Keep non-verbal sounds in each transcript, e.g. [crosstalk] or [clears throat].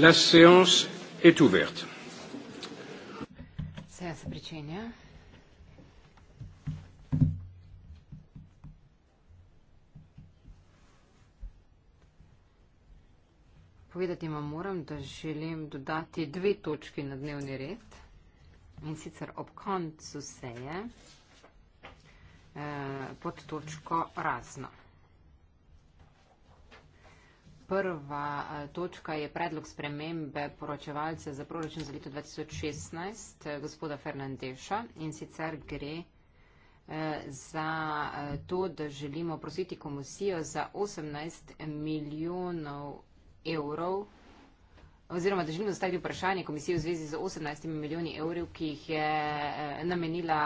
La séance est ouverte. Séance prichénia. Povedati vam moram, da želim dodati dve točki na dnevni red in sicer ob koncu seje eh, pod točko razno. Prva eh, točka je predlog spremembe poročevalce za proračun za leto 2016 eh, gospoda Fernandeša in sicer gre eh, za to, da želimo prositi komisijo za 18 milijonov evrov oziroma da želimo zastaviti vprašanje komisije v zvezi z 18 milijoni evrov, ki jih je namenila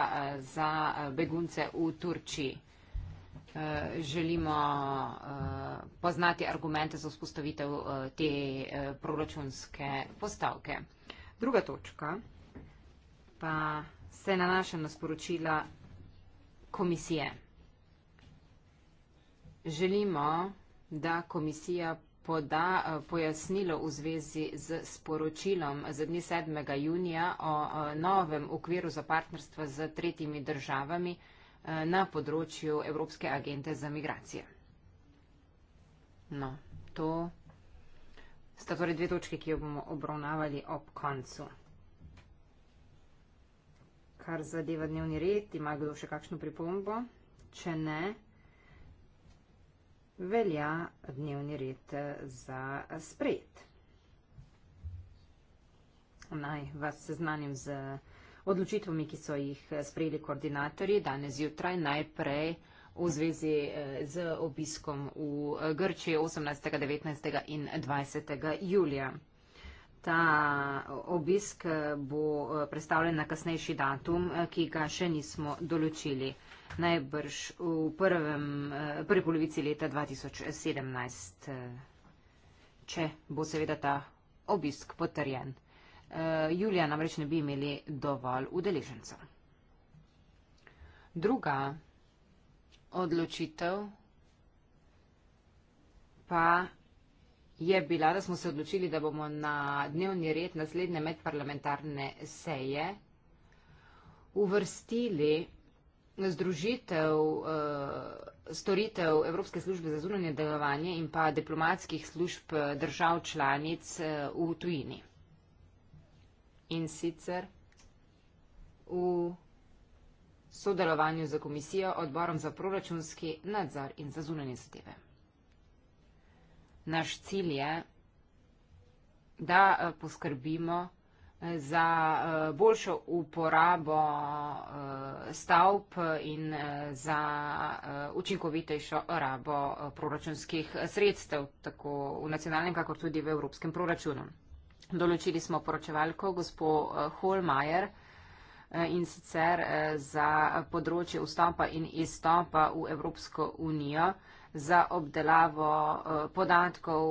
za begunce v Turčiji. Eh, želimo eh, poznati argumente za vzpostavitev eh, te proračunske postavke. Druga točka pa se nanaša na sporočila komisije. Želimo, da komisija poda pojasnilo v zvezi z sporočilom za dni 7. junija o novem okviru za partnerstva z tretjimi državami, Eh, na področju Evropske agente za migracije. No, to sta torej dve točke, ki jo bomo obravnavali ob koncu. Kar zadeva dnevni red, ima kdo še kakšno pripombo? Če ne, velja dnevni red eh, za sprejet. Naj vas seznanim z vsega odločitvami, ki so jih eh, sprejeli koordinatorji danes jutraj najprej v zvezi eh, z obiskom v eh, Grčiji 18., 19. in 20. julija. Ta obisk bo predstavljen na kasnejši datum, ki ga še nismo določili. Najbrž v prvem, prvi polovici leta 2017, če bo seveda ta obisk potrjen. Eh, julija namreč ne bi imeli dovolj udeležencev. Druga odločitev pa je bila, da smo se odločili, da bomo na dnevni red naslednje medparlamentarne seje uvrstili združitev eh, storitev Evropske službe za zunanje delovanje in pa diplomatskih služb eh, držav članic v tujini in sicer v sodelovanju z komisijo, odborom za proračunski nadzor in za zunanje zadeve. Naš cilj je, da eh, poskrbimo eh, za eh, boljšo uporabo stavb in za učinkovitejšo rabo proračunskih sredstev, tako v nacionalnem, kakor tudi v evropskem proračunu. Določili smo poročevalko gospo eh, Holmajer eh, in sicer eh, za področje vstopa in izstopa v Evropsko unijo za obdelavo podatkov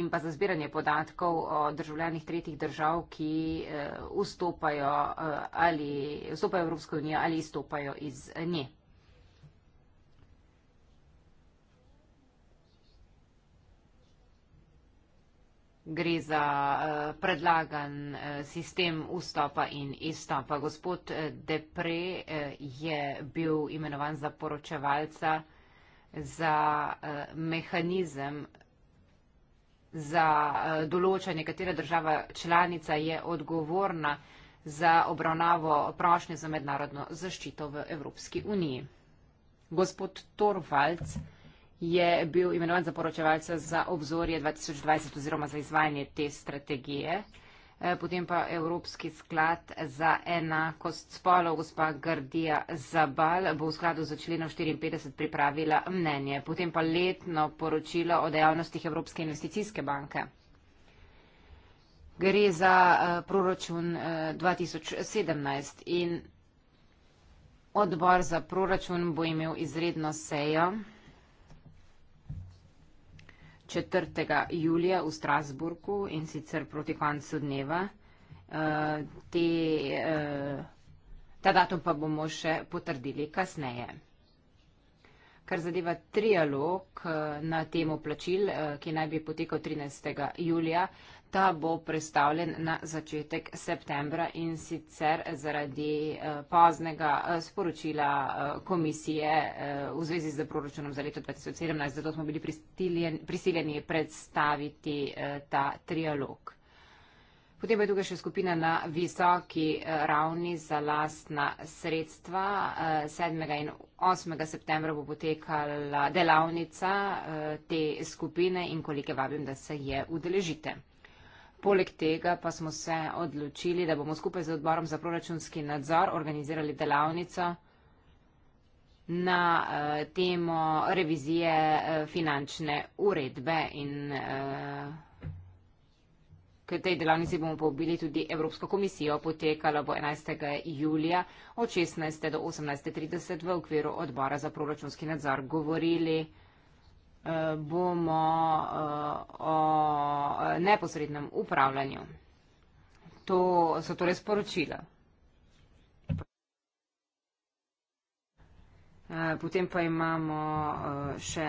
in pa za zbiranje podatkov o državljanih tretjih držav, ki vstopajo, ali, vstopajo v Evropsko unijo ali izstopajo iz nje. gre za uh, predlagan uh, sistem vstopa in izstopa. Gospod eh, Depre uh, je bil imenovan za poročevalca za uh, mehanizem za uh, določanje, katera država članica je odgovorna za obravnavo prošnje za mednarodno zaščito v Evropski uniji. Gospod Torvalc je bil imenovan za poročevalca za obzorje 2020 oziroma za izvajanje te strategije. Eh, potem pa Evropski sklad za enakost spolov, gospa Gardija Zabal, bo v skladu z členom 54 pripravila mnenje. Potem pa letno poročilo o dejavnostih Evropske investicijske banke. Gre za eh, proračun 2017 eh, in odbor za proračun bo imel izredno sejo. 4. julija v Strasburgu in sicer proti koncu dneva. Eh, te, eh, ta datum pa bomo še potrdili kasneje. Kar zadeva trialog eh, na temo plačil, ki naj bi potekal 13. julija, Ta bo predstavljen na začetek septembra in sicer zaradi eh, poznega eh, sporočila eh, komisije v zvezi z proračunom za leto 2017, zato smo bili prisiljeni predstaviti ta trialog. Potem je tukaj še skupina na visoki ravni za lastna sredstva. 7. in 8. septembra bo potekala delavnica te skupine in kolike vabim, da se je udeležite. Poleg tega pa smo se odločili, da bomo skupaj z odborom za proračunski nadzor organizirali delavnico na uh, temo revizije uh, finančne uredbe in uh, k tej delavnici bomo pobili tudi Evropsko komisijo, potekala bo 11. julija od 16. do 18.30 v okviru odbora za proračunski nadzor. Govorili bomo eh, o neposrednem upravljanju. To so torej sporočila. Eh, potem pa imamo eh, še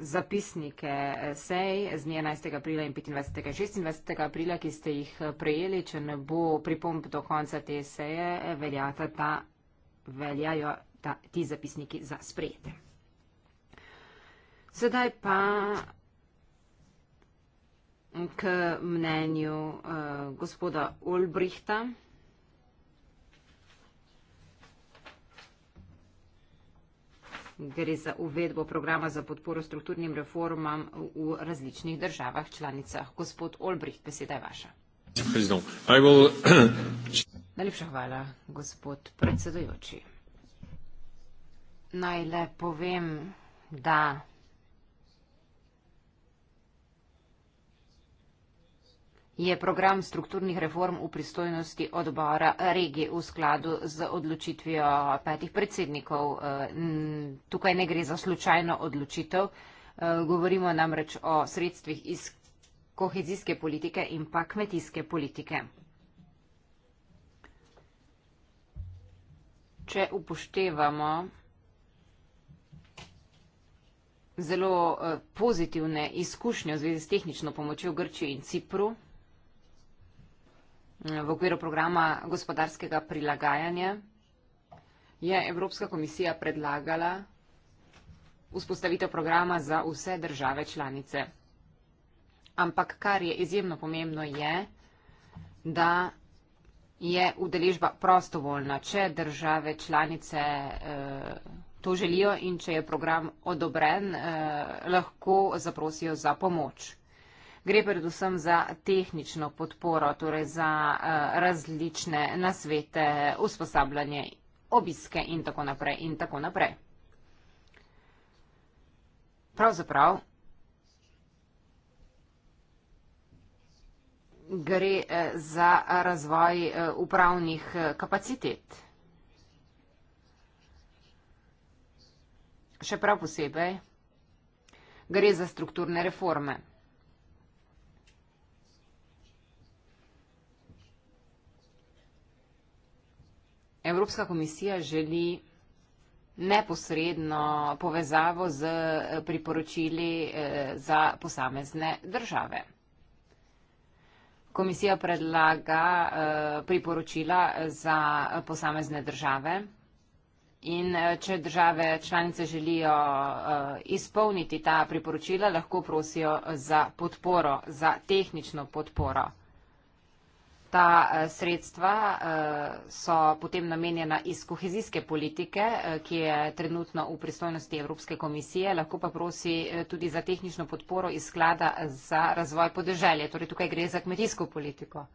zapisnike sej z 11. aprila in 25. in 26. aprila, ki ste jih prejeli. Če ne bo pripomp do konca te seje, veljata ta, veljajo ta, ti zapisniki za sprejete. Sedaj pa k mnenju uh, gospoda Olbrihta. Gre za uvedbo programa za podporo strukturnim reformam v različnih državah članicah. Gospod Olbricht, beseda je vaša. [coughs] Najlepša hvala, gospod predsedujoči. Najle povem, da je program strukturnih reform v pristojnosti odbora regije v skladu z odločitvijo petih predsednikov. Eh, tukaj ne gre za slučajno odločitev, eh, govorimo namreč o sredstvih iz kohezijske politike in pa kmetijske politike. Če upoštevamo zelo eh, pozitivne izkušnje v zvezi s tehnično pomočjo Grčije in Cipru, Eh, v okviru programa gospodarskega prilagajanja je Evropska komisija predlagala vzpostavitev programa za vse države članice. Ampak kar je izjemno pomembno je, da je udeležba prostovoljna, če države članice eh, to želijo in če je program odobren, eh, lahko zaprosijo za pomoč gre predvsem za tehnično podporo, torej za eh, različne nasvete, usposabljanje, obiske in tako naprej in tako naprej. Pravzaprav gre eh, za razvoj eh, upravnih kapacitet. Še prav posebej gre za strukturne reforme. Evropska komisija želi neposredno povezavo z eh, priporočili eh, za posamezne države. Komisija predlaga eh, priporočila za posamezne države in če države članice želijo izpolniti ta priporočila, lahko prosijo za podporo, za tehnično podporo. Ta eh, sredstva eh, so potem namenjena iz kohezijske politike, eh, ki je trenutno v pristojnosti Evropske komisije, lahko pa prosi tudi za tehnično podporo iz sklada za razvoj podeželje. Torej tukaj gre za kmetijsko politiko.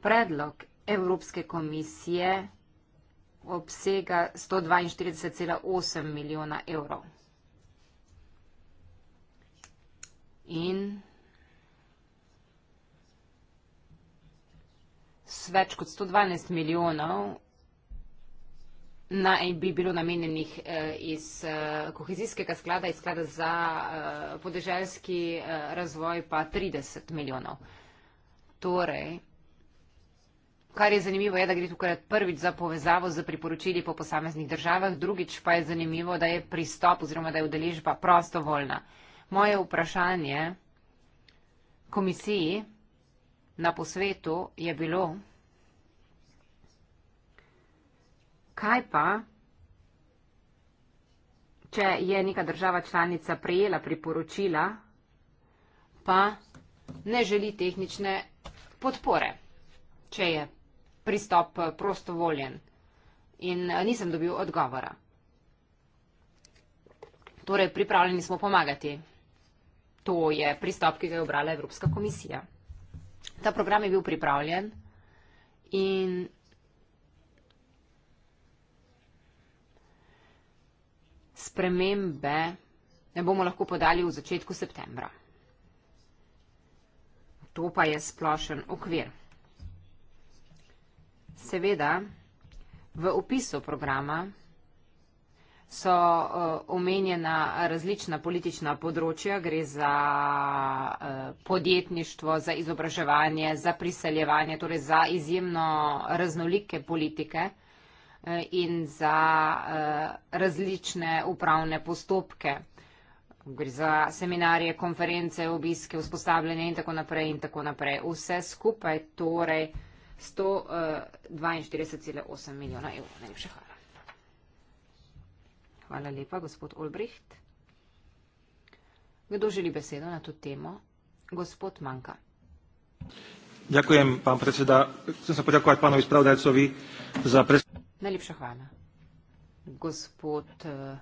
Predlog Evropske komisije obsega 142,8 milijona evrov. In s več kot 112 milijonov naj bi bilo namenjenih eh, iz eh, kohezijskega sklada, iz sklada za eh, podeželski razvoj pa 30 milijonov. Torej, kar je zanimivo je, da gre tukaj prvič za povezavo z priporočili po posameznih državah, drugič pa je zanimivo, da je pristop oziroma da je udeležba prostovoljna. Moje vprašanje komisiji je, na posvetu je bilo, kaj pa, če je neka država članica prijela priporočila, pa ne želi tehnične podpore, če je pristop prostovoljen in eh, nisem dobil odgovora. Torej, pripravljeni smo pomagati. To je pristop, ki ga je obrala Evropska komisija ta program je bil pripravljen in spremembe ne bomo lahko podali v začetku septembra. To pa je splošen okvir. Seveda, v opisu programa so eh, omenjena različna politična področja, gre za eh, podjetništvo, za izobraževanje, za priseljevanje, torej za izjemno raznolike politike eh, in za različne upravne postopke. Gre za seminarje, konference, obiske, vzpostavljanje in tako naprej in tako naprej. Vse skupaj torej 142,8 milijona evrov. Najlepša hvala. Hvala lepa, gospod Olbricht. Kdo želi besedo na to temo? Gospod Manka. Ďakujem, pán predseda. Chcem sa poďakovať pánovi spravodajcovi za pres... Najlepša hvala. Gospod eh,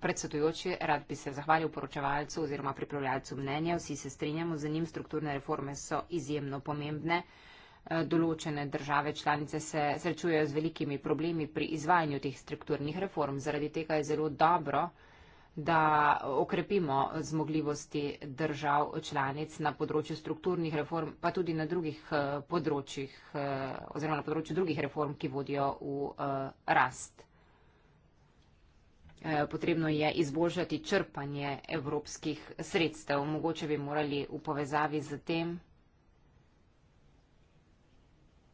predsedujoči, rad bi se zahvalil poročevalcu oziroma pripravljalcu mnenja. Vsi se strinjamo, za njim strukturne reforme so izjemno pomembne. Eh, določene države članice se srečujejo z velikimi problemi pri izvajanju teh strukturnih reform. Zaradi tega je zelo dobro, da okrepimo zmogljivosti držav članic na področju strukturnih reform, pa tudi na drugih eh, področjih eh, oziroma na področju drugih reform, ki vodijo v rast. Potrebno je izboljšati črpanje evropskih sredstev. Mogoče bi morali v povezavi z tem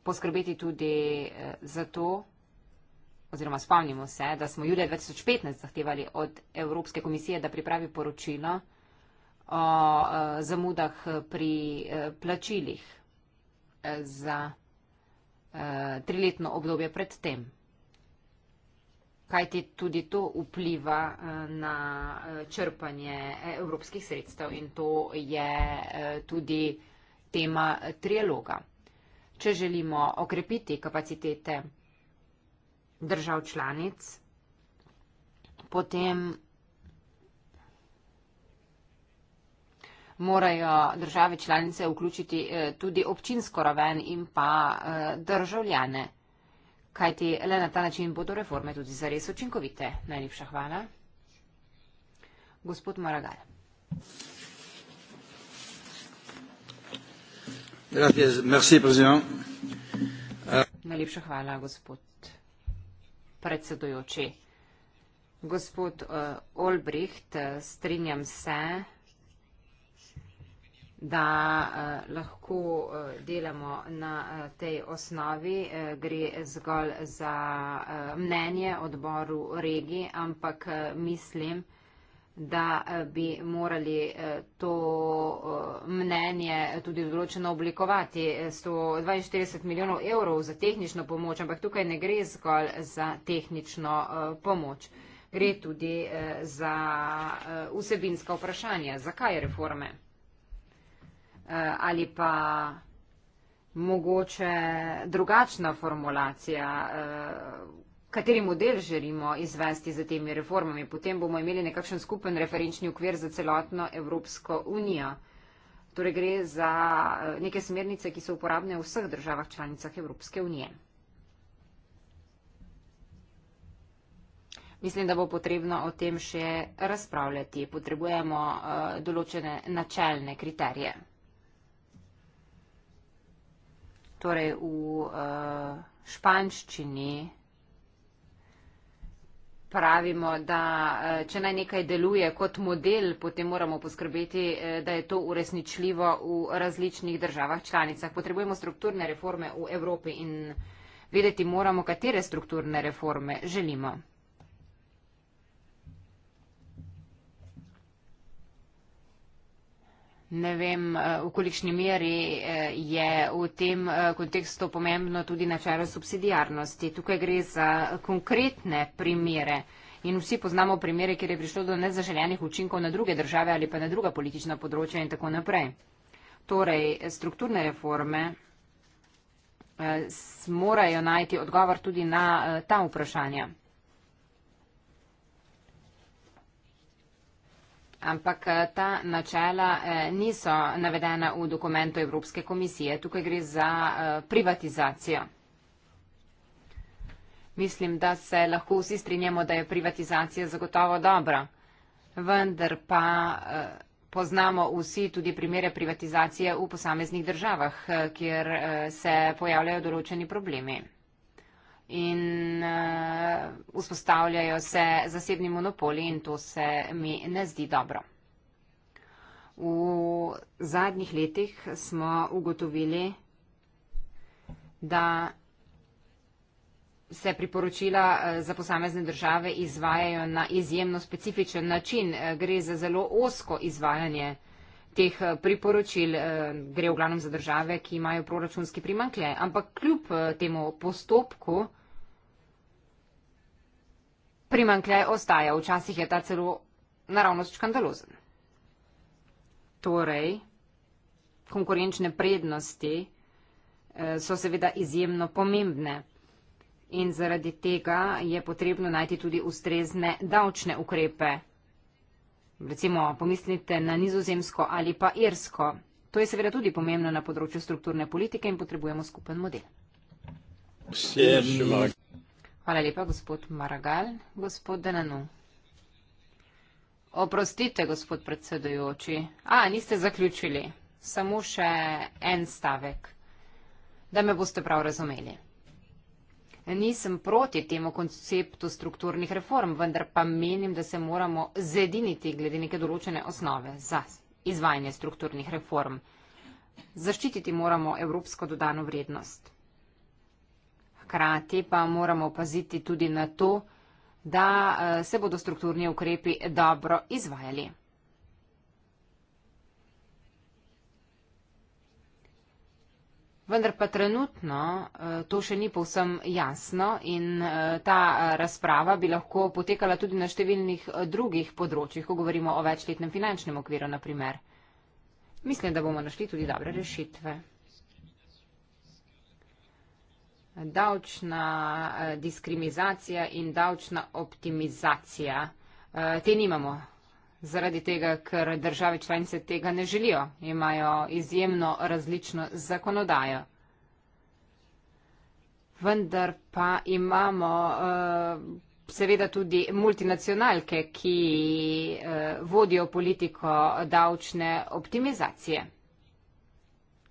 poskrbeti tudi eh, za to, oziroma spomnimo se, da smo julija 2015 zahtevali od Evropske komisije, da pripravi poročilo o eh, zamudah pri eh, plačilih za triletno obdobje predtem. Kaj ti tudi to vpliva na črpanje evropskih sredstev in to je tudi tema trialoga če želimo okrepiti kapacitete držav članic, potem morajo države članice vključiti eh, tudi občinsko raven in pa eh, državljane, kajti le na ta način bodo reforme tudi zares učinkovite. Najlepša hvala. Gospod Maragal. Najlepša hvala, gospod predsedujoči. Gospod uh, Olbricht, strinjam se, da uh, lahko uh, delamo na uh, tej osnovi. Uh, gre zgolj za uh, mnenje odboru regi, ampak uh, mislim, da da eh, bi morali eh, to eh, mnenje tudi določeno oblikovati. 142 milijonov evrov za tehnično pomoč, ampak tukaj ne gre zgolj za tehnično pomoč. Gre tudi za vsebinska vprašanja, zakaj reforme. Ali pa mogoče drugačna formulacija kateri model želimo izvesti za temi reformami. Potem bomo imeli nekakšen skupen referenčni ukvir za celotno Evropsko unijo. Torej gre za eh, neke smernice, ki so uporabne v vseh državah članicah Evropske unije. Mislim, da bo potrebno o tem še razpravljati. Potrebujemo uh, določene načelne kriterije. Torej v uh, španščini pravimo, da e, če naj nekaj deluje kot model, potem moramo poskrbeti, e, da je to uresničljivo v različnih državah članicah. Potrebujemo strukturne reforme v Evropi in vedeti moramo, katere strukturne reforme želimo. Ne vem, eh, v kolikšni meri eh, je v tem eh, kontekstu pomembno tudi načelo subsidijarnosti. Tukaj gre za konkretne primere in vsi poznamo primere, kjer je prišlo do nezaželjenih učinkov na druge države ali pa na druga politična področja in tako naprej. Torej, strukturne reforme morajo najti odgovor tudi na ta vprašanja. ampak eh, ta načela eh, niso navedena v dokumentu Evropske komisije. Tukaj gre za eh, privatizacijo. Mislim, da se lahko vsi strinjamo, da je privatizacija zagotovo dobra, vendar pa poznamo vsi tudi primere privatizacije v posameznih državah, kjer se pojavljajo določeni problemi in uh, vzpostavljajo se zasebni monopoli in to se mi ne zdi dobro. V zadnjih letih smo ugotovili, da se priporočila eh, za posamezne države izvajajo na izjemno specifičen način. Eh, gre za zelo osko izvajanje teh eh, priporočil eh, gre v glavnem za države, ki imajo proračunski primankljaj. Ampak kljub eh, temu postopku primankljaj ostaja. Včasih je ta celo naravno škandalozen. Torej, konkurenčne prednosti so seveda izjemno pomembne. In zaradi tega je potrebno najti tudi ustrezne davčne ukrepe. Recimo, pomislite na nizozemsko ali pa irsko. To je seveda tudi pomembno na področju strukturne politike in potrebujemo skupen model. Hvala lepa, gospod Maragal. Gospod Denanu. Oprostite, gospod predsedujoči. A, niste zaključili. Samo še en stavek, da me boste prav razumeli nisem proti temu konceptu strukturnih reform, vendar pa menim, da se moramo zediniti glede neke določene osnove za izvajanje strukturnih reform. Zaščititi moramo evropsko dodano vrednost. Hkrati pa moramo paziti tudi na to, da eh, se bodo strukturni ukrepi dobro izvajali. Vendar pa trenutno eh, to še ni povsem jasno in eh, ta eh, razprava bi lahko potekala tudi na številnih drugih področjih, ko govorimo o večletnem finančnem okviru, naprimer. Mislim, da bomo našli tudi dobre rešitve. Davčna diskrimizacija in davčna optimizacija. Te nimamo zaradi tega, ker države članice tega ne želijo, imajo izjemno različno zakonodajo. Vendar pa imamo eh, seveda tudi multinacionalke, ki eh, vodijo politiko davčne optimizacije.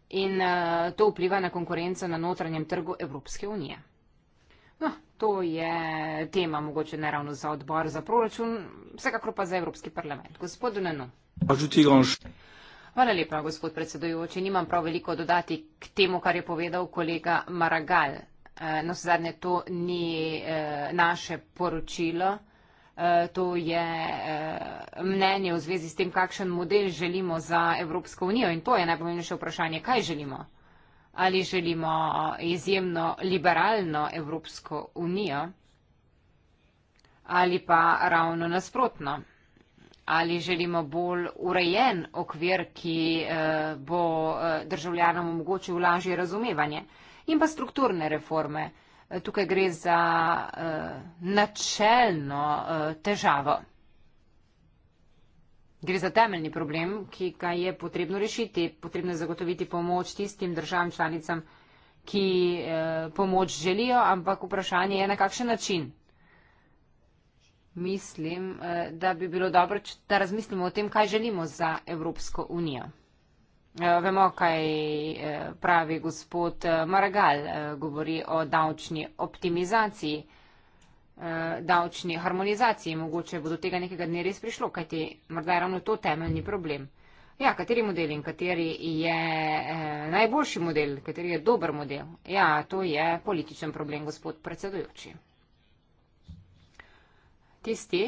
In eh, to vpliva na konkurenco na notranjem trgu Evropske unije. No, to je tema mogoče neravno za odbor za proračun, vsekakor pa za Evropski parlament. Gospod Neno. Hvala lepa, gospod predsedujoči. Nimam prav veliko dodati k temu, kar je povedal kolega Maragal. Eh, Na vse zadnje, to ni eh, naše poročilo. Eh, to je mnenje v zvezi s tem, kakšen model želimo za Evropsko unijo. In to je najpomembnejše vprašanje, kaj želimo ali želimo izjemno liberalno Evropsko unijo ali pa ravno nasprotno. Ali želimo bolj urejen okvir, ki e, bo e, državljanom omogočil lažje razumevanje in pa strukturne reforme. E, tukaj gre za načelno težavo. Gre za temeljni problem, ki ga je potrebno rešiti. Potrebno je zagotoviti pomoč tistim državam članicam, ki eh, pomoč želijo, ampak vprašanje je na kakšen način. Mislim, eh, da bi bilo dobro, da razmislimo o tem, kaj želimo za Evropsko unijo. Eh, vemo, kaj pravi gospod Maragal, govori o davčni optimizaciji. Eh, davčni harmonizaciji. Mogoče bo do tega nekega dne res prišlo, kajti morda je ravno to temeljni problem. Ja, kateri model in kateri je eh, najboljši model, kateri je dober model? Ja, to je političen problem, gospod predsedujoči. Tisti,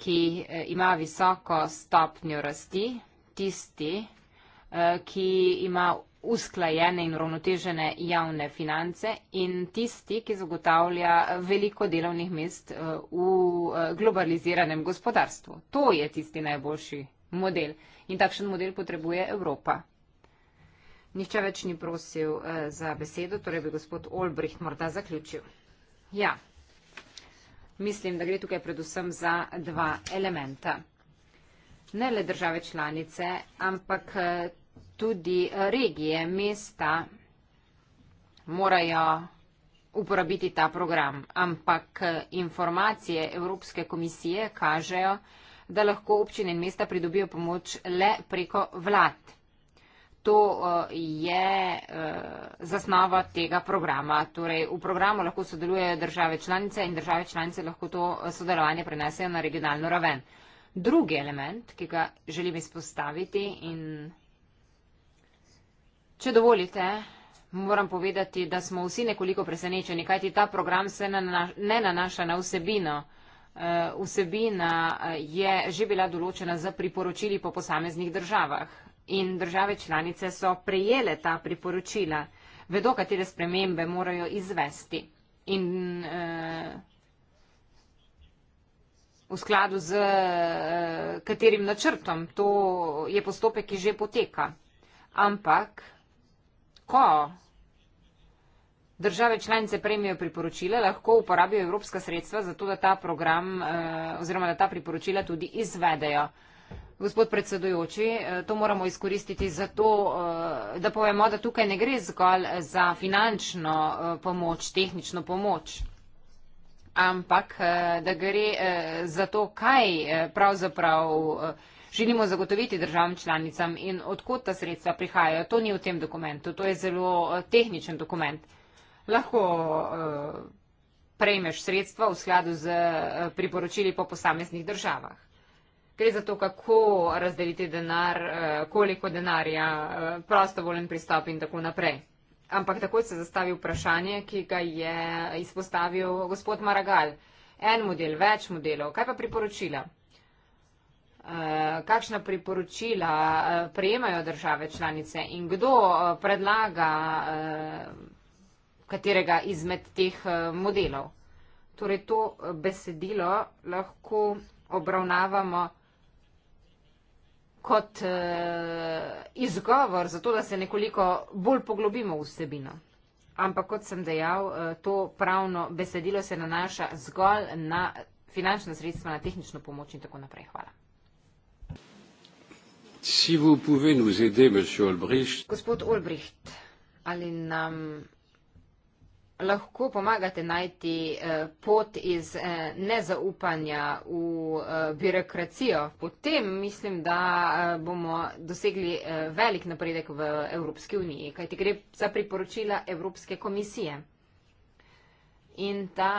ki eh, ima visoko stopnjo rasti, tisti, eh, ki ima usklajene in uravnotežene javne finance in tisti, ki zagotavlja veliko delovnih mest eh, v eh, globaliziranem gospodarstvu. To je tisti najboljši model in takšen model potrebuje Evropa. Nihče več ni prosil eh, za besedo, torej bi gospod Olbricht morda zaključil. Ja, mislim, da gre tukaj predvsem za dva elementa. Ne le države članice, ampak tudi eh, regije, mesta morajo uporabiti ta program. Ampak eh, informacije Evropske komisije kažejo, da lahko občine in mesta pridobijo pomoč le preko vlad. To eh, je zasnova tega programa. Torej, v programu lahko sodelujejo države članice in države članice lahko to sodelovanje prenesejo na regionalno raven. Drugi element, ki ga želim izpostaviti in Če dovolite, moram povedati, da smo vsi nekoliko presenečeni, kajti ta program se ne nanaša na vsebino. Eh, vsebina eh, je že bila določena za priporočili po posameznih državah in države članice so prejele ta priporočila, vedo, katere spremembe morajo izvesti. In eh, v skladu z katerim načrtom, to je postopek, ki že poteka. Ampak ko države članice prejmejo priporočila, lahko uporabijo evropska sredstva za to, da ta program eh, oziroma da ta priporočila tudi izvedejo. Gospod predsedujoči, eh, to moramo izkoristiti za to, eh, da povemo, da tukaj ne gre zgolj za finančno pomoč, tehnično pomoč, ampak da gre za to, kaj pravzaprav izvedejo želimo zagotoviti državam članicam in odkot ta sredstva prihajajo. To ni v tem dokumentu, to je zelo eh, tehničen dokument. Lahko eh, prejmeš sredstva v skladu z eh, priporočili po posameznih državah. Gre za to, kako razdeliti denar, koliko denarja, prostovoljen pristop in tako naprej. Ampak takoj se zastavi vprašanje, ki ga je izpostavil gospod Maragal. En model, več modelov, kaj pa priporočila? Eh, kakšna priporočila eh, prejemajo države članice in kdo eh, predlaga katerega izmed teh modelov. Torej to besedilo lahko obravnavamo kot izgovor za to, da se nekoliko bolj poglobimo v vsebino. Ampak kot sem dejal, to pravno besedilo se nanaša zgolj na finančne sredstva, na tehnično pomoč in tako naprej. Hvala. Gospod Olbricht, ali nam lahko pomagate najti eh, pot iz eh, nezaupanja v eh, birokracijo? Potem mislim, da bomo dosegli velik napredek v Evropski uniji, kajti gre za priporočila Evropske komisije. In ta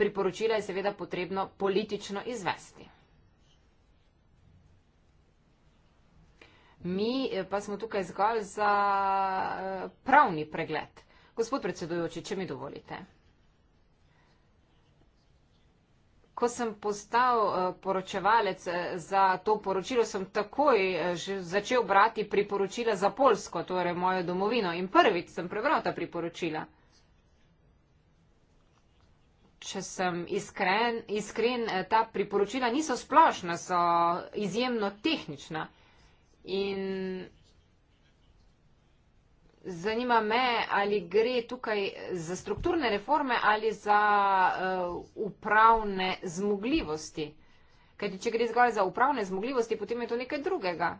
priporočila je seveda potrebno politično izvesti. mi eh, pa smo tukaj zgolj za eh, pravni pregled. Gospod predsedujoči, če mi dovolite. Ko sem postal eh, poročevalec za to poročilo, sem takoj začel brati priporočila za Polsko, torej mojo domovino. In prvič sem prebral ta priporočila. Če sem iskren, iskren, ta priporočila niso splošna, so izjemno tehnična. In zanima me, ali gre tukaj za strukturne reforme ali za uh, upravne zmogljivosti. Ker če gre zgolj za upravne zmogljivosti, potem je to nekaj drugega.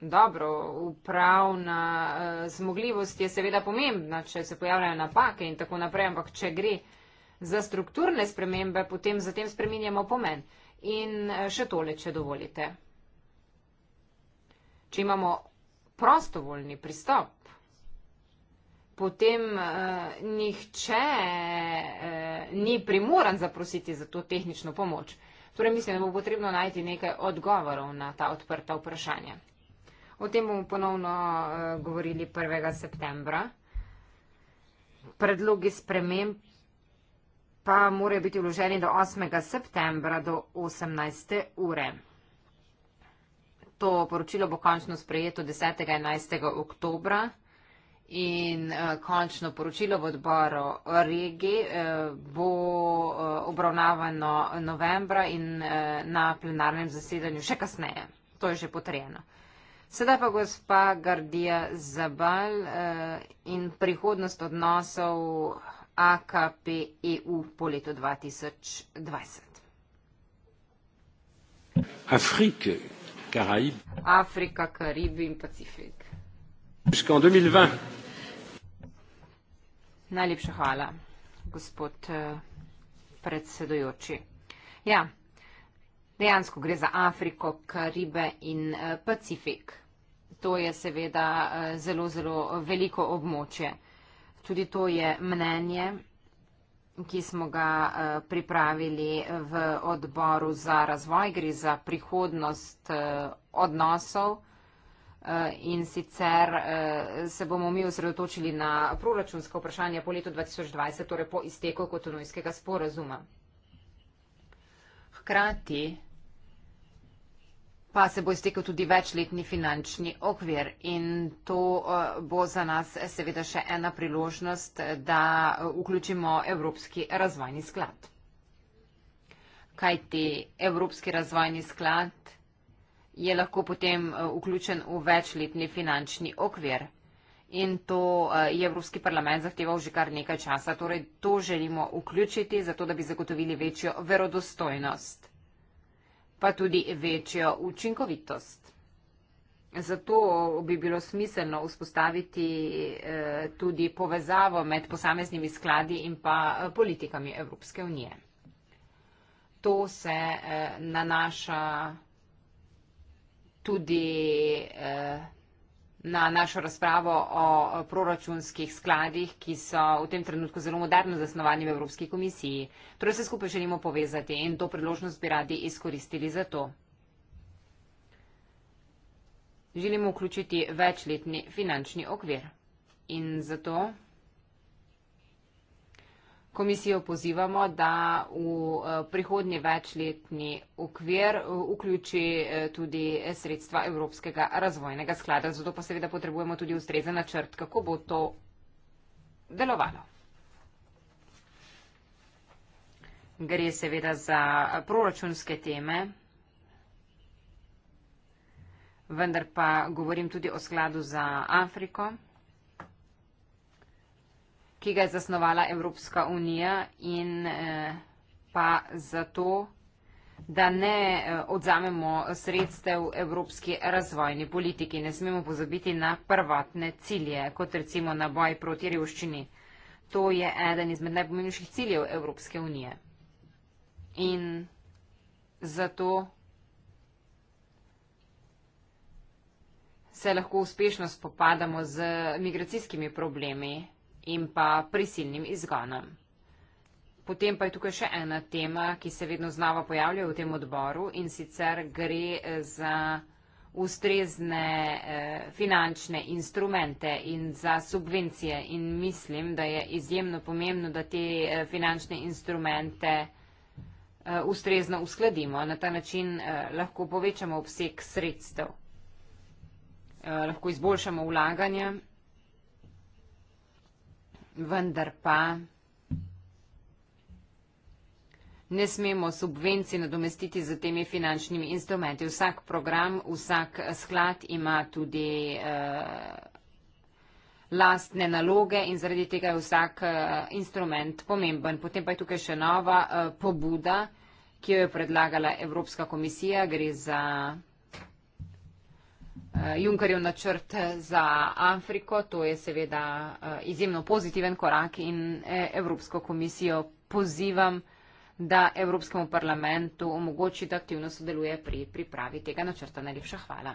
Dobro, upravna uh, zmogljivost je seveda pomembna, če se pojavljajo napake in tako naprej, ampak če gre za strukturne spremembe, potem zatem spreminjamo pomen. Uh, In eh, še tole, če dovolite. Če imamo prostovoljni pristop, potem eh, nihče eh, ni primoran zaprositi za to tehnično pomoč. Torej mislim, da bo potrebno najti nekaj odgovorov na ta odprta vprašanja. O tem bomo ponovno eh, govorili 1. septembra. Predlogi sprememb pa morajo biti vloženi do 8. septembra do 18. ure. To poročilo bo končno sprejeto 10. in 11. oktobra in uh, končno poročilo v odboru regi uh, eh, bo uh, obravnavano novembra in uh, na plenarnem zasedanju še kasneje. To je že potrejeno. Sedaj pa gospa Gardija Zabal uh, in prihodnost odnosov. Uh, AKP EU po letu 2020. Afrike, Karaib. Afrika, Karibi in Pacifik. Jusqu'en 2020. Najlepša hvala, gospod eh, predsedujoči. Ja, dejansko gre za Afriko, Karibe in eh, Pacifik. To je seveda eh, zelo, zelo veliko območje. Tudi to je mnenje, ki smo ga eh, pripravili v odboru za razvoj, gre za prihodnost eh, odnosov. Eh, in sicer se bomo mi osredotočili na proračunsko vprašanje po letu 2020, torej po izteku kotonojskega sporazuma. Hkrati pa se bo iztekel tudi večletni finančni okvir. In to eh, bo za nas eh, seveda še ena priložnost, eh, da vključimo Evropski razvojni sklad. Kajti Evropski razvojni sklad je lahko potem vključen v večletni finančni okvir. In to je Evropski parlament zahteval že kar nekaj časa. Torej, to želimo vključiti, zato da bi zagotovili večjo verodostojnost pa tudi večjo učinkovitost. Zato bi bilo smiselno vzpostaviti eh, tudi povezavo med posameznimi skladi in pa eh, politikami Evropske unije. To se eh, nanaša tudi na našo razpravo o proračunskih skladih, ki so v tem trenutku zelo moderno zasnovani v Evropski komisiji. Torej se skupaj želimo povezati in to priložnost bi radi izkoristili za to. Želimo vključiti večletni finančni okvir in zato komisijo pozivamo, da v eh, prihodnji večletni okvir eh, vključi eh, tudi sredstva Evropskega razvojnega sklada. Zato pa seveda potrebujemo tudi ustrezen načrt, kako bo to delovalo. Gre seveda za proračunske teme. Vendar pa govorim tudi o skladu za Afriko ki ga je zasnovala Evropska unija in eh, pa zato, da ne eh, odzamemo sredstev Evropski razvojni politiki. Ne smemo pozabiti na prvatne cilje, kot recimo na boj proti revščini. To je eden izmed najpomembnejših ciljev Evropske unije. In zato se lahko uspešno spopadamo z migracijskimi problemi in pa prisilnim izgonom. Potem pa je tukaj še ena tema, ki se vedno znova pojavlja v tem odboru in sicer gre eh, za ustrezne eh, finančne instrumente in za subvencije in mislim, da je izjemno pomembno, da te eh, finančne instrumente ustrezno uskladimo. Na ta način lahko povečamo obseg sredstev, lahko izboljšamo vlaganje vendar pa ne smemo subvencij nadomestiti z temi finančnimi instrumenti. Vsak program, vsak sklad ima tudi eh, lastne naloge in zaradi tega je vsak eh, instrument pomemben. Potem pa je tukaj še nova eh, pobuda, ki jo je predlagala Evropska komisija, gre za Eh, Junkerjev načrt eh, za Afriko. To je seveda eh, izjemno pozitiven korak in Evropsko komisijo pozivam, da Evropskemu parlamentu omogoči, da aktivno sodeluje pri pripravi tega načrta. Najlepša hvala.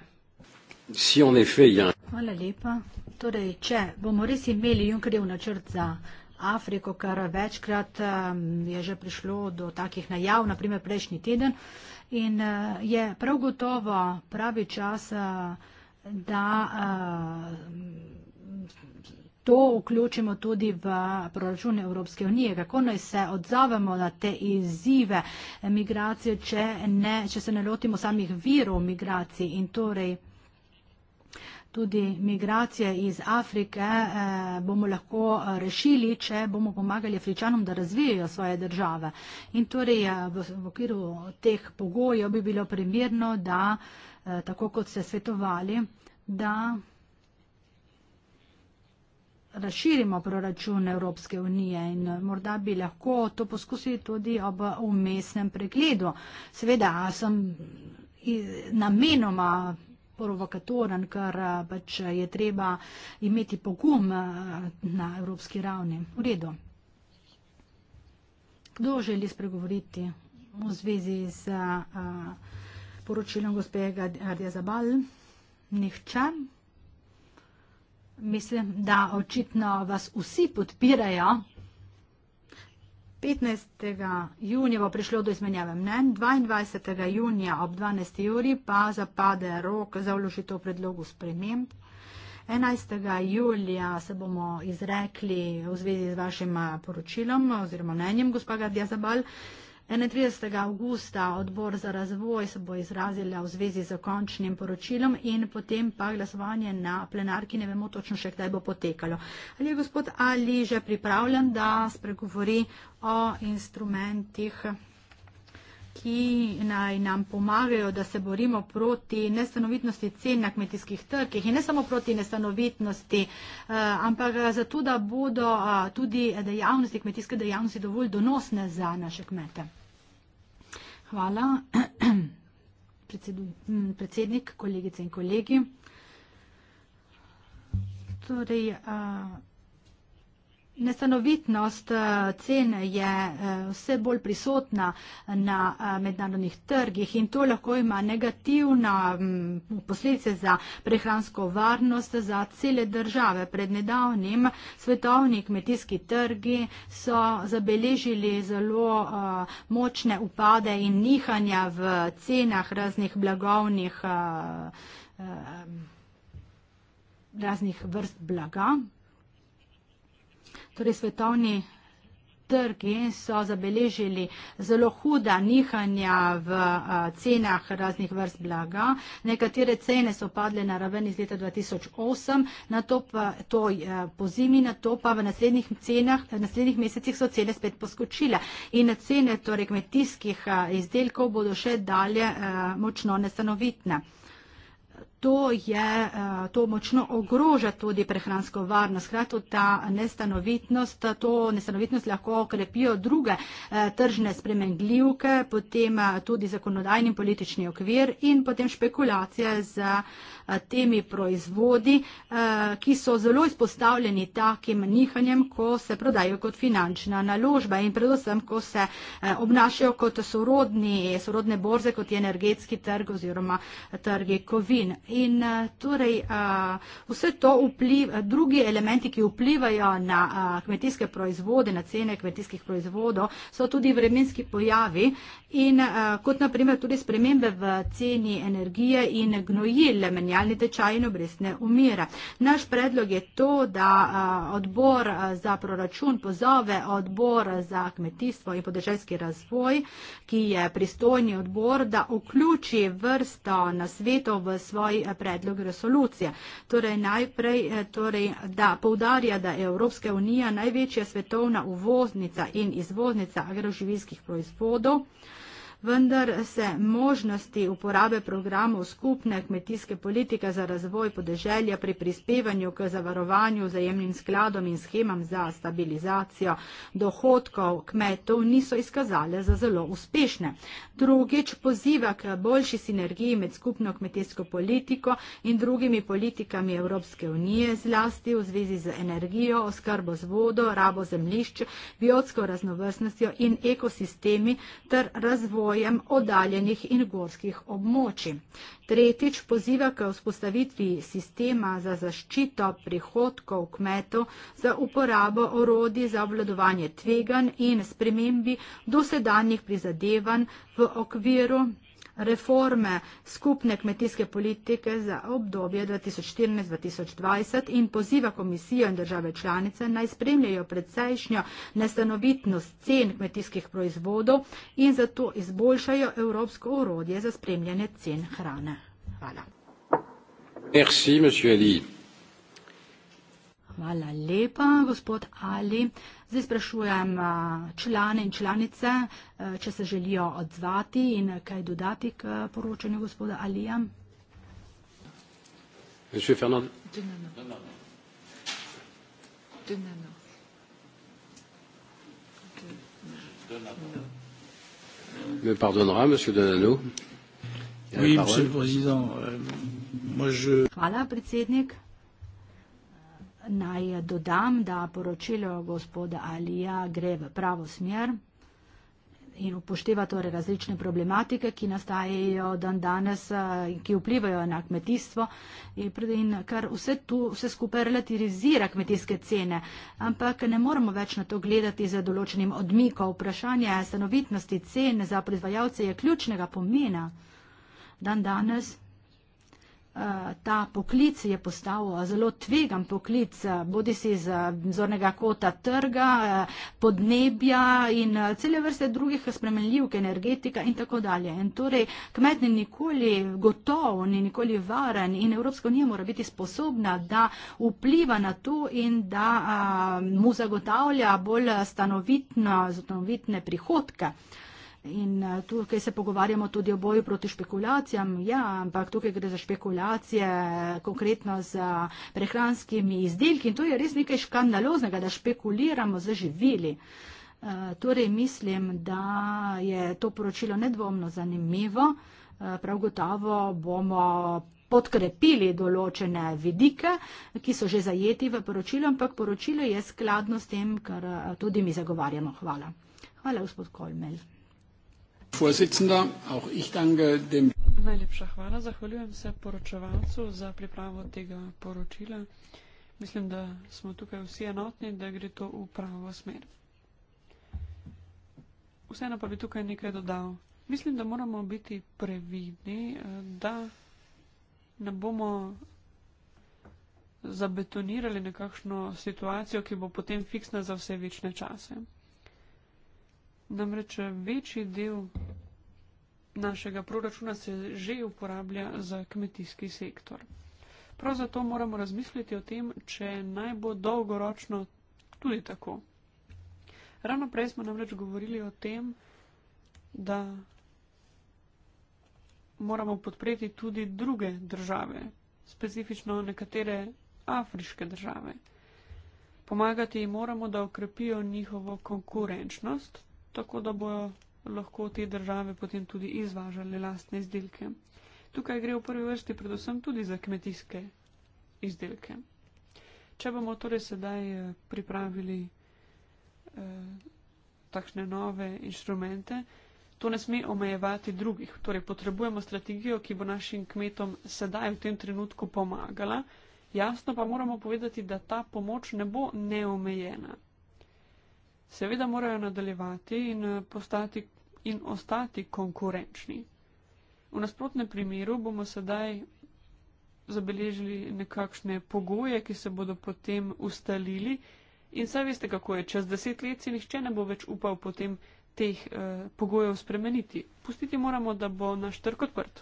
Hvala lepa. Torej, če bomo res imeli Junkerjev načrt za Afriko, kar večkrat je že prišlo do takih najav, naprimer prejšnji teden, In eh, je prav gotovo pravi čas, eh, da eh, to vključimo tudi v proračun Evropske unije. Kako naj se odzovemo na te izzive migracije, če, ne, če se ne lotimo samih virov migracij in torej tudi migracije iz Afrike eh, bomo lahko eh, rešili, če bomo pomagali Afričanom, da razvijajo svoje države. In torej eh, v, v okviru teh pogojev bi bilo primirno, da eh, tako kot ste svetovali, da razširimo proračun Evropske unije in eh, morda bi lahko to poskusili tudi ob umestnem pregledu. Seveda sem namenoma provokatoren, ker eh, pač eh, je treba imeti pogum eh, na evropski ravni. V redu. Kdo želi spregovoriti v zvezi z poročilom gospe Gardia Zabal? Nihče. Mislim, da očitno vas vsi podpirajo. 15. junija bo prišlo do izmenjave mnen, 22. junija ob 12. uri pa zapade rok za vložitev predlogu sprememb. 11. julija se bomo izrekli v zvezi z vašim poročilom oziroma mnenjem, gospa Gardia Zabal. 31. avgusta odbor za razvoj se bo izrazila v zvezi z končnim poročilom in potem pa glasovanje na plenarki, ne vemo točno še, kdaj bo potekalo. Ali je gospod Ali že pripravljen, da spregovori o instrumentih, ki naj nam pomagajo, da se borimo proti nestanovitnosti cen na kmetijskih trgih in ne samo proti nestanovitnosti, eh, ampak eh, zato, da bodo eh, tudi dejavnosti, kmetijske dejavnosti dovolj donosne za naše kmete. Hvala. [clears throat] Mm, predsednik, kolegice in kolegi. Torej, a, Nestanovitnost eh, cen je eh, vse bolj prisotna eh, na mednarodnih trgih in to lahko ima negativne mm, posledice za prehransko varnost za cele države. Pred nedavnim svetovni kmetijski trgi so zabeležili zelo močne upade in nihanja v cenah raznih blagovnih raznih vrst blaga, Torej, svetovni trgi so zabeležili zelo huda nihanja v cenah raznih vrst blaga. Nekatere cene so padle na raven iz leta 2008, na to pa to po zimi, na to pa v naslednjih, cenah, v naslednjih mesecih so cene spet poskočile. In cene torej, kmetijskih izdelkov bodo še dalje močno nestanovitne to, je, eh, to močno ogroža tudi prehransko varnost. Hkrati ta nestanovitnost, to nestanovitnost lahko okrepijo druge eh, tržne spremenljivke, potem eh, tudi zakonodajni in politični okvir in potem špekulacije z temi proizvodi, ki so zelo izpostavljeni takim nihanjem, ko se prodajo kot finančna naložba in predvsem, ko se obnašajo kot sorodni, sorodne borze, kot je energetski trg oziroma trgi kovin. In eh, torej eh, vse to vpliva, drugi elementi, ki vplivajo na eh, kmetijske proizvode, na cene kmetijskih proizvodov, so tudi vremenski pojavi in kot naprimer tudi spremembe v ceni energije in gnojil, menjalni tečaj in obrestne umire. Naš predlog je to, da odbor za proračun pozove odbor za kmetijstvo in podeželjski razvoj, ki je pristojni odbor, da vključi vrsto nasvetov v svoji Eh, predlog resolucije. Torej, najprej, eh, torej, da povdarja, da je Evropska unija največja svetovna uvoznica in izvoznica agroživilskih proizvodov vendar se možnosti uporabe programov skupne kmetijske politike za razvoj podeželja pri prispevanju k zavarovanju vzajemnim skladom in schemam za stabilizacijo dohodkov kmetov niso izkazale za zelo uspešne. Drugič poziva k boljši sinergiji med skupno kmetijsko politiko in drugimi politikami Evropske unije zlasti v zvezi z energijo, oskrbo z vodo, rabo zemlišč, biotsko raznovrstnostjo in ekosistemi ter razvoj razvojem oddaljenih in gorskih območij. Tretjič poziva k vzpostavitvi sistema za zaščito prihodkov kmetov za uporabo orodi za obvladovanje tvegan in spremembi dosedanjih prizadevanj v okviru reforme skupne kmetijske politike za obdobje 2014-2020 in poziva komisijo in države članice naj spremljajo precejšnjo nestanovitnost cen kmetijskih proizvodov in zato izboljšajo evropsko urodje za spremljanje cen hrane. Hvala. Merci, Hvala lepa, gospod Ali. Zdaj sprašujem eh, člane in članice, eh, če se želijo odzvati in kaj dodati k eh, poročanju gospoda Alija. Me pardonnera, monsieur Denano. Oui, monsieur le président, euh, moi je... Hvala, predsednik naj dodam, da poročilo gospoda Alija gre v pravo smer in upošteva torej različne problematike, ki nastajajo dan danes in eh, ki vplivajo na kmetijstvo in kar vse, tu, vse skupaj relativizira kmetijske cene. Ampak ne moramo več na to gledati za določenim odmikom. Vprašanje stanovitnosti cen za proizvajalce je ključnega pomena. Dan danes Eh, ta poklic je postal eh, zelo tvegan poklic, eh, bodi si z zornega kota trga, podnebja in celje vrste drugih spremenljivk, energetika in tako dalje. In torej kmet ni nikoli gotov, ni nikoli varen in Evropska unija mora biti sposobna, da vpliva na to in da mu zagotavlja bolj stanovitne prihodke. In eh, tukaj se pogovarjamo tudi o boju proti špekulacijam. Ja, ampak tukaj gre za špekulacije, konkretno za prehranskimi izdelki. In to je res nekaj škandaloznega, da špekuliramo za živili. Eh, torej, mislim, da je to poročilo nedvomno zanimivo. Eh, prav gotovo bomo podkrepili določene vidike, ki so že zajeti v poročilu, ampak poročilo je skladno s tem, kar tudi mi zagovarjamo. Hvala. Hvala, gospod Kolmel. Najlepša hvala. Zahvaljujem se poročevalcu za pripravo tega poročila. Mislim, da smo tukaj vsi enotni, da gre to v pravo smer. Vseeno pa bi tukaj nekaj dodal. Mislim, da moramo biti previdni, da ne bomo zabetonirali nekakšno situacijo, ki bo potem fiksna za vse večne čase. Namreč večji del našega proračuna se že uporablja za kmetijski sektor. Prav zato moramo razmisliti o tem, če naj bo dolgoročno tudi tako. Ravno prej smo namreč govorili o tem, da moramo podpreti tudi druge države, specifično nekatere afriške države. Pomagati jim moramo, da okrepijo njihovo konkurenčnost, tako da bojo lahko te države potem tudi izvažale lastne izdelke. Tukaj gre v prvi vrsti predvsem tudi za kmetijske izdelke. Če bomo torej sedaj eh, pripravili eh, takšne nove inštrumente, to ne sme omejevati drugih. Torej potrebujemo strategijo, ki bo našim kmetom sedaj v tem trenutku pomagala. Jasno pa moramo povedati, da ta pomoč ne bo neomejena seveda morajo nadaljevati in, eh, postati, in ostati konkurenčni. V nasprotnem primeru bomo sedaj zabeležili nekakšne pogoje, ki se bodo potem ustalili in saj veste, kako je. Čez deset let si nihče ne bo več upal potem teh eh, pogojev spremeniti. Pustiti moramo, da bo naš trg odprt.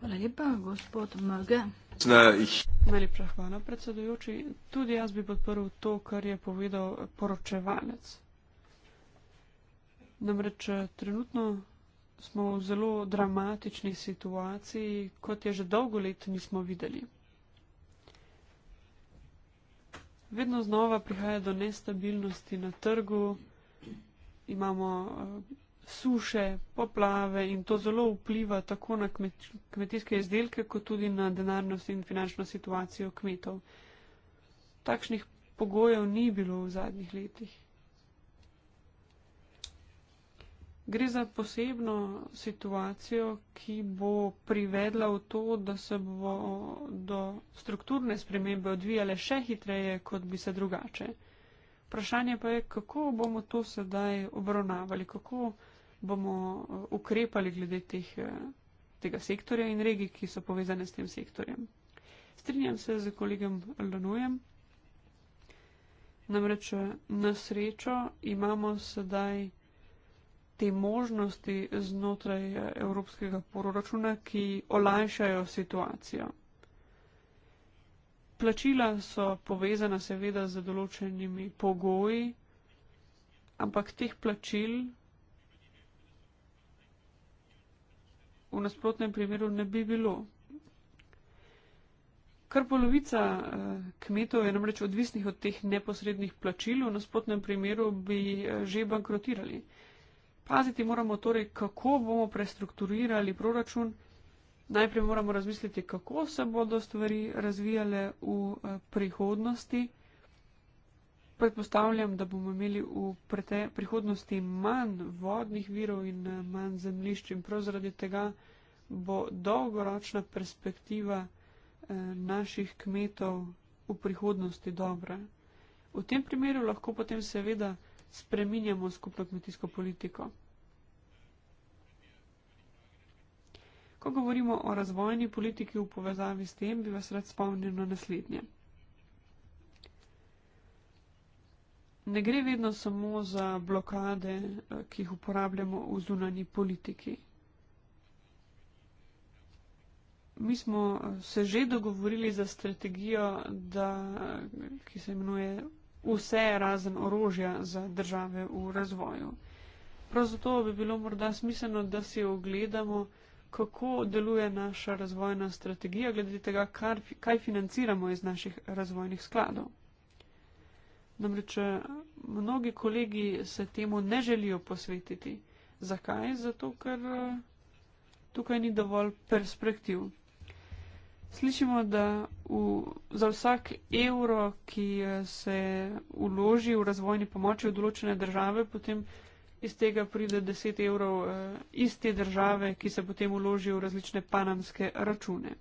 Hvala lepa, gospod Mrge. Najlepša hvala, predsedujoči. Tudi jaz bi podprl to, kar je povedal poročevalec. Namreč eh, trenutno smo v zelo dramatični situaciji, kot je že dolgo let nismo videli. Vedno znova prihaja do nestabilnosti na trgu, imamo eh, suše, poplave in to zelo vpliva tako na kmet, kmetijske izdelke, kot tudi na denarnost in finančno situacijo kmetov. Takšnih pogojev ni bilo v zadnjih letih. Gre za posebno situacijo, ki bo privedla v to, da se bo do strukturne spremembe odvijale še hitreje, kot bi se drugače. Vprašanje pa je, kako bomo to sedaj obravnavali, kako bomo bomo eh, ukrepali glede teh, eh, tega sektorja in regij, ki so povezane s tem sektorjem. Strinjam se z kolegem Lanujem. Namreč eh, na srečo imamo sedaj te možnosti znotraj evropskega proračuna, ki olajšajo situacijo. Plačila so povezana seveda z določenimi pogoji, ampak teh plačil v nasprotnem primeru ne bi bilo. Kar polovica eh, kmetov je namreč odvisnih od teh neposrednih plačil, v nasprotnem primeru bi eh, že bankrotirali. Paziti moramo torej, kako bomo prestrukturirali proračun. Najprej moramo razmisliti, kako se bodo stvari razvijale v eh, prihodnosti predpostavljam, da bomo imeli v prete, prihodnosti manj vodnih virov in eh, manj zemljišč in prav zaradi tega bo dolgoročna perspektiva eh, naših kmetov v prihodnosti dobra. V tem primeru lahko potem seveda spreminjamo skupno kmetijsko politiko. Ko govorimo o razvojni politiki v povezavi s tem, bi vas rad spomnil na naslednje. ne gre vedno samo za blokade, eh, ki jih uporabljamo v zunani politiki. Mi smo eh, se že dogovorili za strategijo, da, eh, ki se imenuje vse razen orožja za države v razvoju. Prav zato bi bilo morda smiselno, da si ogledamo, kako deluje naša razvojna strategija, glede tega, kar, kaj financiramo iz naših razvojnih skladov. Namreč eh, mnogi kolegi se temu ne želijo posvetiti. Zakaj? Zato, ker eh, tukaj ni dovolj perspektiv. Slišimo, da v, za vsak evro, ki eh, se uloži v razvojni pomoči v določene države, potem iz tega pride 10 evrov iz te države, ki se potem uloži v različne panamske račune.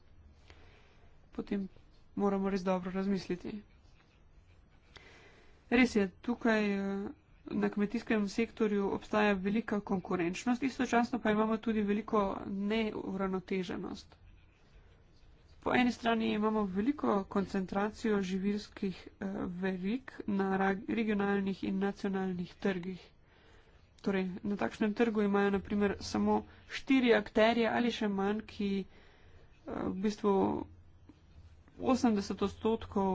Potem moramo res dobro razmisliti. Res je, tukaj eh, na kmetijskem sektorju obstaja velika konkurenčnost, istočasno pa imamo tudi veliko neuravnoteženost. Po eni strani imamo veliko koncentracijo živilskih eh, verik na regionalnih in nacionalnih trgih. Torej, na takšnem trgu imajo naprimer samo štiri akterje ali še manj, ki eh, v bistvu 80 odstotkov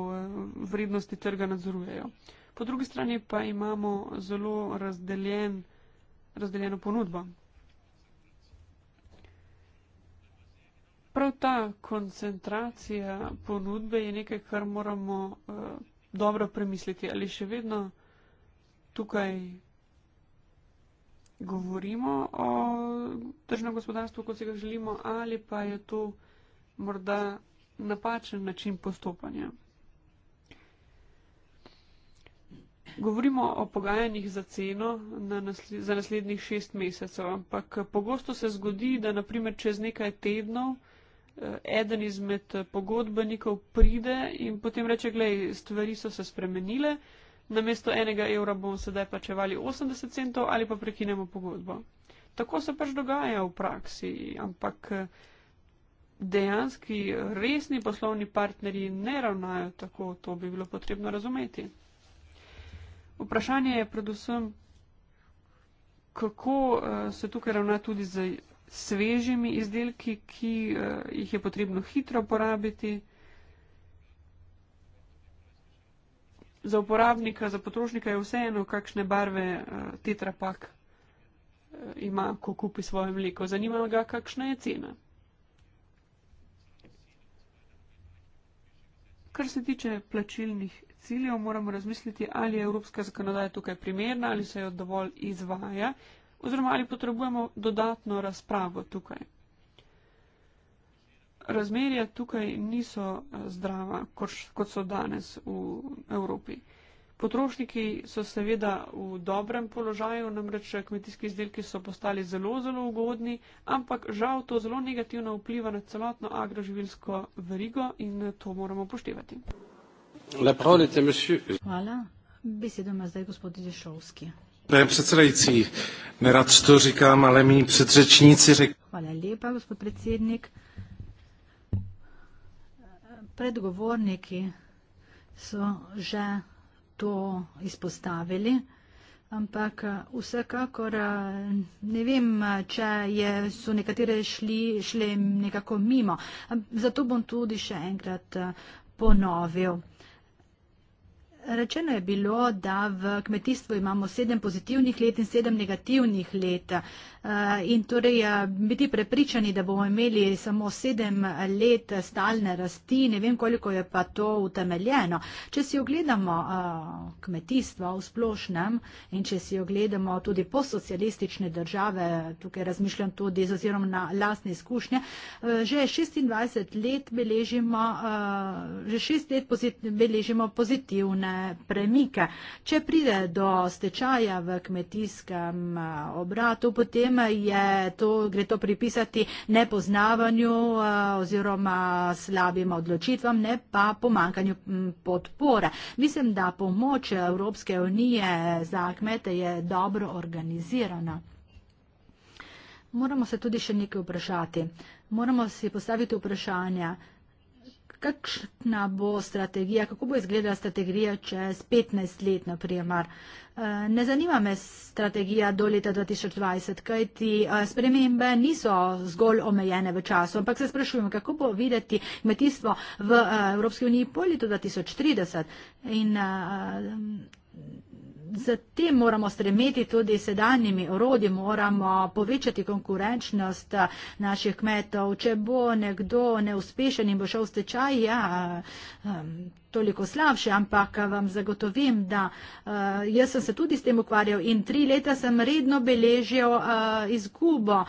vrednosti trga nadzorujejo. Po drugi strani pa imamo zelo razdeljen, razdeljeno ponudbo. Prav ta koncentracija ponudbe je nekaj, kar moramo uh, dobro premisliti, ali še vedno tukaj govorimo o tržnem gospodarstvu, kot si ga želimo, ali pa je to morda napačen način postopanja. Govorimo o pogajanjih za ceno na nasled, za naslednjih šest mesecev, ampak pogosto se zgodi, da naprimer čez nekaj tednov eh, eden izmed eh, pogodbenikov pride in potem reče, gledaj, stvari so se spremenile, namesto enega evra bomo sedaj plačevali 80 centov ali pa prekinemo pogodbo. Tako se pač dogaja v praksi, ampak eh, dejanski resni poslovni partnerji ne ravnajo tako, to bi bilo potrebno razumeti. Vprašanje je predvsem, kako uh, se tukaj ravna tudi z svežimi izdelki, ki uh, jih je potrebno hitro porabiti. Za uporabnika, za potrošnika je vseeno, kakšne barve uh, eh, tetrapak uh, ima, ko kupi svoje mleko. Zanima ga, kakšna je cena. Kar se tiče plačilnih ciljev, moramo razmisliti, ali je evropska zakonodaja tukaj primerna, ali se jo dovolj izvaja, oziroma ali potrebujemo dodatno razpravo tukaj. Razmerja tukaj niso eh, zdrava, kot so danes v Evropi. Potrošniki so seveda v dobrem položaju, namreč eh, kmetijski izdelki so postali zelo, zelo ugodni, ampak žal to zelo negativno vpliva na celotno agroživilsko verigo in eh, to moramo poštevati. Hvala. Besedo ima zdaj gospod Dežovski. Pane predsedajci, nerad to říkám, ale mi predřečníci řek... Hvala lepa, gospod predsednik. Predgovorniki so že to izpostavili, ampak vsekakor ne vem, če je, so nekatere šli, šli nekako mimo. Zato bom tudi še enkrat ponovil. Rečeno je bilo, da v kmetijstvu imamo sedem pozitivnih let in sedem negativnih let. Eh, in torej eh, biti prepričani, da bomo imeli samo sedem let stalne rasti, ne vem, koliko je pa to utemeljeno. Če si ogledamo eh, kmetijstvo v splošnem in če si ogledamo tudi posocialistične države, tukaj razmišljam tudi z ozirom na lastne izkušnje, že 26 let beležimo, že 6 let beležimo pozitivne premika. Če pride do stečaja v kmetijskem eh, obratu, potem to, gre to pripisati nepoznavanju eh, oziroma slabim odločitvam, ne pa pomankanju podpore. Mislim, da pomoč Evropske unije za kmete je dobro organizirana. Moramo se tudi še nekaj vprašati. Moramo si postaviti vprašanja kakšna bo strategija, kako bo izgledala strategija čez 15 let, naprimer. Eh, ne zanima me strategija do leta 2020, kajti eh, spremembe niso zgolj omejene v času, ampak se sprašujem, kako bo videti kmetijstvo v eh, Evropski uniji po letu 2030 in z tem moramo stremeti tudi sedanjimi orodji, moramo povečati konkurenčnost eh, naših kmetov. Če bo nekdo neuspešen in bo šel v stečaj, ja, ehm, toliko slabše, ampak eh, vam zagotovim, da eh, jaz sem se tudi s tem ukvarjal in tri leta sem redno beležil izgubo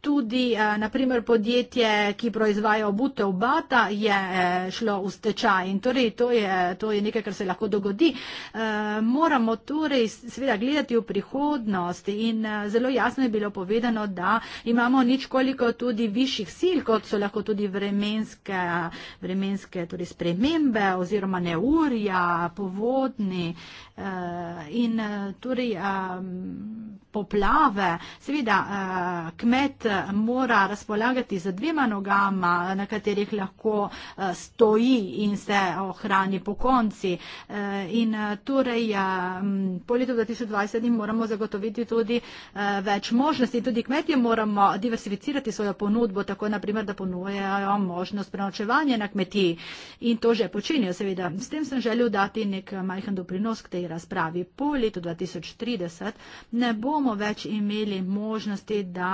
Tudi, eh, na primer, podjetje, ki proizvaja obutev bata, je eh, šlo v stečaj in torej to je, to je nekaj, kar se lahko dogodi. Eh, moramo torej seveda gledati v prihodnost in zelo jasno je bilo povedano, da imamo ničkoliko tudi višjih sil, kot so lahko tudi vremenske, vremenske torej spremembe oziroma neurja, povodni in torej. Ehm, poplave. Seveda, eh, kmet eh, mora razpolagati z dvema nogama, na katerih lahko eh, stoji in se ohrani po konci. In torej, po letu 2020 moramo zagotoviti tudi več možnosti. Tudi kmetje moramo diversificirati svojo ponudbo, tako naprimer, da ponujajo možnost prenočevanja na kmetiji. In to že počinijo, seveda. S tem sem želel dati nek majhen doprinos k tej razpravi. Po letu 2030 ne bo bomo več imeli možnosti, da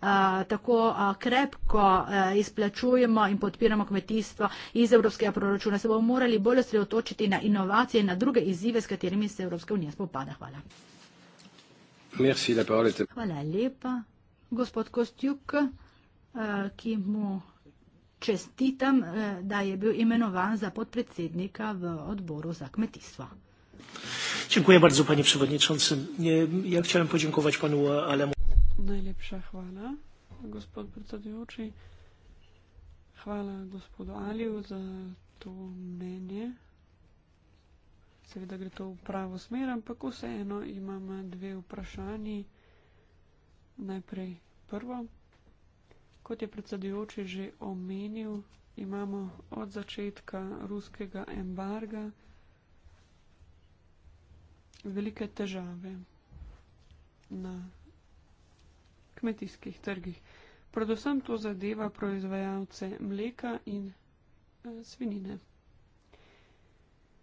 a, eh, tako a, eh, krepko a, eh, izplačujemo in podpiramo kmetijstvo iz evropskega proračuna. Se bomo morali bolj osredotočiti na inovacije in na druge izzive, s katerimi se Evropska unija spopada. Hvala. Merci, Hvala lepa, gospod Kostjuk, ki mu čestitam, da je bil imenovan za podpredsednika v odboru za kmetijstvo. Dziękuję bardzo panie przewodniczący. Nie, ja chciałem podziękować panu e, Alemu. Najlepsza chwała gospodu Przewodniczący. Chwała gospodu Aliu za to mnie. Seveda gre to v pravo smer, ampak vseeno imamo dve vprašanji. Najprej prvo. Kot je predsedujoči že omenil, imamo od začetka ruskega embarga velike težave na kmetijskih trgih. Predvsem to zadeva proizvajalce mleka in eh, svinine.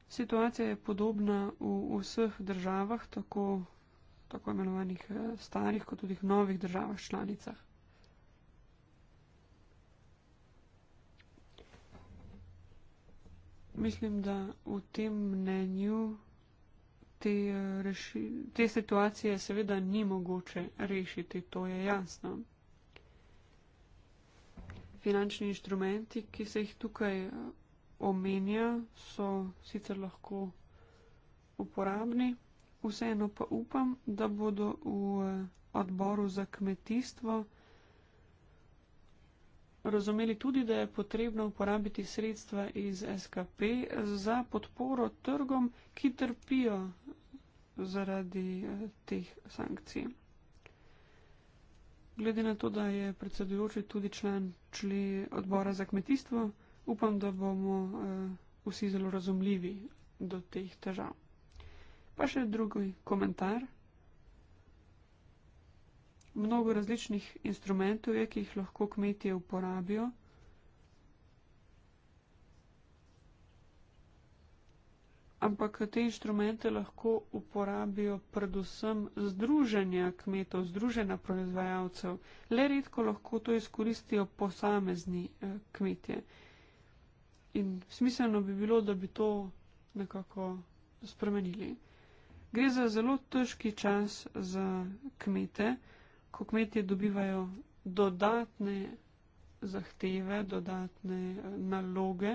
Situacija je podobna v vseh državah, tako, tako imenovanih eh, starih, kot tudi novih državah članicah. Mislim, da v tem mnenju te, eh, reši, te situacije seveda ni mogoče rešiti, to je jasno. Finančni inštrumenti, ki se jih tukaj eh, omenja, so sicer lahko uporabni, vseeno pa upam, da bodo v eh, odboru za kmetijstvo razumeli tudi, da je potrebno uporabiti sredstva iz SKP za podporo trgom, ki trpijo zaradi eh, teh sankcij. Glede na to, da je predsedujoči tudi član člen odbora za kmetijstvo, upam, da bomo eh, vsi zelo razumljivi do teh težav. Pa še drugi komentar mnogo različnih instrumentov je, ki jih lahko kmetje uporabijo. Ampak te inštrumente lahko uporabijo predvsem združenja kmetov, združena proizvajalcev. Le redko lahko to izkoristijo posamezni eh, kmetje. In smiselno bi bilo, da bi to nekako spremenili. Gre za zelo težki čas za kmete ko kmetje dobivajo dodatne zahteve, dodatne eh, naloge.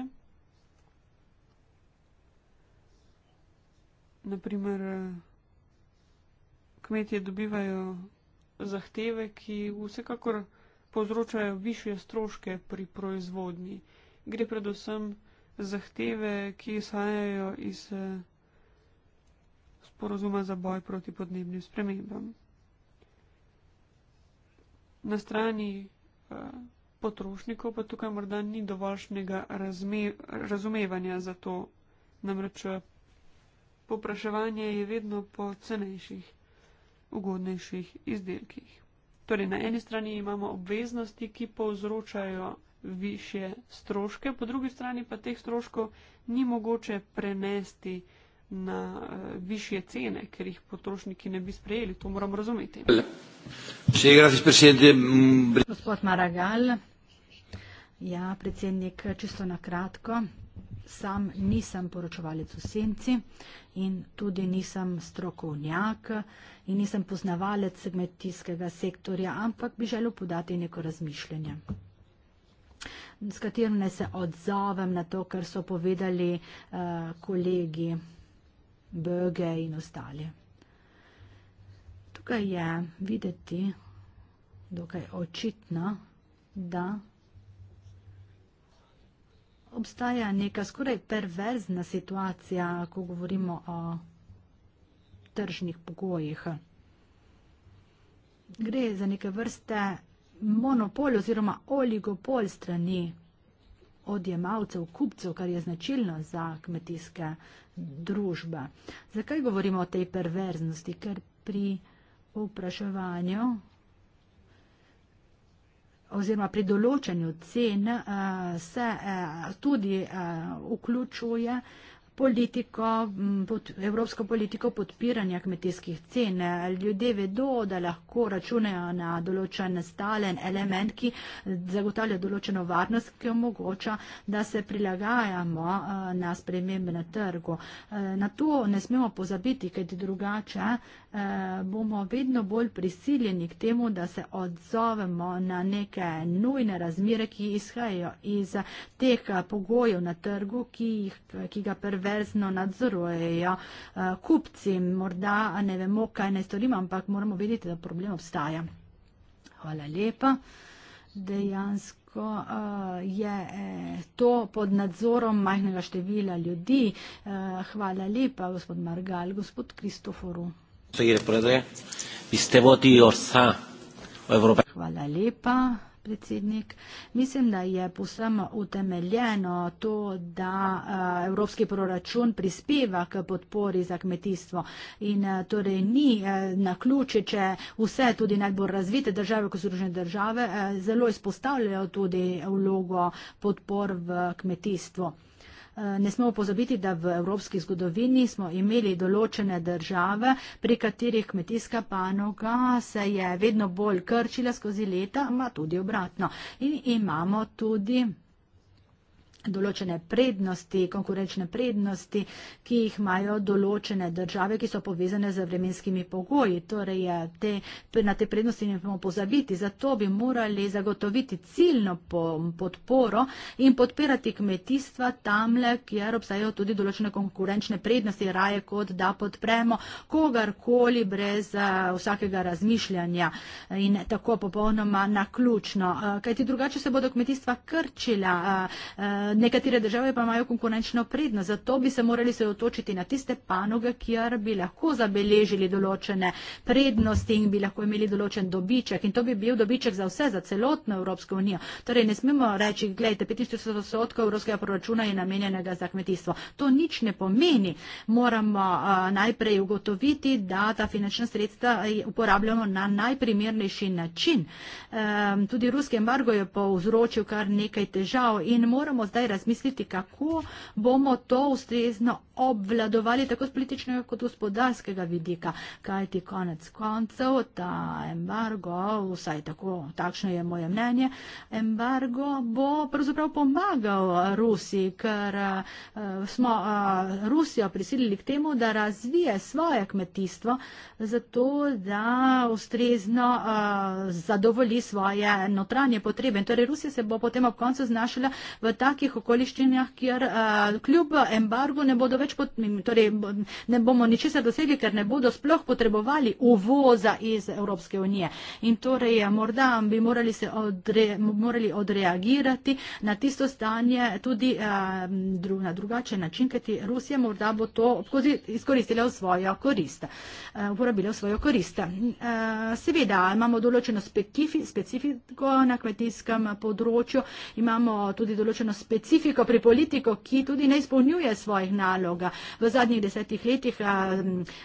Naprimer, eh, kmetje dobivajo zahteve, ki vsekakor povzročajo više stroške pri proizvodnji. Gre predvsem zahteve, ki izhajajo iz eh, sporozuma za boj proti podnebnim spremembam na strani eh, potrošnikov pa tukaj morda ni dovoljšnega razumevanja za to. Namreč eh, popraševanje je vedno po cenejših, ugodnejših izdelkih. Torej, na eni strani imamo obveznosti, ki povzročajo više stroške, po drugi strani pa teh stroškov ni mogoče prenesti na uh, višje cene, ker jih potrošniki ne bi sprejeli. To moramo razumeti. Mm, Gospod Maragal, ja, predsednik, čisto na kratko. Sam nisem poročevalec v senci in tudi nisem strokovnjak in nisem poznavalec kmetijskega sektorja, ampak bi želel podati neko razmišljanje s katerim ne se odzovem na to, kar so povedali uh, kolegi BG in ostale. Tukaj je videti dokaj očitno, da obstaja neka skoraj perverzna situacija, ko govorimo o tržnih pogojih. Gre za neke vrste monopol oziroma oligopol strani odjemalcev, kupcev, kar je značilno za kmetijske družbe. Zakaj govorimo o tej perverznosti? Ker pri upraševanju oziroma pri določanju cen eh, se eh, tudi eh, vključuje politiko, pod, evropsko politiko podpiranja kmetijskih cen. Ljudje vedo, da lahko računajo na določen stalen element, ki zagotavlja določeno varnost, ki omogoča, da se prilagajamo eh, na spremembe na trgu. Eh, na to ne smemo pozabiti, kajti drugače Eh, bomo vedno bolj prisiljeni k temu, da se odzovemo na neke nujne razmere, ki izhajajo iz teh pogojev na trgu, ki, jih, ki ga perverzno nadzorujejo eh, kupci. Morda ne vemo, kaj naj storimo, ampak moramo vedeti, da problem obstaja. Hvala lepa. Dejansko ko eh, je to pod nadzorom majhnega števila ljudi. Hvala lepa, gospod Margal, gospod Kristoforu. Hvala lepa, predsednik. Mislim, da je posem utemeljeno to, da evropski proračun prispeva k podpori za kmetijstvo in torej ni na ključe, če vse tudi najbolj razvite države, kot so družne države, zelo izpostavljajo tudi vlogo podpor v kmetijstvo ne smemo pozabiti, da v evropski zgodovini smo imeli določene države, pri katerih kmetijska panoga se je vedno bolj krčila skozi leta, ima tudi obratno. In imamo tudi določene prednosti, konkurenčne prednosti, ki jih imajo določene države, ki so povezane z vremenskimi pogoji. Torej, ja, te, na te prednosti ne bomo pozabiti. Zato bi morali zagotoviti ciljno podporo in podpirati kmetijstva tamle, kjer obstajajo tudi določene konkurenčne prednosti, raje kot da podpremo kogarkoli brez eh, vsakega razmišljanja in tako popolnoma naključno. Eh, kajti drugače se bodo kmetijstva krčila. Eh, nekatere države pa imajo konkurenčno prednost, zato bi se morali se otočiti na tiste panoge, kjer bi lahko zabeležili določene prednosti in bi lahko imeli določen dobiček. In to bi bil dobiček za vse, za celotno Evropsko unijo. Torej, ne smemo reči, gledajte, 45 odstotkov evropskega proračuna je namenjenega za kmetijstvo. To nič ne pomeni. Moramo uh, najprej ugotoviti, da ta finančna sredstva uporabljamo na najprimernejši način. Um, tudi ruski embargo je povzročil kar nekaj težav in moramo zdaj zdaj razmisliti, kako bomo to ustrezno obvladovali tako z političnega kot gospodarskega vidika. Kaj ti konec koncev, ta embargo, vsaj tako, takšno je moje mnenje, embargo bo pravzaprav pomagal Rusi, ker uh, smo uh, Rusijo prisilili k temu, da razvije svoje kmetijstvo, zato da ustrezno uh, eh, zadovolji svoje notranje potrebe. In torej Rusija se bo potem ob koncu znašla v takih takih okoliščinah, kjer a, kljub embargu ne bodo več, pot, torej ne bomo ničesar dosegli, ker ne bodo sploh potrebovali uvoza iz Evropske unije. In torej morda bi morali, odre, morali odreagirati na tisto stanje tudi a, dru, na drugačen način, kajti Rusija morda bo to izkoristila v svojo korist, a, uporabila v svojo korist. A, seveda imamo določeno specifiko na kmetijskem področju, imamo tudi določeno specifiko specifiko pri politiko, ki tudi ne izpolnjuje svojih naloga. V zadnjih desetih letih eh,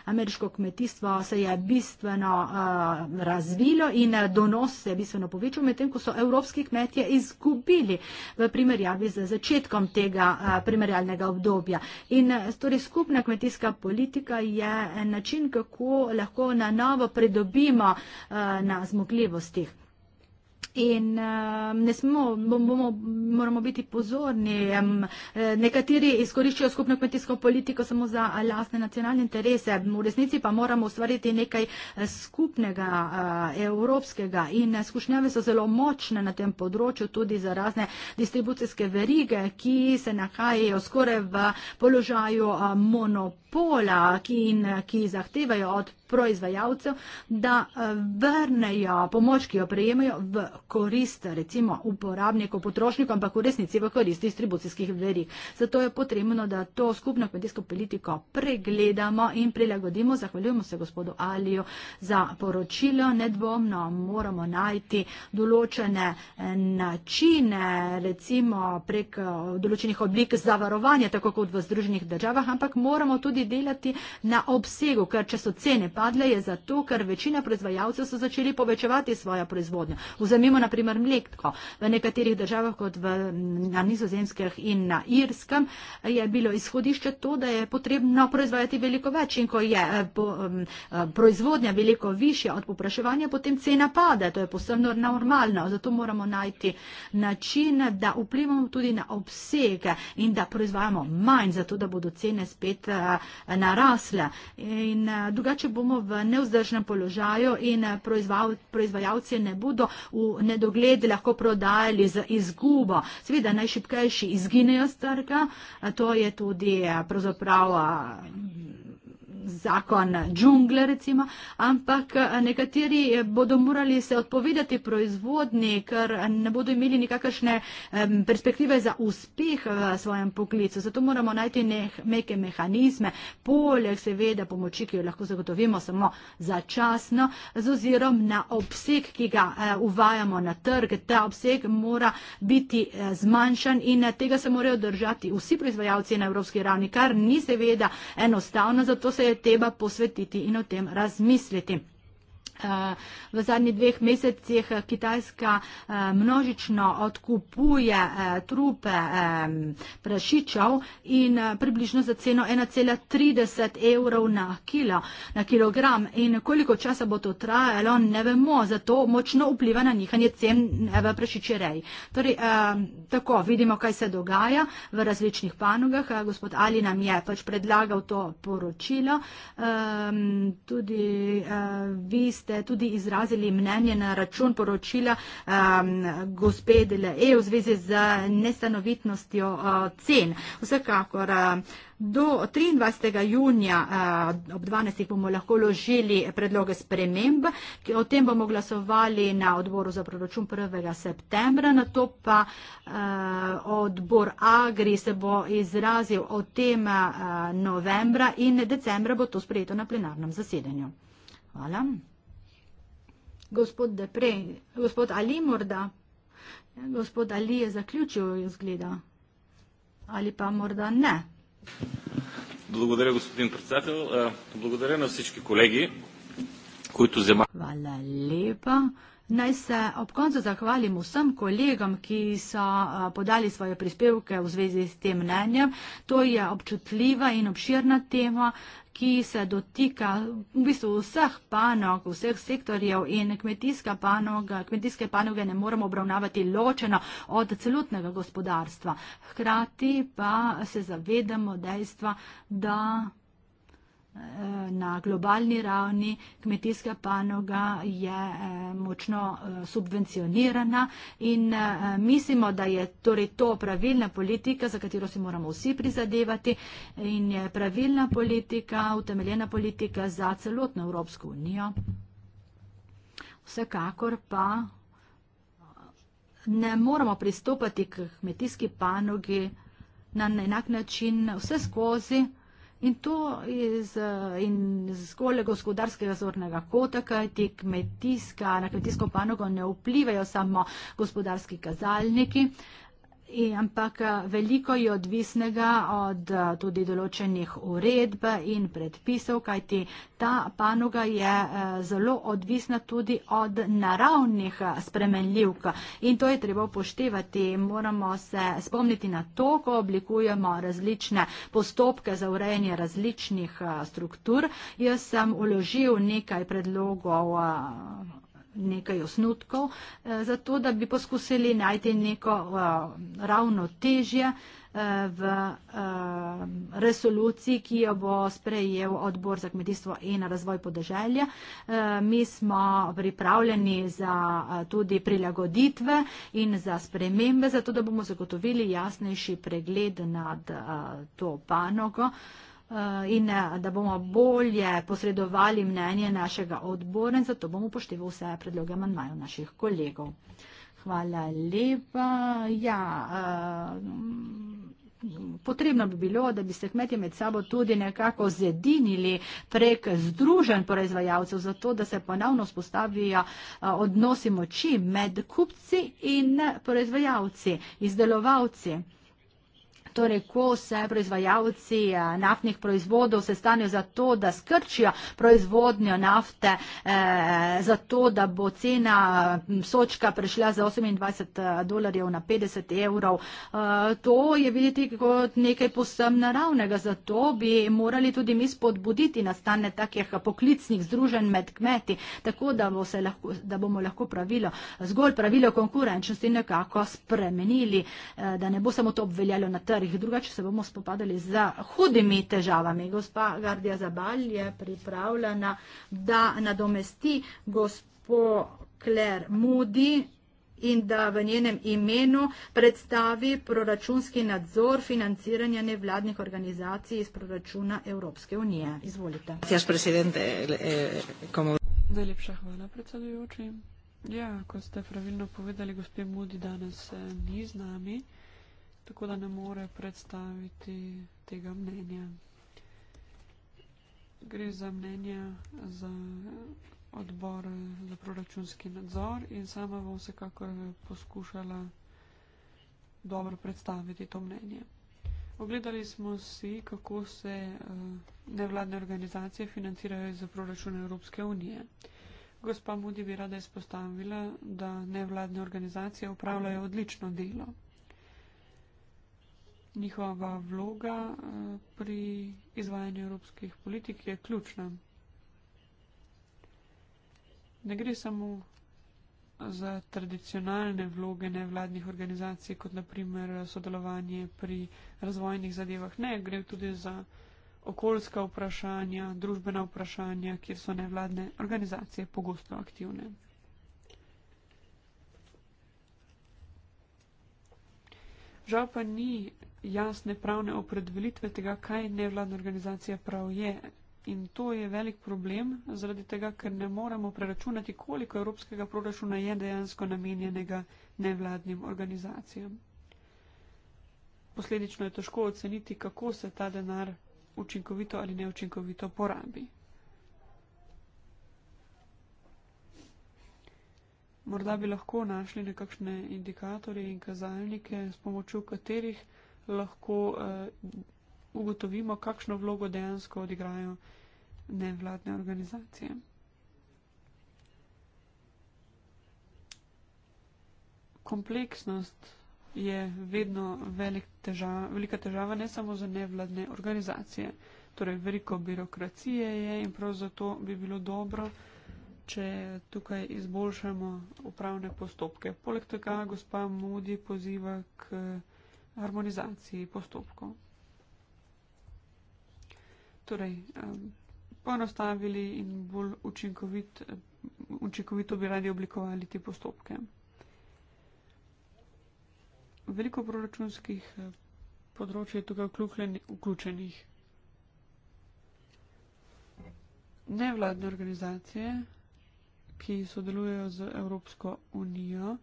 ameriško kmetijstvo se je bistveno eh, razvilo in eh, donos se je bistveno povečal, medtem ko so evropski kmetje izgubili v primerjavi z začetkom tega primerjalnega obdobja. In torej skupna kmetijska politika je način, kako lahko na novo pridobimo na zmogljivostih in um, ne smemo, bom, bomo, moramo biti pozorni. Um, nekateri izkoriščajo skupno kmetijsko politiko samo za lasne nacionalne interese, v resnici pa moramo ustvariti nekaj eh, skupnega, uh, evropskega in skušnjave so zelo močne na tem področju, tudi za razne distribucijske verige, ki se nahajajo skoraj v položaju uh, monopola, ki, in, ki zahtevajo od proizvajalcev, da eh, vrnejo pomoč, ki jo prejemajo v korist recimo uporabnikov, potrošnikov, ampak v resnici v korist distribucijskih verih. Zato je potrebno, da to skupno kmetijsko politiko pregledamo in prilagodimo. Zahvaljujemo se gospodu Aliju za poročilo. Nedvomno moramo najti določene eh, načine, recimo prek eh, določenih oblik zavarovanja, tako kot v združenih državah, ampak moramo tudi delati na obsegu, ker če so cene padle, je zato, ker večina proizvajalcev so začeli povečevati svojo proizvodnjo. Vzamemo naprimer mleko. V nekaterih državah, kot v, na nizozemskih in na irskem, je bilo izhodišče to, da je potrebno proizvajati veliko več in ko je eh, po, eh, proizvodnja veliko višja od popraševanja, potem cena pade. To je posebno normalno. Zato moramo najti način, da vplivamo tudi na obsege in da proizvajamo manj, zato da bodo cene spet eh, narasle. In drugače bomo bomo v nevzdržnem položaju in eh, proizvajalci ne bodo v nedogled lahko prodajali z izgubo. Seveda najšipkejši izginejo z trga, to je tudi eh, pravzaprav eh, zakon džungle recimo, ampak eh, nekateri eh, bodo morali se odpovedati proizvodni, ker ne bodo imeli nikakršne perspektive za uspeh eh, v svojem poklicu. Zato moramo najti neke mehanizme, poleg seveda pomoči, ki jo lahko zagotovimo samo začasno, z ozirom na obseg, ki ga uvajamo na trg. Ta obseg mora biti zmanjšan in tega se morajo držati vsi proizvajalci na evropski ravni, kar ni seveda enostavno, zato se je treba posvetiti in o tem razmisliti. Eh, v zadnjih dveh mesecih eh, Kitajska eh, množično odkupuje trupe prašičev in približno za ceno 1,30 evrov na, kilo, na kilogram. In koliko časa bo to trajalo, ne vemo, zato močno vpliva na nihanje cen v prašičerej. Torej, tako vidimo, kaj se dogaja v različnih panogah. Gospod Ali nam je pač predlagal to poročilo. Tudi vi ste ste tudi izrazili mnenje na račun poročila um, gospe Deleje v zvezi z nestanovitnostjo uh, cen. Vsekakor. Uh, Do 23. junija uh, ob 12. bomo lahko ložili predloge sprememb, o tem bomo glasovali na odboru za proračun 1. septembra, na to pa uh, odbor Agri se bo izrazil o tem uh, novembra in decembra bo to sprejeto na plenarnem zasedanju. Hvala gospod Depre, gospod Ali morda, ja, gospod Ali je zaključil izgleda ali pa morda ne. Благодаря, господин председател. Благодаря на всички колеги, които вземат. Хвала лепа. Naj se ob koncu zahvalim vsem kolegom, ki so podali svoje prispevke v zvezi s tem mnenjem. To je občutljiva in obširna tema ki se dotika v bistvu vseh panog, vseh sektorjev in panoga, kmetijske panoge ne moremo obravnavati ločeno od celotnega gospodarstva. Hkrati pa se zavedamo dejstva, da Eh, na globalni ravni kmetijska panoga je eh, močno eh, subvencionirana in mislimo, da je torej to pravilna politika, za katero si moramo vsi prizadevati in je pravilna politika, utemeljena politika za celotno Evropsko unijo. Vsekakor pa ne moramo pristopati k kmetijski panogi na enak način vse skozi, In to iz, in z kolega gospodarskega zornega kota, kajti kmetijska, na kmetijsko panogo ne vplivajo samo gospodarski kazalniki, In, e, ampak eh, veliko je odvisnega od eh, tudi določenih uredb in predpisov, kajti ta panoga je eh, zelo odvisna tudi od naravnih spremenljivk. In to je treba upoštevati. Moramo se spomniti na to, ko oblikujemo različne postopke za urejanje različnih struktur. Jaz sem uložil nekaj predlogov nekaj osnutkov, eh, zato da bi poskusili najti neko eh, ravnotežje eh, v resoluciji, ki jo bo sprejel odbor za kmetijstvo in razvoj podeželja. Mi smo pripravljeni za tudi prilagoditve in za spremembe, zato da bomo zagotovili jasnejši pregled nad to panogo. Eh, in eh, da bomo bolje posredovali mnenje našega odbora in zato bomo upoštevali vse predloge manjmajo naših kolegov. Hvala lepa. Ja, eh, potrebno bi bilo, da bi se kmetje med sabo tudi nekako zedinili prek združen proizvajalcev, zato da se ponovno spostavijo odnosi moči med kupci in proizvajalci, izdelovalci torej, ko se proizvajalci eh, naftnih proizvodov sestanijo za to, da skrčijo proizvodnjo nafte, eh, za to, da bo cena sočka prišla za 28 eh, dolarjev na 50 evrov. To je videti kot nekaj posem naravnega, zato bi morali tudi mi spodbuditi nastane takih poklicnih združenj med kmeti, tako da, bo lahko, da bomo lahko pravilo, zgolj pravilo konkurenčnosti nekako spremenili, da ne bo samo to obveljalo na trgih ostalih, drugače se bomo spopadali z hudimi težavami. Gospa Gardija Zabal je pripravljena, da nadomesti gospo Kler Mudi in da v njenem imenu predstavi proračunski nadzor financiranja nevladnih organizacij iz proračuna Evropske unije. Izvolite. Eh, eh, Najlepša hvala, predsedujoči. Ja, kot ste pravilno povedali, gospod Mudi danes eh, ni z nami tako da ne more predstaviti tega mnenja. Gre za mnenja za odbor za proračunski nadzor in sama bom vsekakor poskušala dobro predstaviti to mnenje. Ogledali smo si, kako se eh, nevladne organizacije financirajo iz proračuna Evropske unije. Gospa Mudi bi rada izpostavila, da nevladne organizacije upravljajo odlično delo njihova vloga eh, pri izvajanju evropskih politik je ključna. Ne gre samo za tradicionalne vloge nevladnih organizacij, kot naprimer sodelovanje pri razvojnih zadevah. Ne, gre tudi za okoljska vprašanja, družbena vprašanja, kjer so nevladne organizacije pogosto aktivne. Žal pa ni jasne pravne opredelitve tega, kaj nevladna organizacija prav je. In to je velik problem, zaradi tega, ker ne moremo preračunati, koliko evropskega proračuna je dejansko namenjenega nevladnim organizacijam. Posledično je težko oceniti, kako se ta denar učinkovito ali neučinkovito porabi. Morda bi lahko našli nekakšne indikatorje in kazalnike, s pomočjo katerih lahko uh, ugotovimo, kakšno vlogo dejansko odigrajo nevladne organizacije. Kompleksnost je vedno velik težava, velika težava, ne samo za nevladne organizacije. Torej, veliko birokracije je in prav zato bi bilo dobro, če tukaj izboljšamo upravne postopke. Poleg tega gospa Modi poziva k harmonizaciji postopkov. Torej, poenostavili in bolj učinkovit, učinkovito bi radi oblikovali te postopke. Veliko proračunskih eh, področji je tukaj vključenih. Nevladne organizacije ki sodelujejo z Evropsko unijo,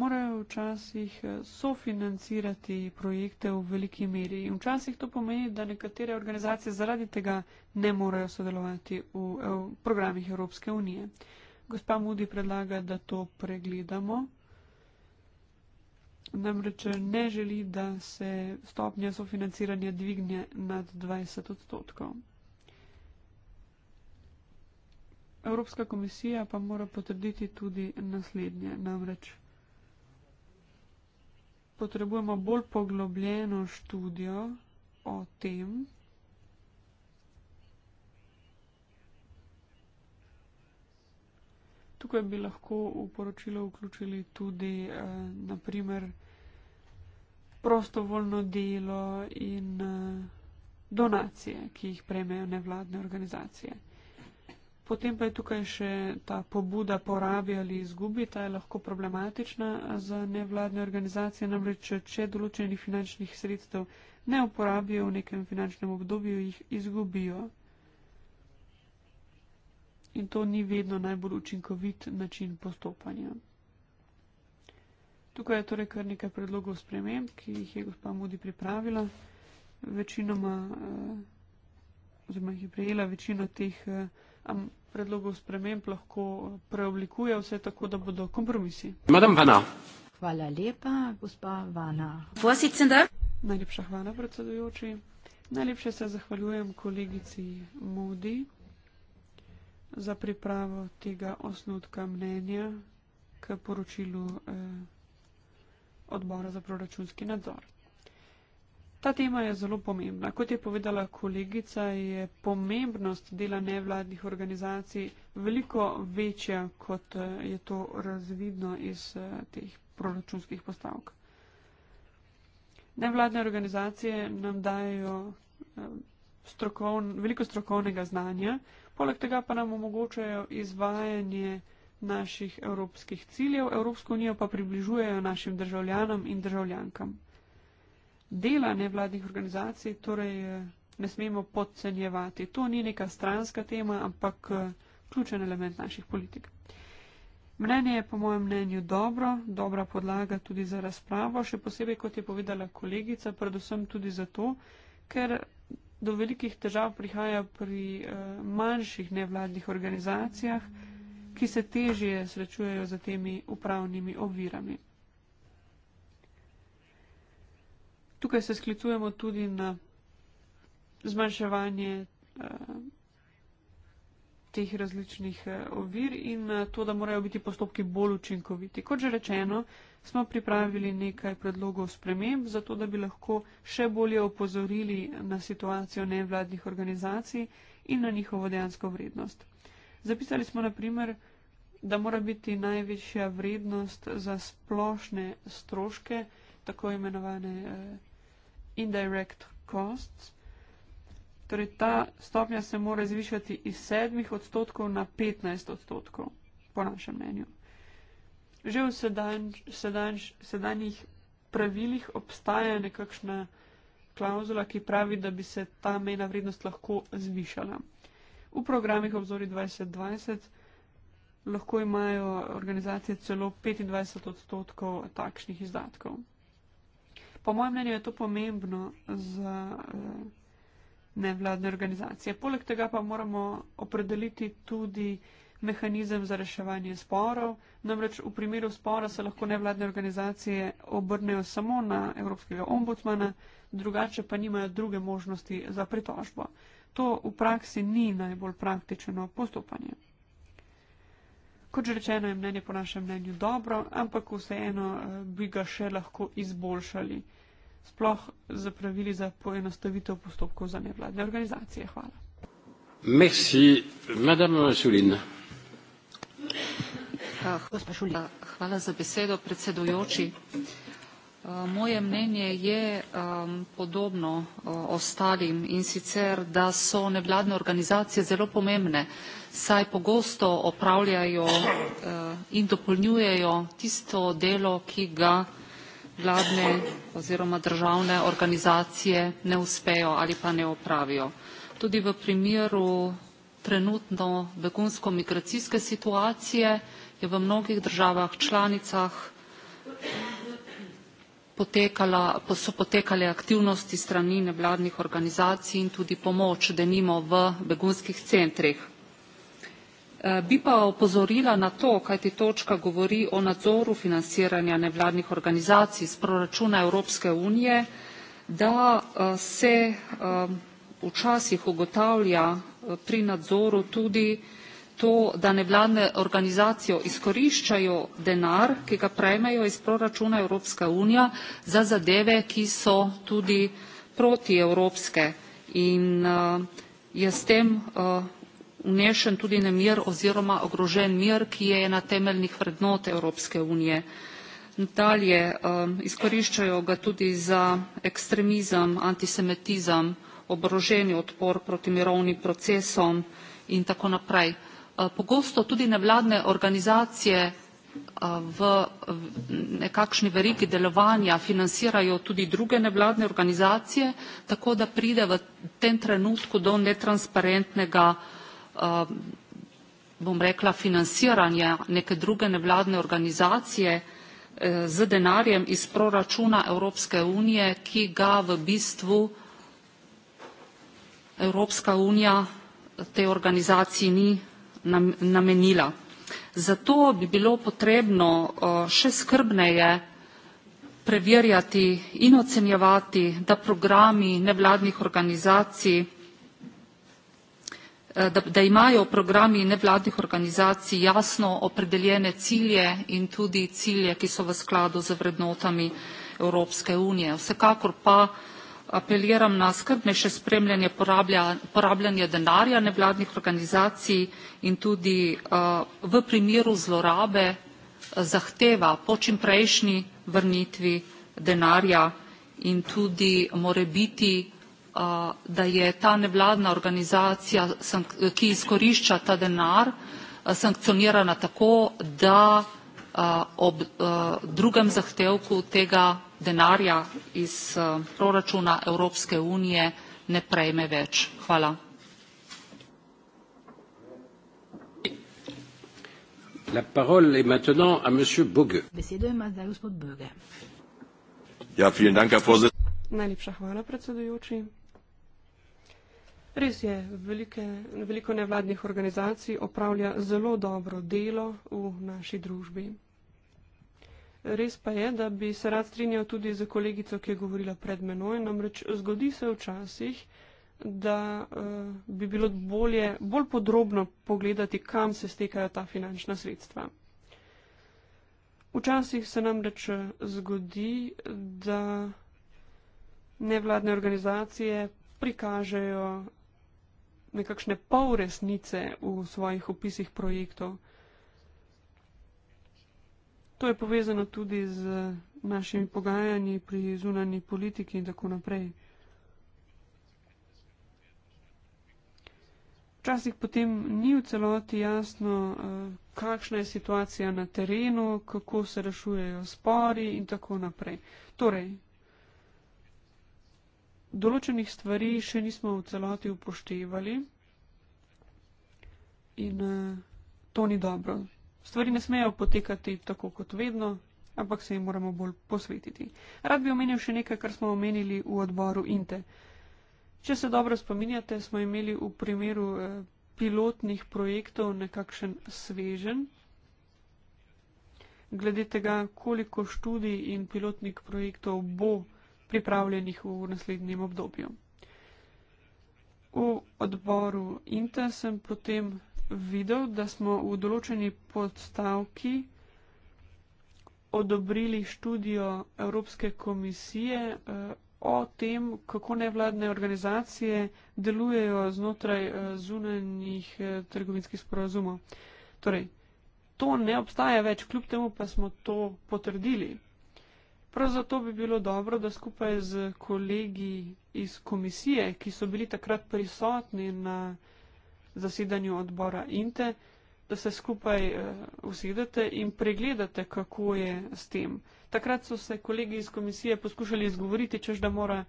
morajo včasih eh, sofinancirati projekte v veliki meri. In včasih to pomeni, da nekatere organizacije zaradi tega ne morejo sodelovati v ev eh, programih Evropske unije. Gospa Mudi predlaga, da to pregledamo. Namreč eh, ne želi, da se stopnja sofinanciranja dvigne nad 20 odstotkov. Evropska komisija pa mora potrditi tudi naslednje, namreč potrebujemo bolj poglobljeno študijo o tem, Tukaj bi lahko v poročilo vključili tudi, eh, naprimer, prostovoljno delo in eh, donacije, ki jih prejmejo nevladne organizacije. Potem pa je tukaj še ta pobuda porabi ali izgubi, ta je lahko problematična za nevladne organizacije, namreč če določenih finančnih sredstev ne uporabijo v nekem finančnem obdobju, jih izgubijo. In to ni vedno najbolj učinkovit način postopanja. Tukaj je torej kar nekaj predlogov sprememb, ki jih je gospa Mudi pripravila. Večinoma, eh, oziroma jih je prejela večino teh eh, predlogov sprememb lahko preoblikuje vse tako, da bodo kompromisi. Madame Vana. Hvala lepa, gospa Vana. Najlepša hvala, predsedujoči. Najlepše se zahvaljujem kolegici Moody za pripravo tega osnutka mnenja k poročilu eh, odbora za proračunski nadzor. Ta tema je zelo pomembna. Kot je povedala kolegica, je pomembnost dela nevladnih organizacij veliko večja, kot eh, je to razvidno iz eh, teh proračunskih postavk. Nevladne organizacije nam dajo eh, strokovn, veliko strokovnega znanja, poleg tega pa nam omogočajo izvajanje naših evropskih ciljev, Evropsko unijo pa približujejo našim državljanom in državljankam dela nevladnih organizacij, torej eh, ne smemo podcenjevati. To ni neka stranska tema, ampak eh, ključen element naših politik. Mnenje je po mojem mnenju dobro, dobra podlaga tudi za razpravo, še posebej, kot je povedala kolegica, predvsem tudi zato, ker do velikih težav prihaja pri eh, manjših nevladnih organizacijah, ki se težje srečujejo z temi upravnimi ovirami. tukaj se sklicujemo tudi na zmanjševanje eh, teh različnih eh, ovir in eh, to, da morajo biti postopki bolj učinkoviti. Kot že rečeno, smo pripravili nekaj predlogov sprememb, zato da bi lahko še bolje opozorili na situacijo nevladnih organizacij in na njihovo dejansko vrednost. Zapisali smo naprimer, da mora biti največja vrednost za splošne stroške, tako imenovane. Eh, indirect costs, torej ta stopnja se mora zvišati iz 7 odstotkov na 15 odstotkov, po našem mnenju. Že v sedanj, sedanj, sedanjih pravilih obstaja nekakšna klauzula, ki pravi, da bi se ta mejna vrednost lahko zvišala. V programih obzori 2020 lahko imajo organizacije celo 25 odstotkov takšnih izdatkov. Po mojem mnenju je to pomembno za eh, nevladne organizacije. Poleg tega pa moramo opredeliti tudi mehanizem za reševanje sporov. Namreč v primeru spora se lahko nevladne organizacije obrnejo samo na Evropskega ombudsmana, drugače pa nimajo druge možnosti za pritožbo. To v praksi ni najbolj praktično postopanje. Kot že rečeno, je mnenje po našem mnenju dobro, ampak vseeno eh, bi ga še lahko izboljšali. Sploh za pravili za poenostavitev postopkov za nevladne organizacije. Hvala. Merci, madame Soline. Hvala za besedo, predsedujoči. Eh, moje mnenje je um, podobno uh, ostalim in sicer, da so nevladne organizacije zelo pomembne, saj pogosto opravljajo uh, in dopolnjujejo tisto delo, ki ga vladne oziroma državne organizacije ne uspejo ali pa ne opravijo. Tudi v primeru trenutno begunsko-migracijske situacije je v mnogih državah članicah potekala, so potekale aktivnosti strani nevladnih organizacij in tudi pomoč, da nimo v begunskih centrih. Eh, bi pa opozorila na to, kaj ti točka govori o nadzoru financiranja nevladnih organizacij z proračuna Evropske unije, da eh, se eh, včasih ugotavlja pri nadzoru tudi nekaj, to, da nevladne organizacije izkoriščajo denar, ki ga prejmejo iz proračuna Evropska unija za zadeve, ki so tudi protievropske. In uh, eh, je s tem uh, vnešen tudi nemir oziroma ogrožen mir, ki je ena temeljnih vrednot Evropske unije. Dalje um, izkoriščajo ga tudi za ekstremizem, antisemitizem, oboroženi odpor proti mirovnim procesom in tako naprej. Eh, pogosto tudi nevladne organizacije eh, v nekakšni verigi delovanja financirajo tudi druge nevladne organizacije, tako da pride v tem trenutku do netransparentnega, eh, bom rekla, financiranja neke druge nevladne organizacije z denarjem iz proračuna Evropske unije, ki ga v bistvu Evropska unija tej organizaciji ni namenila. Zato bi bilo potrebno še skrbneje preverjati in ocenjevati, da programi nevladnih organizacij, e, da, da imajo programi nevladnih organizacij jasno opredeljene cilje in tudi cilje, ki so v skladu z vrednotami Evropske unije. Vsekakor pa apeliram na skrbnejše spremljanje porabljanja denarja nevladnih organizacij in tudi uh, v primeru zlorabe uh, zahteva po čimprejšnji vrnitvi denarja in tudi more biti, uh, eh, da je ta nevladna organizacija, ki izkorišča ta denar, uh, sankcionirana tako, da uh, ob uh, drugem zahtevku tega denarja iz eh, proračuna Evropske unije ne prejme več. Hvala. La parole est maintenant à monsieur Böge. Besedo ima zdaj gospod Böge. Ja, vielen Dank, Herr Vorsitzender. Najlepša hvala, predsedujoči. Res je, velike, veliko nevladnih organizacij opravlja zelo dobro delo v naši družbi. Res pa je, da bi se rad strinjal tudi z kolegico, ki je govorila pred menoj. Namreč zgodi se včasih, da uh, bi bilo bolje, bolj podrobno pogledati, kam se stekajo ta finančna sredstva. Včasih se namreč eh, zgodi, da nevladne organizacije prikažejo nekakšne pol resnice v svojih opisih projektov. To je povezano tudi z našimi pogajanji pri zunanji politiki in tako naprej. Včasih potem ni v celoti jasno, eh, kakšna je situacija na terenu, kako se rešujejo spori in tako naprej. Torej, določenih stvari še nismo v celoti upoštevali in eh, to ni dobro. Stvari ne smejo potekati tako kot vedno, ampak se jim moramo bolj posvetiti. Rad bi omenil še nekaj, kar smo omenili v odboru INTE. Če se dobro spominjate, smo imeli v primeru eh, pilotnih projektov nekakšen svežen, glede tega, koliko študij in pilotnih projektov bo pripravljenih v naslednjem obdobju. V odboru INTE sem potem videl, da smo v določeni podstavki odobrili študijo Evropske komisije eh, o tem, kako nevladne organizacije delujejo znotraj eh, zunanjih eh, trgovinskih sporazumov. Torej, to ne obstaja več, kljub temu pa smo to potrdili. Prav zato bi bilo dobro, da skupaj z kolegi iz komisije, ki so bili takrat prisotni na zasedanju odbora INTE, da se skupaj eh, usedete in pregledate, kako je s tem. Takrat so se kolegi iz komisije poskušali izgovoriti, čež da mora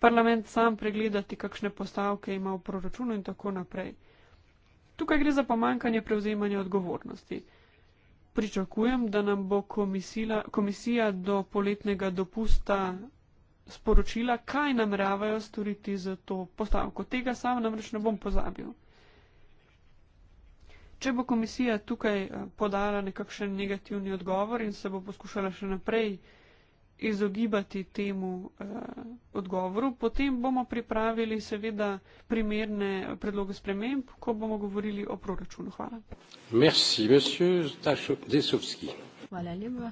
parlament sam pregledati, kakšne postavke ima v proračunu in tako naprej. Tukaj gre za pomankanje prevzemanja odgovornosti. Pričakujem, da nam bo komisila, komisija do poletnega dopusta sporočila, kaj nameravajo storiti za to postavko. Tega sam namreč ne bom pozabil. Če bo komisija tukaj eh, podala nekakšen negativni odgovor in se bo poskušala še naprej izogibati temu eh, odgovoru, potem bomo pripravili seveda primerne predloge sprememb, ko bomo govorili o proračunu. Hvala. Merci, Hvala lepa,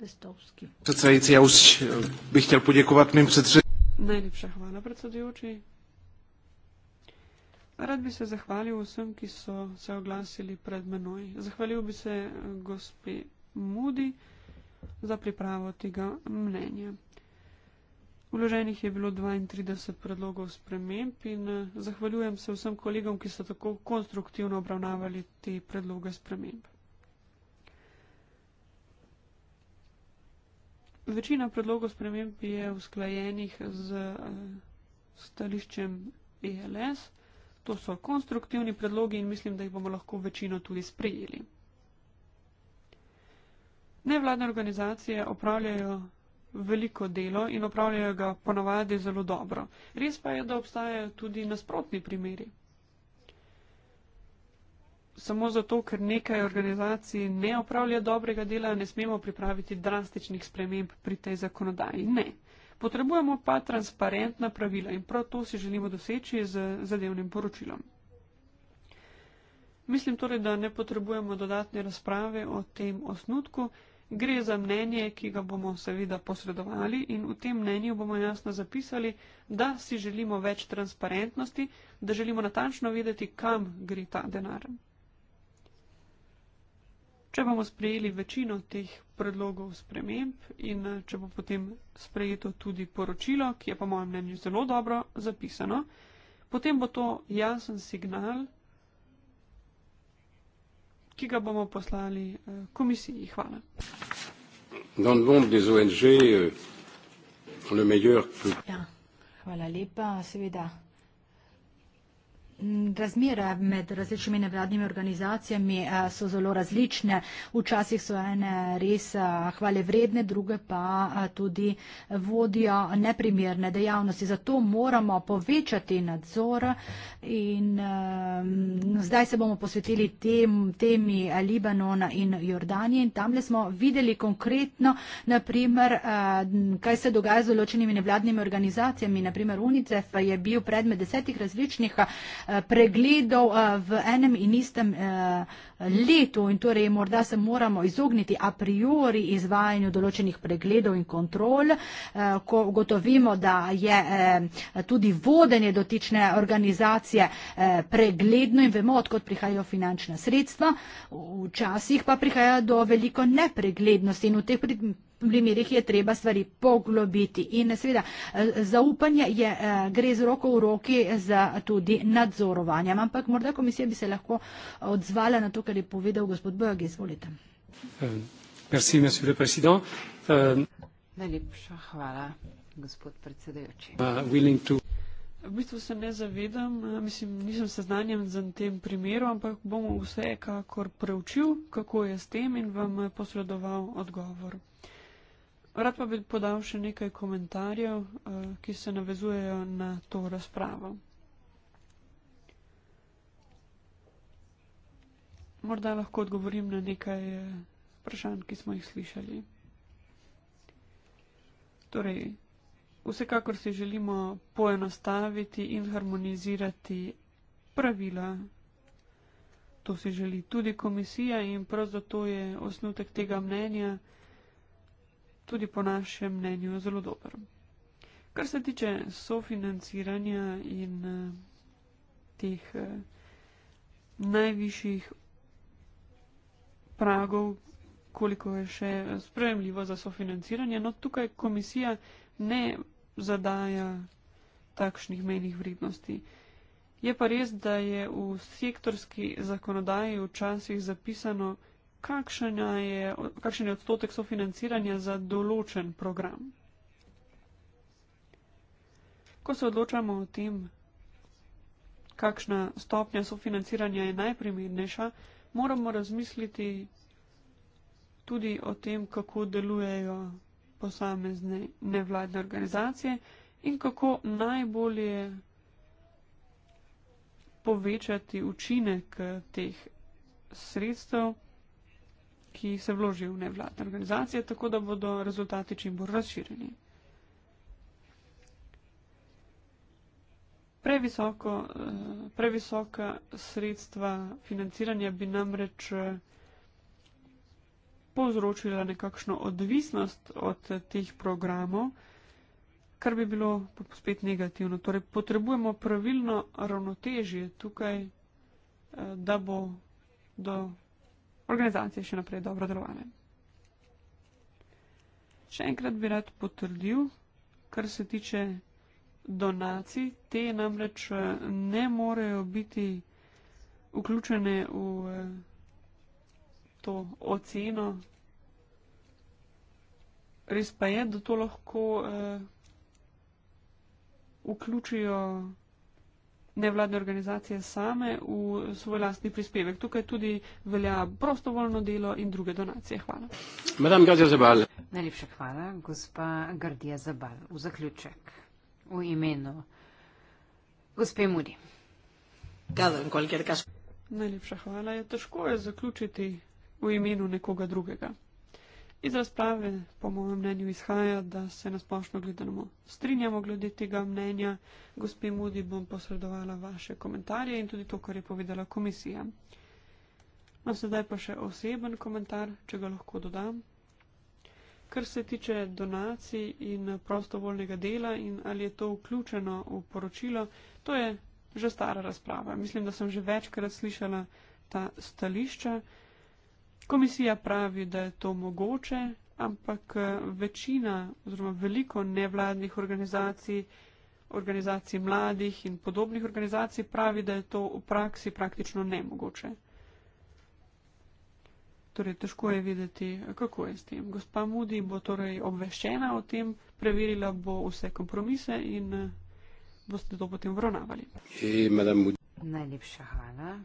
Destovski. Predsednica, jaz eh, bih htjel podjekovati mim predsednikom. Najlepša hvala, predsednik. Rad bi se zahvalil vsem, ki so se oglasili pred menoj. Zahvalil bi se eh, gospe Mudi za pripravo tega mnenja. Uloženih je bilo 32 predlogov sprememb in eh, zahvaljujem se vsem kolegom, ki so tako konstruktivno obravnavali te predloge sprememb. Večina predlogov sprememb je usklajenih z eh, stališčem ELS. To so konstruktivni predlogi in mislim, da jih bomo lahko večino tudi sprejeli. Nevladne organizacije opravljajo veliko delo in opravljajo ga ponavadi zelo dobro. Res pa je, da obstajajo tudi nasprotni primeri. Samo zato, ker nekaj organizacij ne opravlja dobrega dela, ne smemo pripraviti drastičnih sprememb pri tej zakonodaji. Ne. Potrebujemo pa transparentna pravila in prav to si želimo doseči z zadevnim poročilom. Mislim torej, da ne potrebujemo dodatne razprave o tem osnutku. Gre za mnenje, ki ga bomo seveda posredovali in v tem mnenju bomo jasno zapisali, da si želimo več transparentnosti, da želimo natančno vedeti, kam gre ta denar. Če bomo sprejeli večino teh predlogov sprememb in eh, če bo potem sprejeto tudi poročilo, ki je po mojem mnenju zelo dobro zapisano, potem bo to jasen signal, ki ga bomo poslali eh, komisiji. Hvala. Euh, ja, hvala lepa, seveda. Razmere med različnimi nevladnimi organizacijami eh, so zelo različne. Včasih so ene res eh, hvale vredne, druge pa eh, tudi vodijo neprimerne dejavnosti. Zato moramo povečati nadzor in zdaj se bomo posvetili tem, temi Libanona in Jordanije. In tam smo videli konkretno, naprimer, kaj se dogaja z določenimi nevladnimi organizacijami. Naprimer, UNICEF je bil predmet desetih različnih Eh, pregledov eh, v enem in istem eh, letu in torej morda se moramo izogniti a priori izvajanju določenih pregledov in kontrol, ko ugotovimo, da je tudi vodenje dotične organizacije pregledno in vemo, odkot prihajajo finančna sredstva, včasih pa prihaja do veliko nepreglednosti in v teh primerih primerih je treba stvari poglobiti in seveda eh, zaupanje je, eh, gre z roko v roki za tudi nadzorovanjem, ampak morda komisija bi se lahko odzvala na to, kar je povedal gospod Bojag, izvolite. Eh, merci, monsieur le président. Najlepša hvala, gospod predsedujoči. V bistvu se ne zavedam, mislim, nisem seznanjen z tem primerom, ampak bom vsekakor preučil, kako je s tem in vam posredoval odgovor. Rad pa bi podal še nekaj komentarjev, eh, ki se navezujejo na to razpravo. Morda lahko odgovorim na nekaj eh, vprašanj, ki smo jih slišali. Torej, vsekakor si želimo poenostaviti in harmonizirati pravila. To si želi tudi komisija in prav zato je osnutek tega mnenja tudi po našem mnenju zelo dober. Kar se tiče sofinanciranja in uh, teh uh, najvišjih pragov, koliko je še sprejemljivo za sofinanciranje, no tukaj komisija ne zadaja takšnih menjih vrednosti. Je pa res, da je v sektorski zakonodaji včasih zapisano, kakšen je odstotek sofinanciranja za določen program. Ko se odločamo o tem, kakšna stopnja sofinanciranja je najprimernejša, moramo razmisliti tudi o tem, kako delujejo posamezne nevladne organizacije in kako najbolje povečati učinek teh sredstev ki jih se vloži v nevladne organizacije, tako da bodo rezultati čim bolj razširjeni. Previsoko, eh, previsoka sredstva financiranja bi namreč eh, povzročila nekakšno odvisnost od eh, teh programov, kar bi bilo spet negativno. Torej, potrebujemo pravilno ravnotežje tukaj, da bo do organizacije še naprej dobro delovale. Še enkrat bi rad potrdil, kar se tiče donacij, te namreč eh, ne morejo biti vključene v eh, to oceno. Res pa je, da to lahko eh, vključijo nevladne organizacije same v svoj lastni prispevek. Tukaj tudi velja prostovoljno delo in druge donacije. Hvala. Najlepša hvala, gospa Gardija Zabal. V zaključek v imenu gospe Muri. Najlepša hvala. Je ja, težko je zaključiti v imenu nekoga drugega. Iz razprave, po mojem mnenju, izhaja, da se nasplošno gledamo strinjamo glede tega mnenja. Gospe Mudi bom posredovala vaše komentarje in tudi to, kar je povedala komisija. No, sedaj pa še oseben komentar, če ga lahko dodam. Kar se tiče donacij in prostovoljnega dela in ali je to vključeno v poročilo, to je že stara razprava. Mislim, da sem že večkrat slišala ta stališča. Komisija pravi, da je to mogoče, ampak eh, večina oziroma veliko nevladnih organizacij, organizacij mladih in podobnih organizacij pravi, da je to v praksi praktično nemogoče. Torej, težko je videti, kako je s tem. Gospa Mudi bo torej obveščena o tem, preverila bo vse kompromise in eh, boste to potem vronavali. Hey, eh, Najlepša hvala.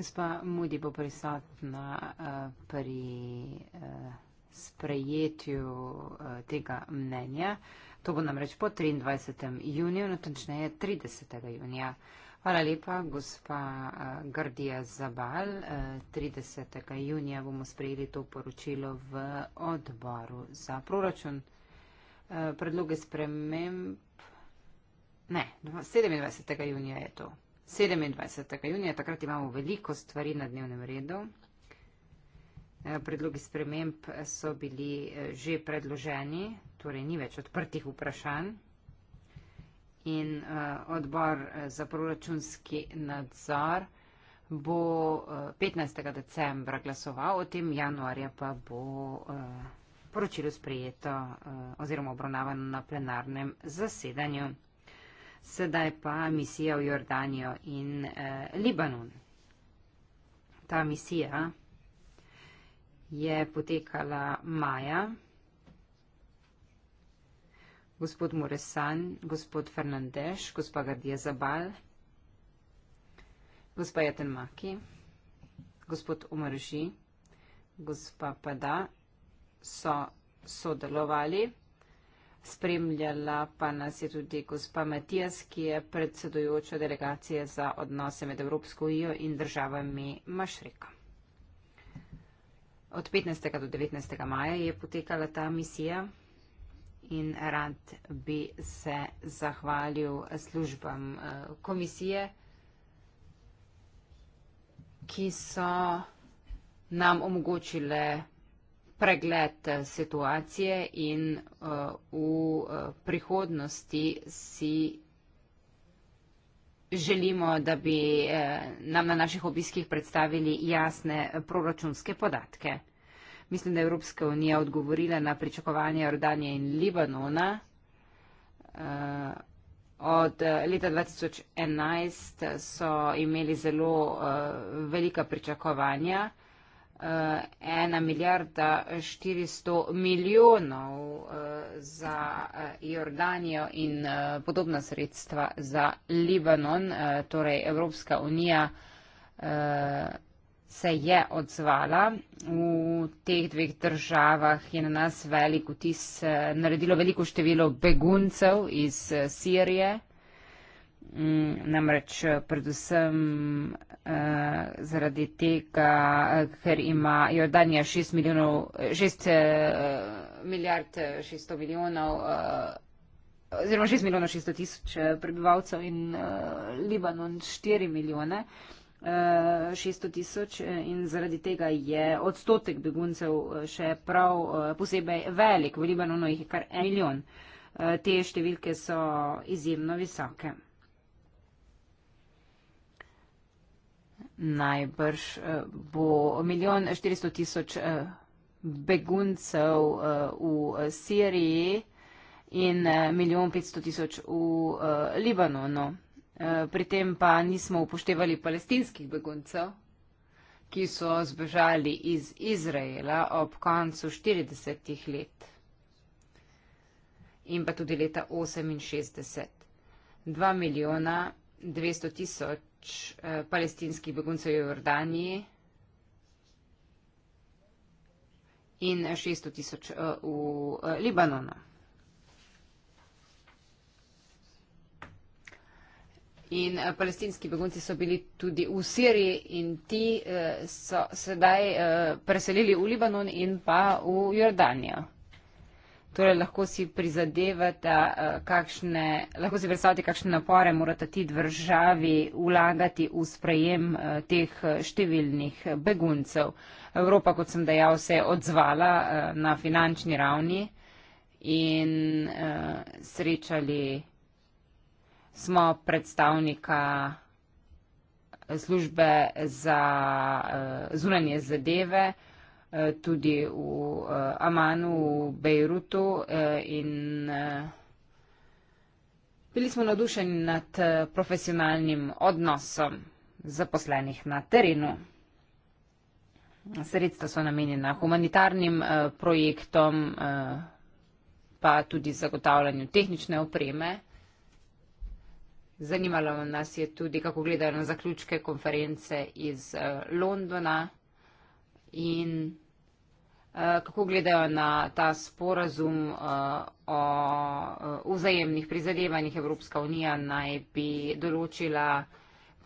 Gospa Mudi bo prisotna uh, pri uh, sprejetju uh, tega mnenja. To bo namreč po 23. juniju, natančneje 30. junija. Hvala lepa, gospa uh, Gardija Zabal. Uh, 30. junija bomo sprejeli to poročilo v odboru za proračun. Predloge sprememb. Ne, 27. junija je to. 27. junija, takrat imamo veliko stvari na dnevnem redu. Eh, predlogi sprememb eh, so bili eh, že predloženi, torej ni več odprtih vprašanj. In odbor za proračunski nadzor bo 15. decembra glasoval, o tem januarja pa bo poročilo sprejeto oziroma obravnavano na plenarnem zasedanju sedaj pa misija v Jordanijo in eh, Libanon. Ta misija je potekala maja. Gospod Moresan, gospod Fernandez, gospa Gardija Zabal, gospa Jaten Maki, gospod Umarži, gospa Pada so sodelovali. Spremljala pa nas je tudi gospa Matijas, ki je predsedujoča delegacije za odnose med Evropsko unijo in državami Mašreka. Od 15. do 19. maja je potekala ta misija in rad bi se zahvalil službam eh, komisije, ki so nam omogočile pregled eh, situacije in eh, v eh, prihodnosti si želimo, da bi nam na naših obiskih predstavili jasne proračunske podatke. Mislim, da je Evropska unija odgovorila na pričakovanje Jordanije in Libanona. Od leta 2011 so imeli zelo velika pričakovanja. 1 milijarda 400 milijonov eh, za eh, Jordanijo in eh, podobna sredstva za Libanon. Torej Evropska unija se je odzvala. V teh dveh državah je na nas velik vtis naredilo veliko število beguncev iz Sirije. Mm, namreč eh, predvsem eh, zaradi tega, eh, ker ima Jordanija 6 milijonov, 6 milijard 600 milijonov, oziroma 6 milijonov 600 tisoč prebivalcev in Libanon 4 milijone. 600 tisoč in zaradi tega je odstotek beguncev še prav posebej velik. V Libanonu jih je kar en milijon. Te številke so izjemno visoke. najbrž eh, bo milijon 400 tisoč eh, beguncev eh, v Siriji in milijon 500 tisoč v Libanonu. Pri tem pa nismo upoštevali palestinskih beguncev, ki so zbežali iz Izraela ob koncu 40-ih let in pa tudi leta 68. 2 milijona 200 tisoč tisoč eh, palestinskih beguncev v Jordaniji in 600 tisoč eh, v eh, Libanonu. In eh, palestinski begunci so bili tudi v Siriji in ti eh, so sedaj eh, preselili v Libanon in pa v Jordanijo. Torej, lahko si prizadevate, eh, kakšne, lahko si predstavljate, kakšne napore morate ti državi vlagati v sprejem eh, teh eh, številnih beguncev. Evropa, kot sem dejal, se je odzvala na finančni ravni in srečali smo predstavnika službe za zunanje zadeve. Eh, tudi v eh, Amanu, v Bejrutu eh, in bili smo nadušeni nad profesionalnim odnosom zaposlenih na terenu. Sredstva so namenjena humanitarnim projektom, pa tudi zagotavljanju tehnične opreme. Zanimalo nas je tudi, kako gledajo na zaključke konference iz Londona in eh, kako gledajo na ta sporazum eh, o eh, vzajemnih prizadevanjih. Evropska unija naj bi določila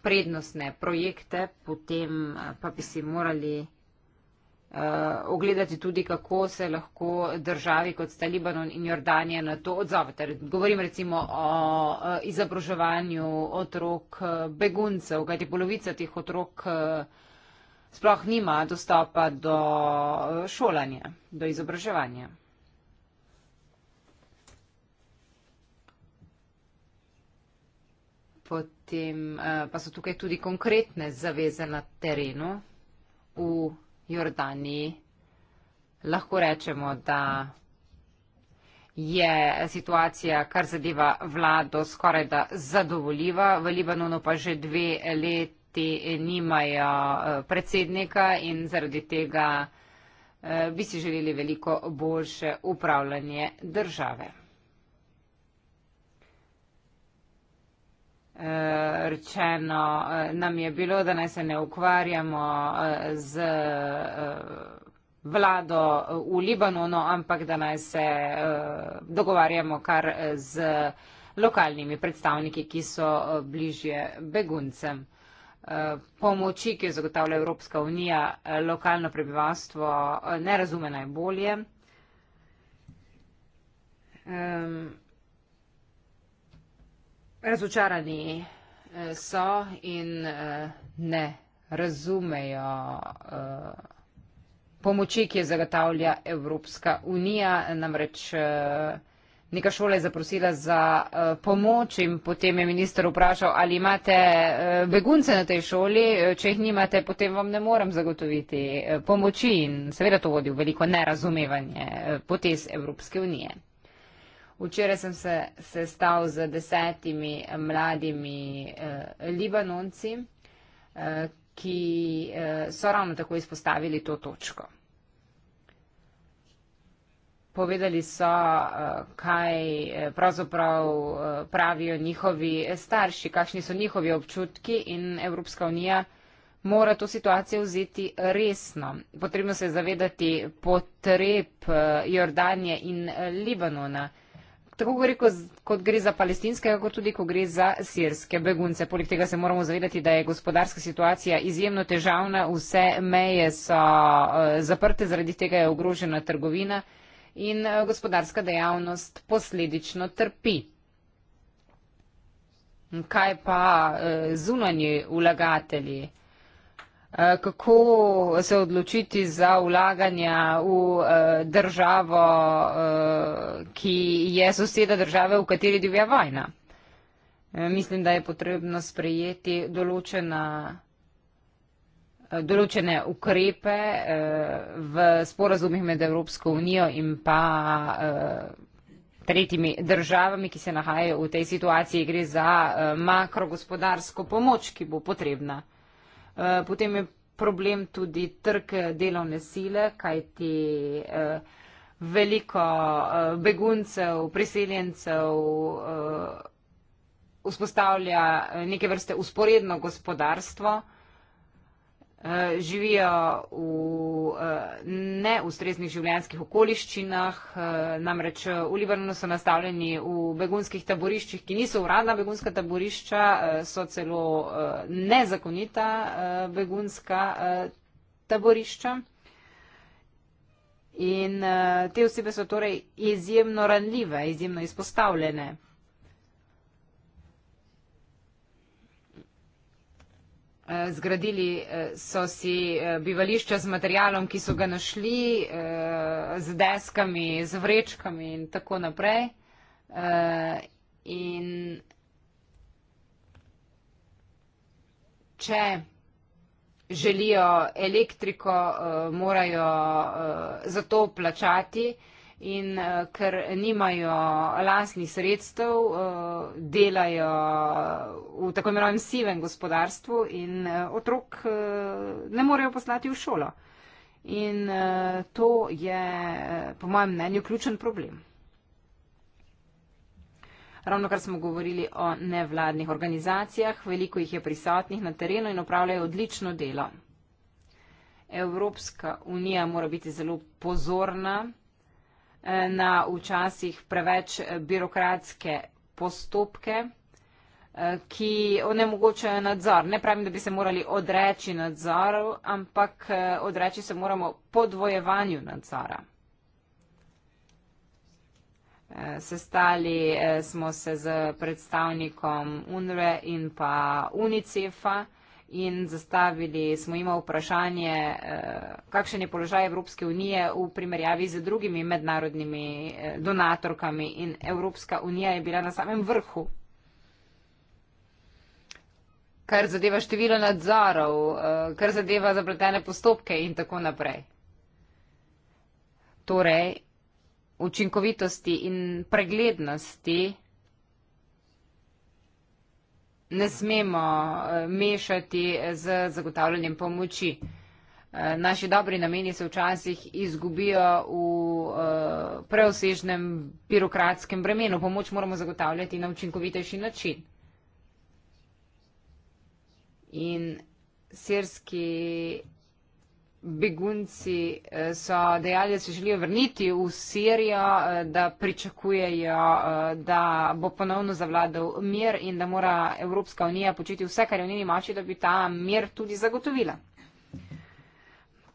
prednostne projekte, potem pa bi si morali ogledati tudi, kako se lahko državi kot sta Libanon in Jordanija na to odzovete. Govorim recimo o izobraževanju otrok beguncev, kajti polovica teh otrok sploh nima dostopa do eh, šolanja, do izobraževanja. Potem eh, pa so tukaj tudi konkretne zaveze na terenu v Jordaniji. Lahko rečemo, da je situacija, kar zadeva vlado, skoraj da zadovoljiva. V Libanonu pa že dve leti ti eh, nimajo eh, predsednika in zaradi tega eh, bi si želeli veliko boljše upravljanje države. Rečeno nam je bilo, da naj se ne ukvarjamo z vlado v Libanonu, ampak da naj se dogovarjamo kar z lokalnimi predstavniki, ki so bližje beguncem. Eh, pomoči, ki jo zagotavlja Evropska unija, eh, lokalno prebivalstvo eh, ne razume najbolje. Um, razočarani so in uh, ne razumejo uh, pomoči, ki jo zagotavlja Evropska unija, namreč uh, neka šola je zaprosila za uh, pomoč in potem je minister vprašal, ali imate uh, begunce na tej šoli, eh, če jih nimate, potem vam ne morem zagotoviti uh, pomoči in seveda to vodi v veliko nerazumevanje uh, potez Evropske unije. Včeraj sem se sestal z desetimi mladimi uh, Libanonci, uh, ki uh, so ravno tako izpostavili to točko. Povedali so, eh, kaj eh, pravzaprav eh, pravijo njihovi starši, kakšni so njihovi občutki in Evropska unija mora to situacijo vzeti resno. Potrebno se je zavedati potreb Jordanije in Libanona. Tako gre, kot gre za palestinske, kot tudi, ko gre za sirske begunce. Poleg tega se moramo zavedati, da je gospodarska situacija izjemno težavna, vse meje so zaprte, zaradi tega je ogrožena trgovina in eh, gospodarska dejavnost posledično trpi. Kaj pa eh, zunanji vlagatelji? Eh, kako se odločiti za vlaganja v državo, ki je soseda države, v kateri divja vojna? Mislim, da je potrebno sprejeti določena Eh, določene ukrepe eh, v sporazumih med Evropsko unijo in pa eh, tretjimi državami, ki se nahajajo v tej situaciji, gre za makrogospodarsko pomoč, ki bo potrebna. Potem je problem tudi trg delovne sile, kajti veliko beguncev, priseljencev vzpostavlja neke vrste usporedno gospodarstvo. Eh, živijo v eh, neustreznih življenjskih okoliščinah, eh, namreč v Libanonu so nastavljeni v begunskih taboriščih, ki niso uradna begunska taborišča, so celo nezakonita begunska taborišča. In te osebe so torej izjemno ranljive, izjemno izpostavljene. Eh, zgradili eh, so si eh, bivališča z materialom, ki so ga našli, z deskami, z vrečkami in tako naprej. In če želijo elektriko, morajo za to plačati in uh, ker nimajo lastnih sredstev, uh, delajo eh, v tako imenovanem sivem gospodarstvu in uh, otrok uh, ne morejo poslati v šolo. In uh, to je, po mojem mnenju, ključen problem. Ravno kar smo govorili o nevladnih organizacijah, veliko jih je prisotnih na terenu in opravljajo odlično delo. Evropska unija mora biti zelo pozorna na včasih preveč eh, birokratske postopke, eh, ki onemogočajo nadzor. Ne pravim, da bi se morali odreči nadzoru, ampak eh, odreči se moramo podvojevanju nadzora. Sestali smo se z predstavnikom UNRE in pa UNICEF-a in zastavili smo jima vprašanje, eh, kakšen je položaj Evropske unije v primerjavi z drugimi mednarodnimi eh, donatorkami in Evropska unija je bila na samem vrhu. Kar zadeva število nadzorov, eh, kar zadeva zapletene postopke in tako naprej. Torej, učinkovitosti in preglednosti ne smemo eh, mešati z zagotavljanjem pomoči. Eh, naši dobri nameni se včasih izgubijo v eh, preosežnem birokratskem bremenu. Pomoč moramo zagotavljati na učinkovitejši način. In sirski begunci eh, so dejali, da se želijo vrniti v Sirijo, eh, da pričakujejo, eh, da bo ponovno zavladal mir in da mora Evropska unija početi vse, kar je v njeni moči, da bi ta mir tudi zagotovila.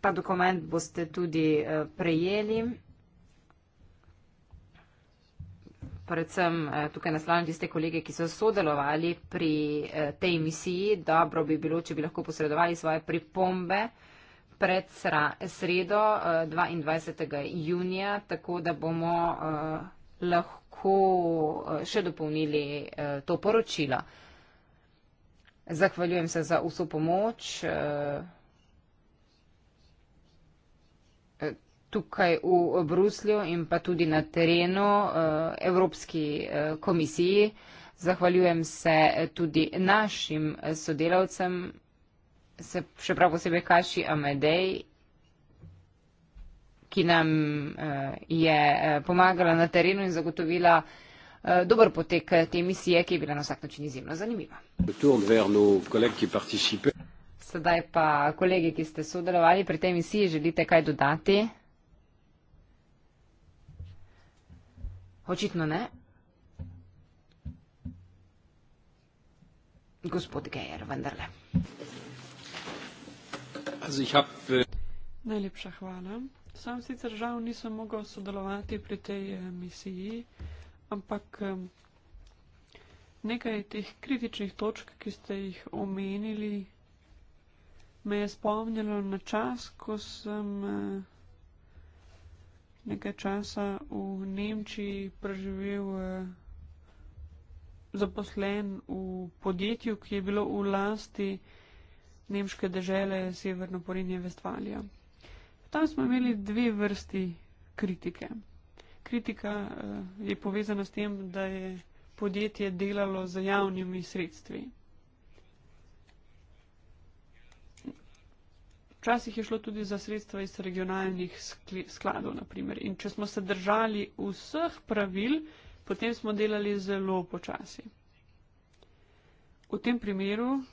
Ta dokument boste tudi prejeli. Predvsem tukaj naslavljam tiste kolege, ki so sodelovali pri tej misiji. Dobro bi bilo, če bi lahko posredovali svoje pripombe pred sra, sredo, 22. Eh, junija, tako da bomo eh, lahko eh, še dopolnili to poročilo. Zahvaljujem se za vso pomoč. tukaj v Bruslju in pa tudi na terenu Evropski komisiji. Zahvaljujem se tudi našim sodelavcem se še prav posebej Kaši Amedej, ki nam eh, je eh, pomagala na terenu in zagotovila eh, dober potek te misije, ki je bila na vsak način izjemno zanimiva. Sedaj pa kolegi, ki ste sodelovali pri tej misiji, želite kaj dodati? Očitno ne. Gospod Gejer, vendarle. Äh, Najlepša hvala. Sam sicer žal nisem mogel sodelovati pri tej eh, misiji, ampak nekaj teh kritičnih točk, ki ste jih omenili, me je spomnilo na čas, ko sem eh, nekaj časa v Nemčiji preživel eh, zaposlen v podjetju, ki je bilo v lasti nemške dežele Severno Porinje Vestvalija. Tam smo imeli dve vrsti kritike. Kritika uh, je povezana s tem, da je podjetje delalo z javnimi sredstvi. Včasih je šlo tudi za sredstva iz regionalnih skladov, naprimer. In če smo se držali vseh pravil, potem smo delali zelo počasi. V tem primeru uh,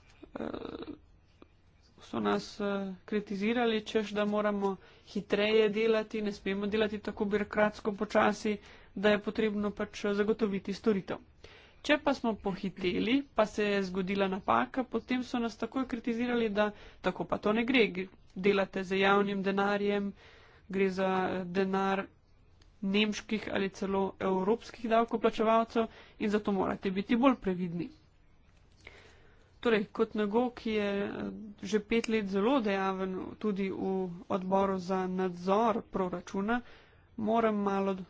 so nas eh, kritizirali, češ da moramo hitreje delati, ne smemo delati tako birokratsko počasi, da je potrebno pač eh, zagotoviti storitev. Če pa smo pohiteli, pa se je zgodila napaka, potem so nas takoj kritizirali, da tako pa to ne gre. Delate z javnim denarjem, gre za eh, denar nemških ali celo evropskih davkoplačevalcev in zato morate biti bolj previdni. Torej, kot nego, ki je eh, že pet let zelo dejaven tudi v odboru za nadzor proračuna, moram malo eh,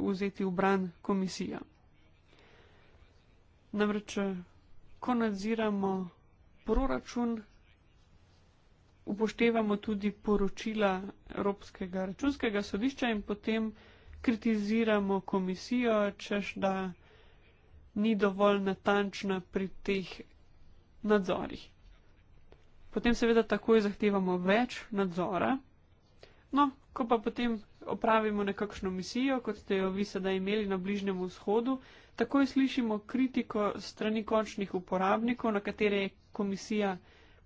vzeti v bran komisija. Namreč, eh, ko nadziramo proračun, upoštevamo tudi poročila Evropskega računskega sodišča in potem kritiziramo komisijo, češ da ni dovolj natančna pri teh nadzorih. Potem seveda takoj zahtevamo več nadzora. No, ko pa potem opravimo nekakšno misijo, kot ste jo vi sedaj imeli na Bližnjem vzhodu, takoj slišimo kritiko strani končnih uporabnikov, na katere je komisija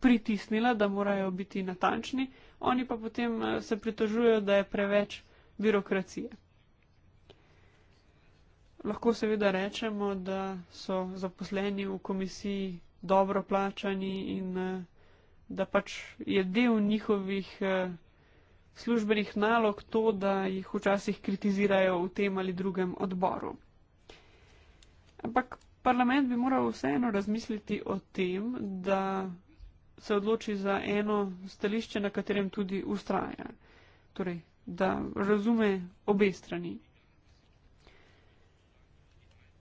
pritisnila, da morajo biti natančni, oni pa potem eh, se pritožujejo, da je preveč birokracije. Lahko seveda rečemo, da so zaposleni v komisiji dobro plačani in eh, da pač je del njihovih eh, službenih nalog to, da jih včasih kritizirajo v tem ali drugem odboru. Ampak parlament bi moral vseeno razmisliti o tem, da se odloči za eno stališče, na katerem tudi ustraja. Torej, da razume obe strani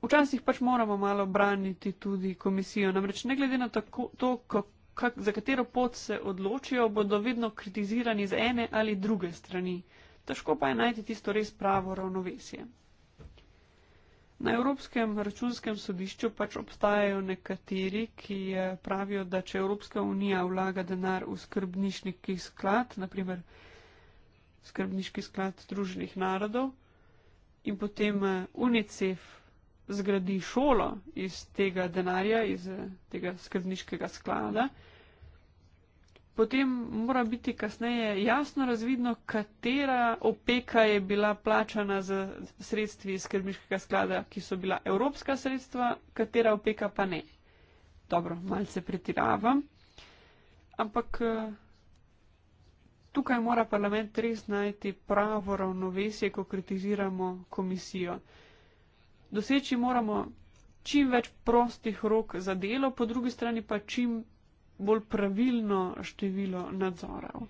včasih pač moramo malo braniti tudi komisijo. Namreč ne glede na tako, to, kak, za katero pot se odločijo, bodo vedno kritizirani z ene ali druge strani. Težko pa je najti tisto res pravo ravnovesje. Na Evropskem računskem sodišču pač obstajajo nekateri, ki eh, pravijo, da če Evropska unija vlaga denar v skrbniški sklad, naprimer skrbniški sklad Združenih narodov in potem eh, UNICEF zgradi šolo iz tega denarja, iz eh, tega skrbniškega sklada, potem mora biti kasneje jasno razvidno, katera opeka je bila plačana z sredstvi iz skrbniškega sklada, ki so bila evropska sredstva, katera opeka pa ne. Dobro, malce pretiravam, ampak eh, tukaj mora parlament res najti pravo ravnovesje, ko kritiziramo komisijo doseči moramo čim več prostih rok za delo, po drugi strani pa čim bolj pravilno število nadzorov.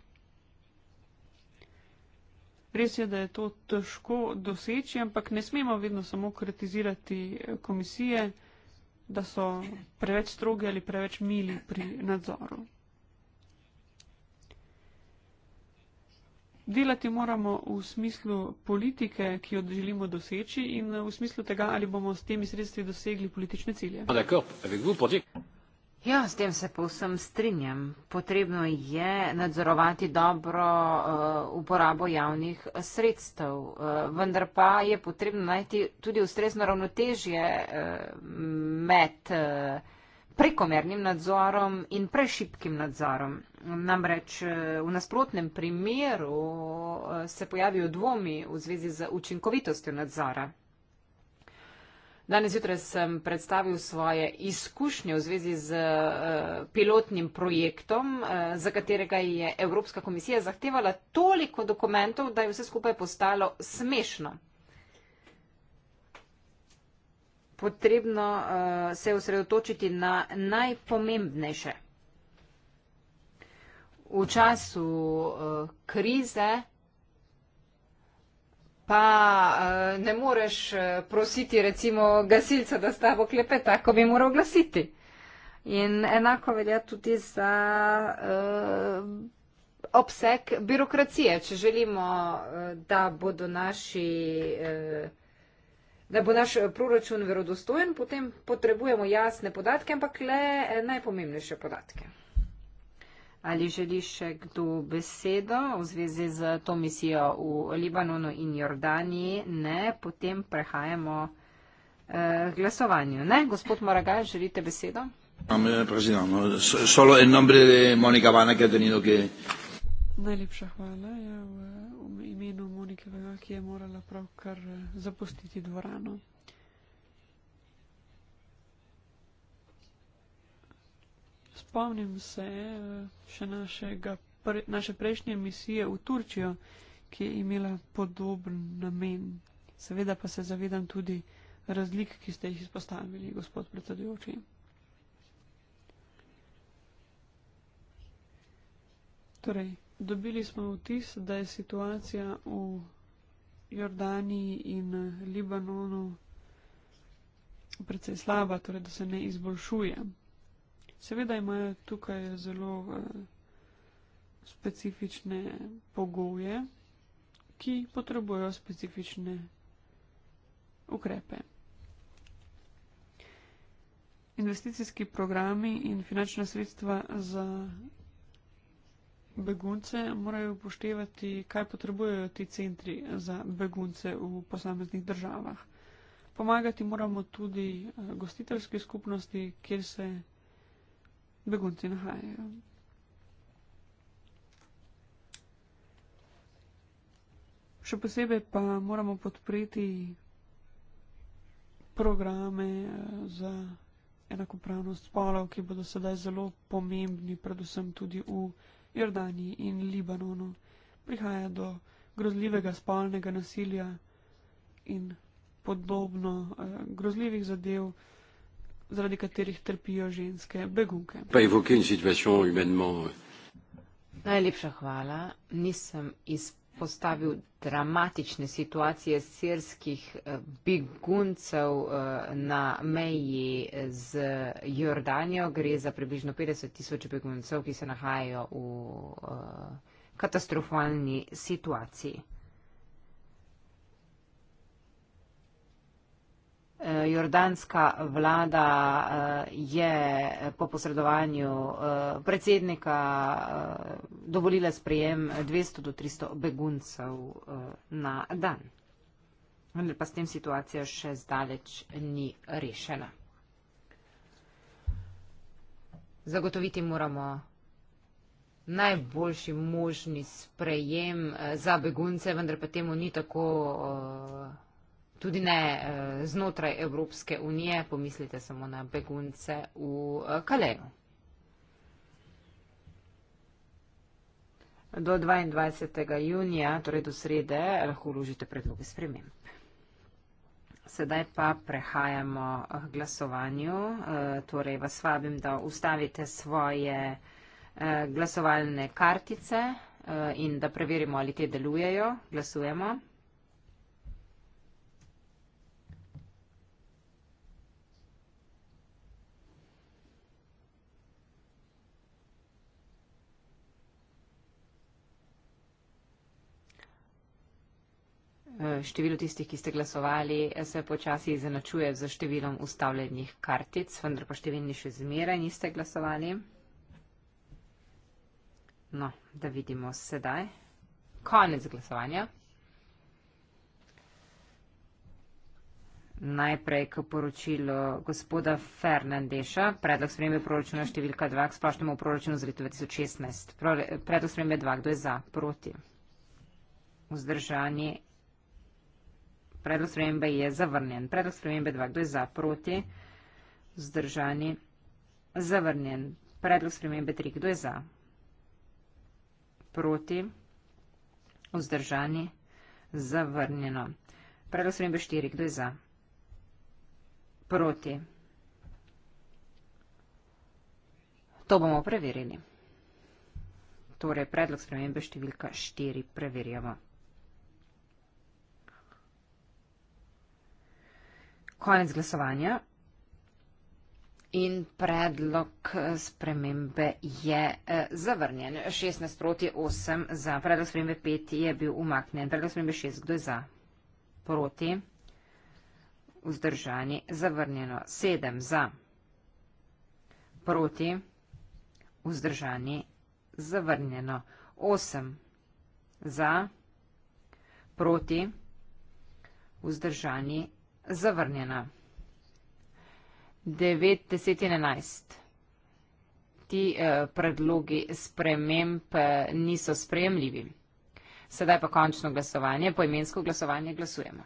Res je, da je to težko doseči, ampak ne smemo vedno samo kritizirati komisije, da so preveč strogi ali preveč mili pri nadzoru. Delati moramo v smislu politike, ki jo želimo doseči in eh, v smislu tega, ali bomo s temi sredstvi dosegli politične cilje. Ah, ja, s tem se povsem strinjam. Potrebno je nadzorovati dobro uh, uporabo javnih eh, sredstev, uh, vendar pa je potrebno najti tudi ustrezno ravnotežje uh, med. Uh, prekomernim nadzorom in prešipkim nadzorom. Namreč eh, v nasprotnem primeru eh, se pojavijo dvomi v zvezi z učinkovitostjo nadzora. Danes jutraj sem predstavil svoje izkušnje v zvezi z eh, pilotnim projektom, za katerega je Evropska komisija zahtevala toliko dokumentov, da je vse skupaj postalo smešno. potrebno uh, se osredotočiti na najpomembnejše. V času uh, krize pa uh, ne moreš prositi recimo gasilca, da s tabo klepe, tako bi moral glasiti. In enako velja tudi za uh, obseg birokracije. Če želimo, uh, da bodo naši. Uh, da bo naš eh, proračun verodostojen, potem potrebujemo jasne podatke, ampak le eh, najpomembnejše podatke. Ali želi še kdo besedo v zvezi z to misijo v Libanonu in Jordaniji? Ne, potem prehajamo eh, glasovanju. Ne, gospod Moraga, želite besedo? Samo no, en nombre de Monika Vana, ki je tenido, ki. Que... Najlepša hvala. Ja, v, v imenu Monike Vega, ki je morala pravkar eh, zapustiti dvorano. Spomnim se eh, še našega, pre, naše prejšnje misije v Turčijo, ki je imela podoben namen. Seveda pa se zavedam tudi razlik, ki ste jih izpostavili, gospod predsedujoči. Torej, dobili smo vtis, da je situacija v Jordaniji in Libanonu precej slaba, torej da se ne izboljšuje. Seveda imajo tukaj zelo eh, specifične pogoje, ki potrebujejo specifične ukrepe. Investicijski programi in finančna sredstva za begunce, morajo upoštevati, kaj potrebujejo ti centri za begunce v posameznih državah. Pomagati moramo tudi eh, gostiteljski skupnosti, kjer se begunci nahajajo. Še posebej pa moramo podpreti programe eh, za enakopravnost spolov, ki bodo sedaj zelo pomembni, predvsem tudi v Jordaniji in Libanonu prihaja do grozljivega spalnega nasilja in podobno eh, grozljivih zadev, zaradi katerih trpijo ženske begunke. Euh, Najlepša hvala. Nisem iz postavil dramatične situacije sirskih eh, beguncev eh, na meji eh, z Jordanijo. Gre za približno 50 tisoč beguncev, ki se nahajajo v katastrofalni situaciji. jordanska vlada eh, je po posredovanju eh, predsednika eh, dovolila sprejem 200 do 300 beguncev na dan. Vendar pa s tem situacija še zdaleč ni rešena. Zagotoviti moramo najboljši možni sprejem za begunce, vendar pa temu ni tako. Uh, Tudi ne eh, znotraj Evropske unije, pomislite samo na begunce v eh, Kalenu. Do 22. junija, torej do srede, lahko vložite predloge sprememb. Sedaj pa prehajamo eh, k glasovanju, torej vas vabim, da ustavite svoje glasovalne kartice in da preverimo, ali te delujejo. Glasujemo. Število tistih, ki ste glasovali, se počasi izenačuje z številom ustavljenih kartic, vendar pa številni še zmeraj niste glasovali. No, da vidimo sedaj. Konec glasovanja. Najprej k poročilu gospoda Fernandeša. Predlog spremembe proračuna številka 2 k splošnemu proračunu za leto 2016. Predlog spremembe 2. Kdo je za? Proti. Vzdržanje Predlog spremembe je zavrnjen. Predlog spremembe 2. Kdo je za? Proti? Zdržani? Zavrnjen. Predlog spremembe 3. Kdo je za? Proti? Vzdržani? Zavrnjeno. Predlog spremembe 4. Kdo je za? Proti? To bomo preverili. Torej, predlog spremembe številka 4 preverjamo. Konec glasovanja in predlog eh, spremembe je eh, zavrnjen. 16 proti 8 za predlog spremembe 5 je bil umaknen. Predlog spremembe 6, kdo je za? Proti. Vzdržani. Zavrnjeno. 7 za. Proti. Vzdržani. Zavrnjeno. 8 za. Proti. Vzdržani. Zavrnjeno. Zavrnjena. Devet, deset in enajst. Ti eh, predlogi sprememb eh, niso sprejemljivi. Sedaj pa končno glasovanje. Po imensko glasovanje glasujemo.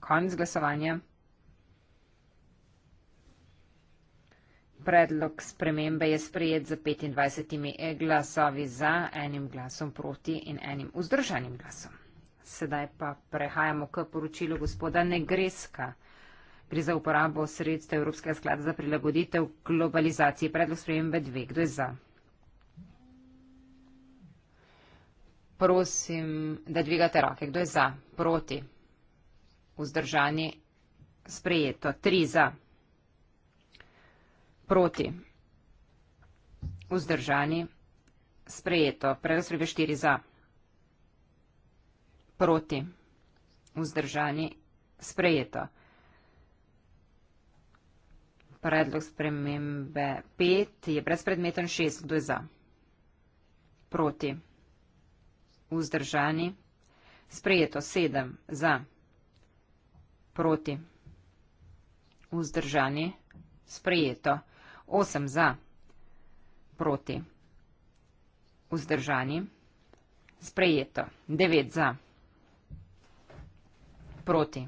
Konc glasovanja. Predlog spremembe je sprejet za 25 glasovi za, enim glasom proti in enim vzdržanim glasom. Sedaj pa prehajamo k poročilu gospoda Negreska. Gre za uporabo sredstev Evropskega sklada za prilagoditev globalizaciji. Predlog sprejembe dve. Kdo je za? Prosim, da dvigate roke. Kdo je za? Proti. Vzdržani. Sprejeto. Tri za. Proti. Vzdržani. Sprejeto. Predlog sprejembe štiri za proti. Vzdržani sprejeto. Predlog spremembe 5 je brezpredmeten 6. Kdo je za? Proti. Vzdržani. Sprejeto 7. Za. Proti. Vzdržani. Sprejeto 8. Za. Proti. Vzdržani. Sprejeto 9. Za proti.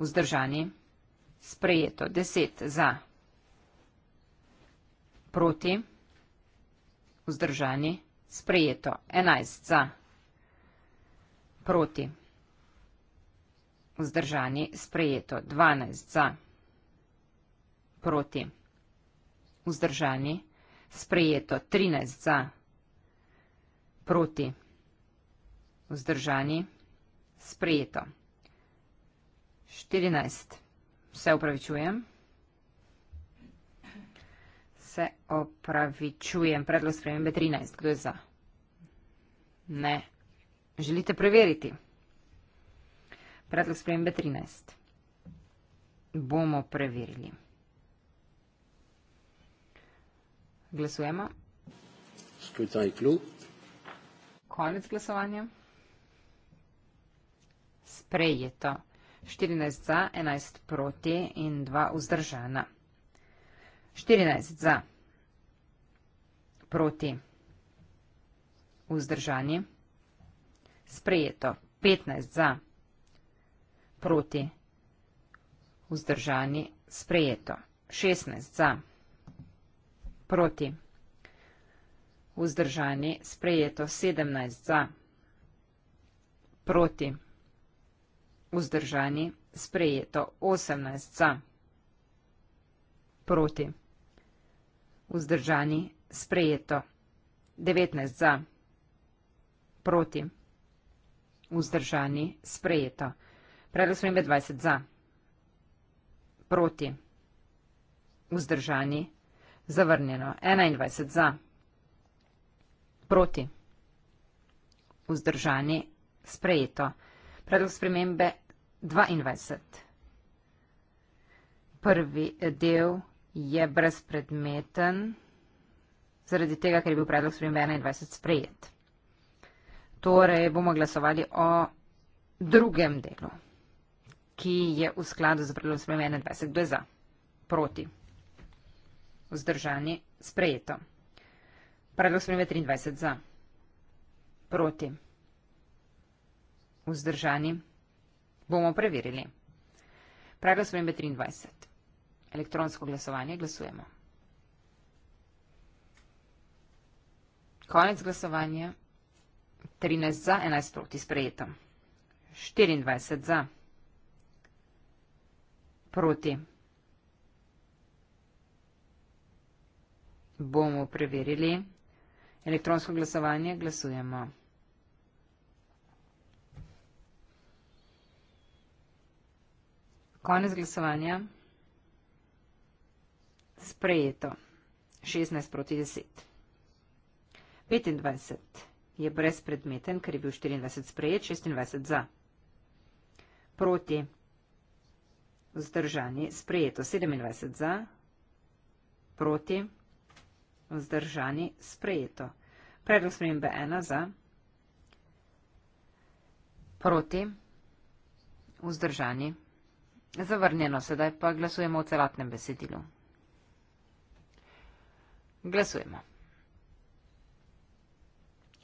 Vzdržani. Sprejeto. Deset za. Proti. Vzdržani. Sprejeto. Enajst za. Proti. Vzdržani. Sprejeto. Dvanajst za. Proti. Vzdržani. Sprejeto. Trinajst za. Proti. Vzdržani. Sprejeto sprejeto. 14. Se opravičujem. Se opravičujem. Predlog spremembe 13. Kdo je za? Ne. Želite preveriti? Predlog spremembe 13. Bomo preverili. Glasujemo. Skrutaj klub. Konec glasovanja sprejeto. 14 za, 11 proti in 2 vzdržana. 14 za, proti, vzdržani, sprejeto. 15 za, proti, vzdržani, sprejeto. 16 za, proti, vzdržani, sprejeto. 17 za, proti, vzdržani vzdržani sprejeto 18 za. Proti. Vzdržani sprejeto 19 za. Proti. Vzdržani sprejeto. Predlog smo imeli 20 za. Proti. Vzdržani. Zavrnjeno. 21 za. Proti. Vzdržani. Sprejeto. Predlog spremembe 22. Prvi del je brezpredmeten, zaradi tega, ker je bil predlog spremembe 21 sprejet. Torej bomo glasovali o drugem delu, ki je v skladu z predlogom spremembe 21. Kdo je za? Proti. Vzdržani. Sprejeto. Predlog spremembe 23. Za. Proti. Vzdržani. Sprejeto. Bomo preverili. Pravilo spremembe 23. Elektronsko glasovanje glasujemo. Konec glasovanja. 13 za, 11 proti sprejeto. 24 za. Proti. Bomo preverili. Elektronsko glasovanje glasujemo. Konec glasovanja. Sprejeto. 16 proti 10. 25 je brezpredmeten, ker je bil 24 sprejet, 26 za. Proti vzdržani sprejeto 27 za, proti vzdržani sprejeto. Predlog spremembe 1 za, proti vzdržani sprejeto. Zavrnjeno, sedaj pa glasujemo o celotnem besedilu. Glasujemo.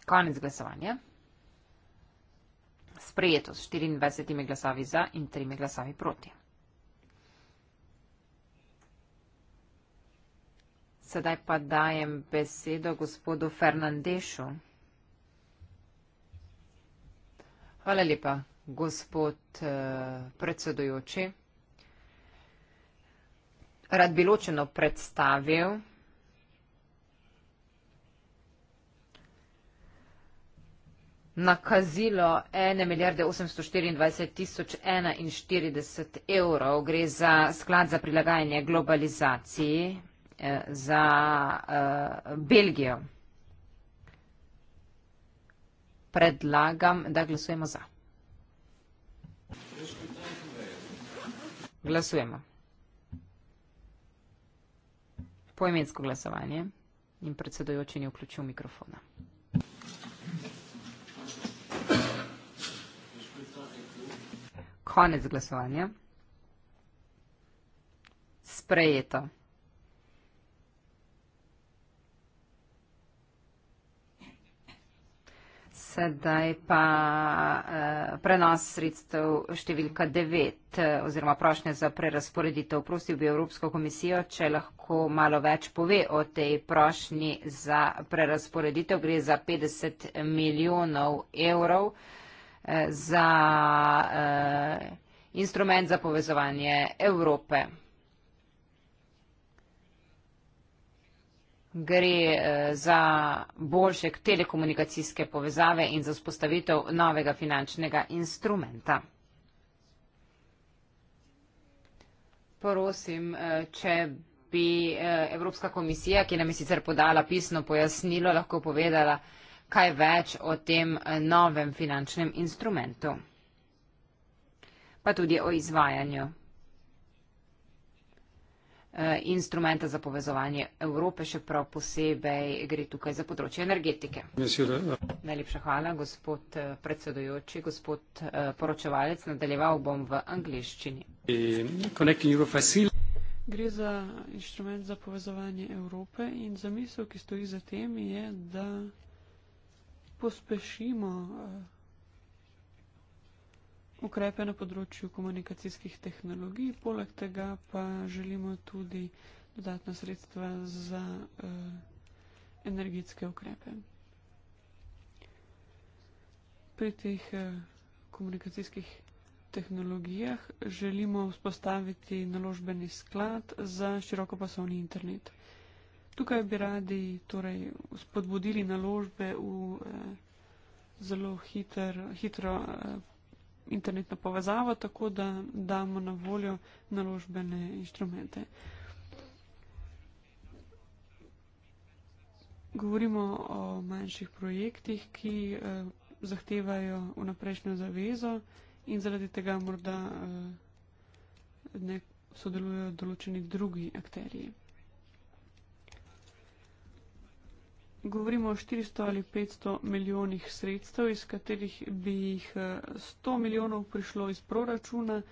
Konec glasovanja. Sprejeto s 24 glasavi za in 3 glasavi proti. Sedaj pa dajem besedo gospodu Fernandešu. Hvala lepa, gospod eh, predsedujoči rad bi ločeno predstavil. Nakazilo 1 milijarde 824 tisoč 41 evrov gre za sklad za prilagajanje globalizaciji eh, za eh, Belgijo. Predlagam, da glasujemo za. Glasujemo. poimensko glasovanje in predsedujoči ni vključil mikrofona. Konec glasovanja. Sprejeto. Sedaj pa eh, prenos sredstev številka 9 eh, oziroma prošnja za prerasporeditev. Prosil bi Evropsko komisijo, če lahko malo več pove o tej prošnji za prerasporeditev. Gre za 50 milijonov evrov eh, za instrument za povezovanje Evrope. gre eh, za boljše telekomunikacijske povezave in za spostavitev novega finančnega instrumenta. Prosim, eh, če bi eh, Evropska komisija, ki nam je sicer podala pisno pojasnilo, lahko povedala kaj več o tem novem finančnem instrumentu, pa tudi o izvajanju. Eh, instrumente za povezovanje Evrope, še prav posebej gre tukaj za področje energetike. Najlepša hvala, gospod eh, predsedujoči, gospod eh, poročevalec. Nadaljeval bom v angliščini. Gre za inštrument za povezovanje Evrope in zamisel, ki stoji za tem, je, da pospešimo ukrepe na področju komunikacijskih tehnologij, poleg tega pa želimo tudi dodatna sredstva za uh, energetske ukrepe. Pri teh uh, komunikacijskih tehnologijah želimo vzpostaviti naložbeni sklad za širokopasovni internet. Tukaj bi radi torej, spodbudili naložbe v uh, zelo hiter, hitro uh, internetno povezavo, tako da damo na voljo naložbene inštrumente. Govorimo o manjših projektih, ki eh, zahtevajo vnaprejšnjo zavezo in zaradi tega morda eh, ne sodelujejo določeni drugi akterji. Govorimo o 400 ali 500 milijonih sredstev, iz katerih bi jih 100 eh, milijonov prišlo iz proračuna,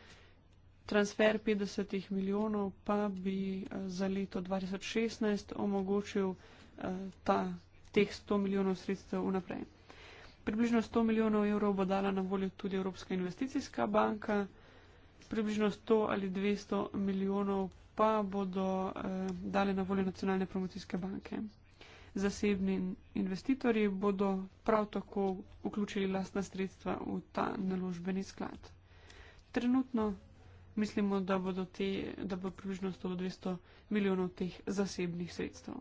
transfer 50 milijonov pa bi eh, za leto 2016 omogočil eh, ta, teh 100 milijonov sredstev vnaprej. Približno 100 milijonov evrov bo dala na voljo tudi Evropska investicijska banka, približno 100 ali 200 milijonov pa bodo dale na voljo nacionalne promocijske banke zasebni investitorji bodo prav tako vključili lastna sredstva v ta naložbeni sklad. Trenutno mislimo, da, te, da bo približno 200 milijonov teh zasebnih sredstev.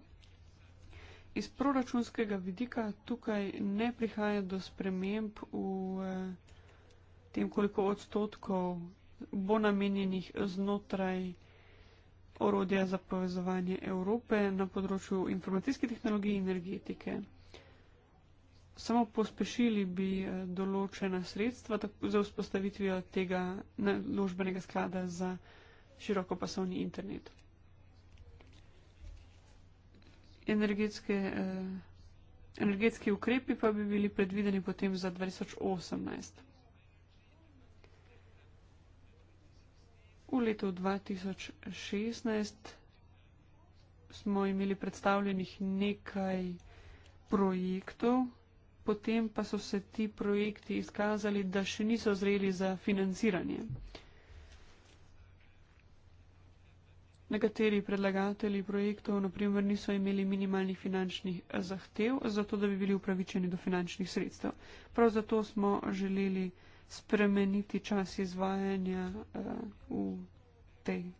Iz proračunskega vidika tukaj ne prihaja do sprememb v eh, tem, koliko odstotkov bo namenjenih znotraj orodja za povezovanje Evrope na področju informacijske tehnologije in energetike. Samo pospešili bi eh, določena sredstva za vzpostavitvijo tega naložbenega sklada za širokopasovni internet. Energetske, eh, energetski ukrepi pa bi bili predvideni potem za 2018. V letu 2016 smo imeli predstavljenih nekaj projektov, potem pa so se ti projekti izkazali, da še niso zreli za financiranje. Nekateri predlagatelji projektov naprimer niso imeli minimalnih finančnih eh, zahtev, zato da bi bili upravičeni do finančnih sredstev. Prav zato smo želeli spremeniti čas izvajanja uh, v tej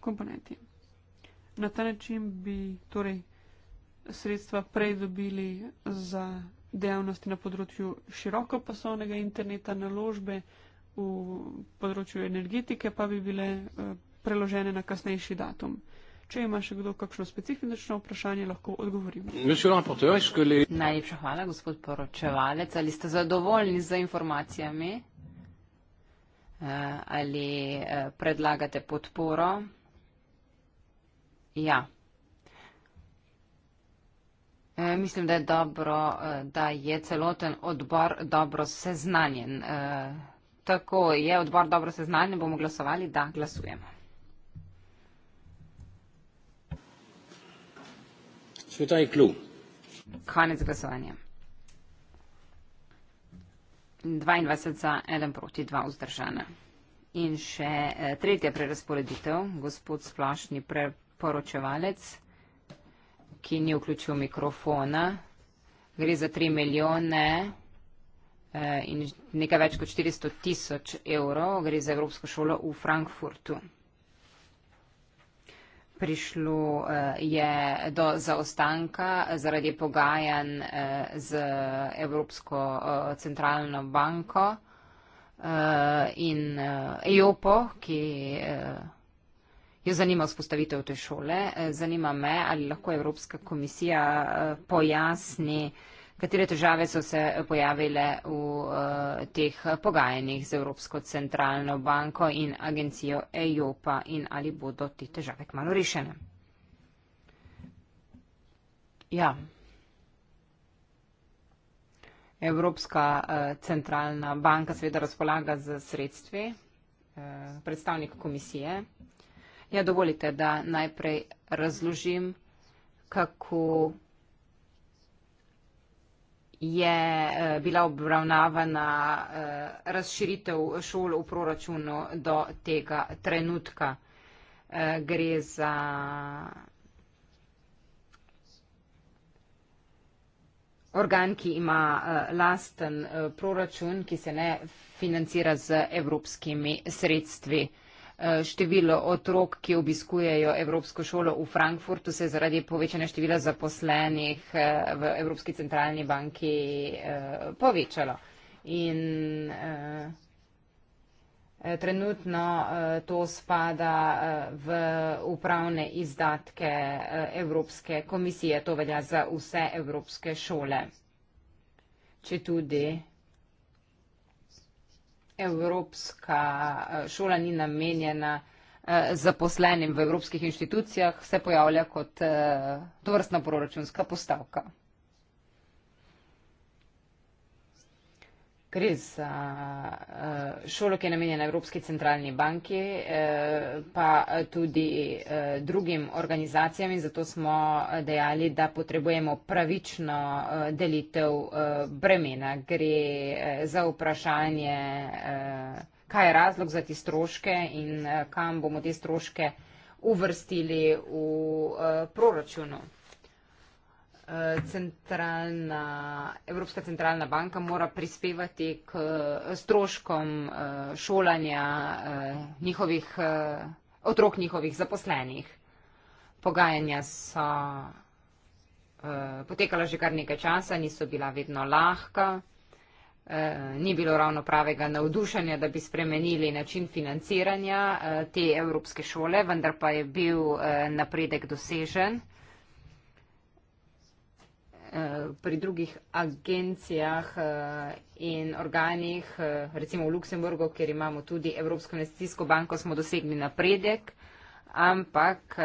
komponenti. Na ta način bi torej sredstva prej dobili za dejavnosti na področju širokopasovnega interneta, naložbe v področju energetike pa bi bile uh, preložene na kasnejši datum. Uh, Če ima še kdo kakšno specifično vprašanje, lahko odgovorim. Najlepša hvala, gospod poročevalec. Ali ste zadovoljni z informacijami? Eh, ali eh, predlagate podporo? Ja. Eh, mislim, da je dobro, da je celoten odbor dobro seznanjen. Tako je odbor dobro seznanjen, bomo glasovali, da glasujemo. Konec glasovanja. 22 za, 1 proti, 2 vzdržana. In še eh, tretja prerasporeditev, gospod splošni preporočevalec, ki ni vključil mikrofona. Gre za 3 milijone eh, in nekaj več kot 400 tisoč evrov, gre za Evropsko šolo v Frankfurtu prišlo eh, je do zaostanka zaradi pogajanj eh, z Evropsko eh, centralno banko in EOPO, e ki jo zanima vzpostavitev te šole. Zanima me, ali lahko Evropska komisija pojasni, Katere težave so se pojavile v eh, teh pogajanjih z Evropsko centralno banko in agencijo EIOPA in ali bodo ti težave kmalo rešene? Ja. Evropska eh, centralna banka seveda razpolaga z sredstvi, eh, predstavnik komisije. Ja, dovolite, da najprej razložim, kako je eh, bila obravnavana eh, razširitev šol v proračunu do tega trenutka. Eh, gre za. Organ, ki ima lasten proračun, ki se ne financira z evropskimi sredstvi. Eh, število otrok, ki obiskujejo Evropsko šolo v Frankfurtu, se zaradi povečanja števila zaposlenih eh, v Evropski centralni banki eh, povečalo. In trenutno to spada v upravne izdatke Evropske komisije. To velja za vse Evropske šole. Če tudi Evropska eh, šola ni namenjena eh, zaposlenim v evropskih inštitucijah, se pojavlja kot eh, tovrstna proračunska postavka. Gre za eh, šolo, ki je namenjena Evropski centralni banki, eh, pa tudi eh, drugim organizacijam in zato smo dejali, da potrebujemo pravično delitev bremena. Gre za vprašanje, kaj je razlog za te stroške in kam bomo te stroške uvrstili v proračunu. Eh, centralna, Evropska centralna banka mora prispevati k stroškom eh, šolanja eh, njihovih, otrok njihovih zaposlenih. Pogajanja so potekala že kar nekaj časa, niso bila vedno lahka, ni bilo ravno pravega navdušanja, da bi spremenili način financiranja te evropske šole, vendar pa je bil napredek dosežen. Eh, pri drugih agencijah eh, in organih, eh, recimo v Luksemburgu, kjer imamo tudi Evropsko investicijsko banko, smo dosegli napredek, ampak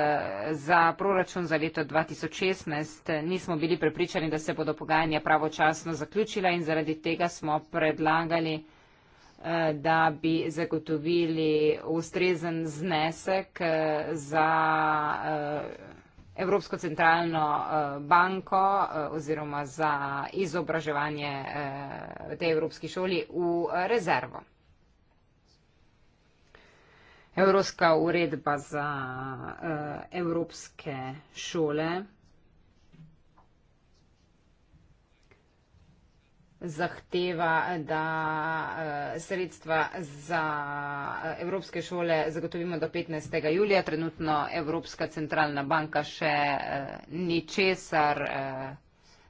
za proračun za leto 2016 nismo bili prepričani, da se bodo pogajanja pravočasno zaključila in zaradi tega smo predlagali, da bi zagotovili ustrezen znesek za Evropsko centralno eh, banko eh, oziroma za izobraževanje eh, v tej evropski šoli v rezervo. Evropska uredba za evropske šole. zahteva, da eh, sredstva za eh, evropske šole zagotovimo do 15. julija. Trenutno Evropska centralna banka še eh, ni česar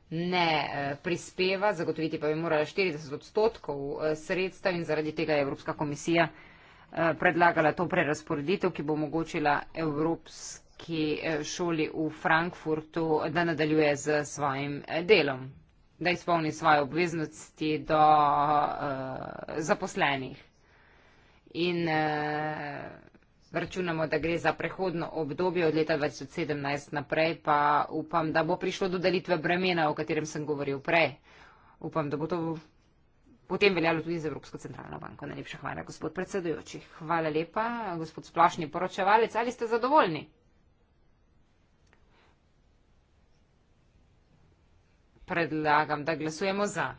ne prispeva, zagotoviti pa bi morala 40 odstotkov sredstev in zaradi tega je Evropska komisija predlagala to prerasporeditev, ki bo omogočila Evropski šoli v Frankfurtu, da nadaljuje z svojim delom da izpolni svoje obveznosti do uh, zaposlenih. In uh, računamo, da gre za prehodno obdobje od leta 2017 naprej, pa upam, da bo prišlo do delitve bremena, o katerem sem govoril prej. Upam, da bo to potem veljalo tudi za Evropsko centralno banko. Najlepša hvala, gospod predsedujoči. Hvala lepa, gospod splašni poročevalec. Ali ste zadovoljni? predlagam, da glasujemo za.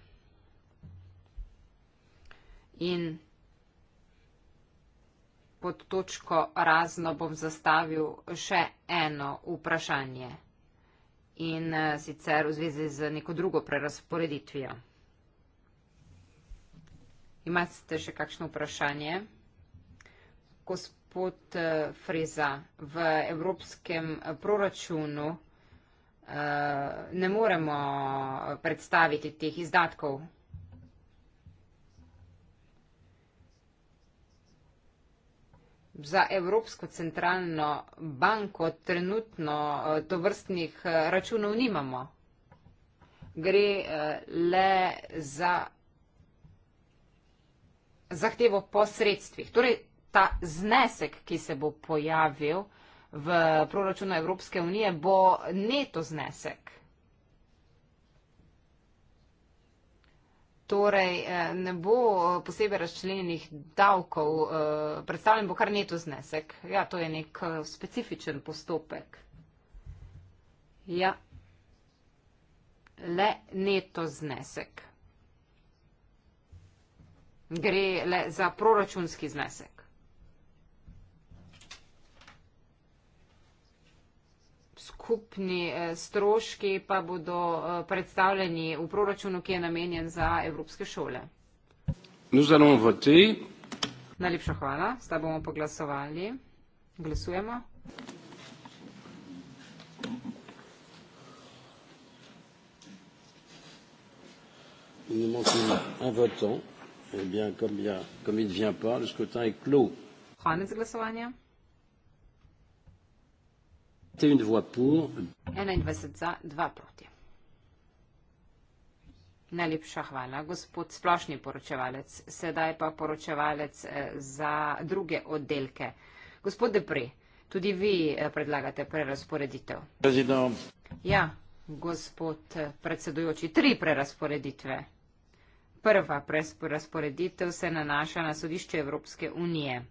In pod točko razno bom zastavil še eno vprašanje in eh, sicer v zvezi z neko drugo prerasporeditvijo. Imate še kakšno vprašanje? Gospod eh, Freza, v evropskem eh, proračunu ne moremo predstaviti teh izdatkov. Za Evropsko centralno banko trenutno eh, to vrstnih eh, računov nimamo. Gre eh, le za zahtevo po sredstvih. Torej, ta znesek, ki se bo pojavil, v proračunu Evropske unije, bo neto znesek. Torej, eh, ne bo eh, posebej razčlenjenih davkov, eh, predstavljen bo kar neto znesek. Ja, to je nek specifičen postopek. Ja, le neto znesek. Gre le za proračunski znesek. skupni eh, stroški pa bodo eh, predstavljeni v proračunu, ki je namenjen za evropske šole. Najlepša hvala, sta bomo poglasovali. Glasujemo. Il ne manque un votant. Eh bien, comme, il y a, comme il ne vient pas, le scrutin est clos. 21 voix pour. 21 za, 2 proti. Najlepša hvala, gospod splošni poročevalec. Sedaj pa poročevalec eh, za druge oddelke. Gospod Depri, tudi vi eh, predlagate prerasporeditev. Prezident. Ja, gospod eh, predsedujoči, tri prerasporeditve. Prva prerasporeditev se nanaša na sodišče Evropske unije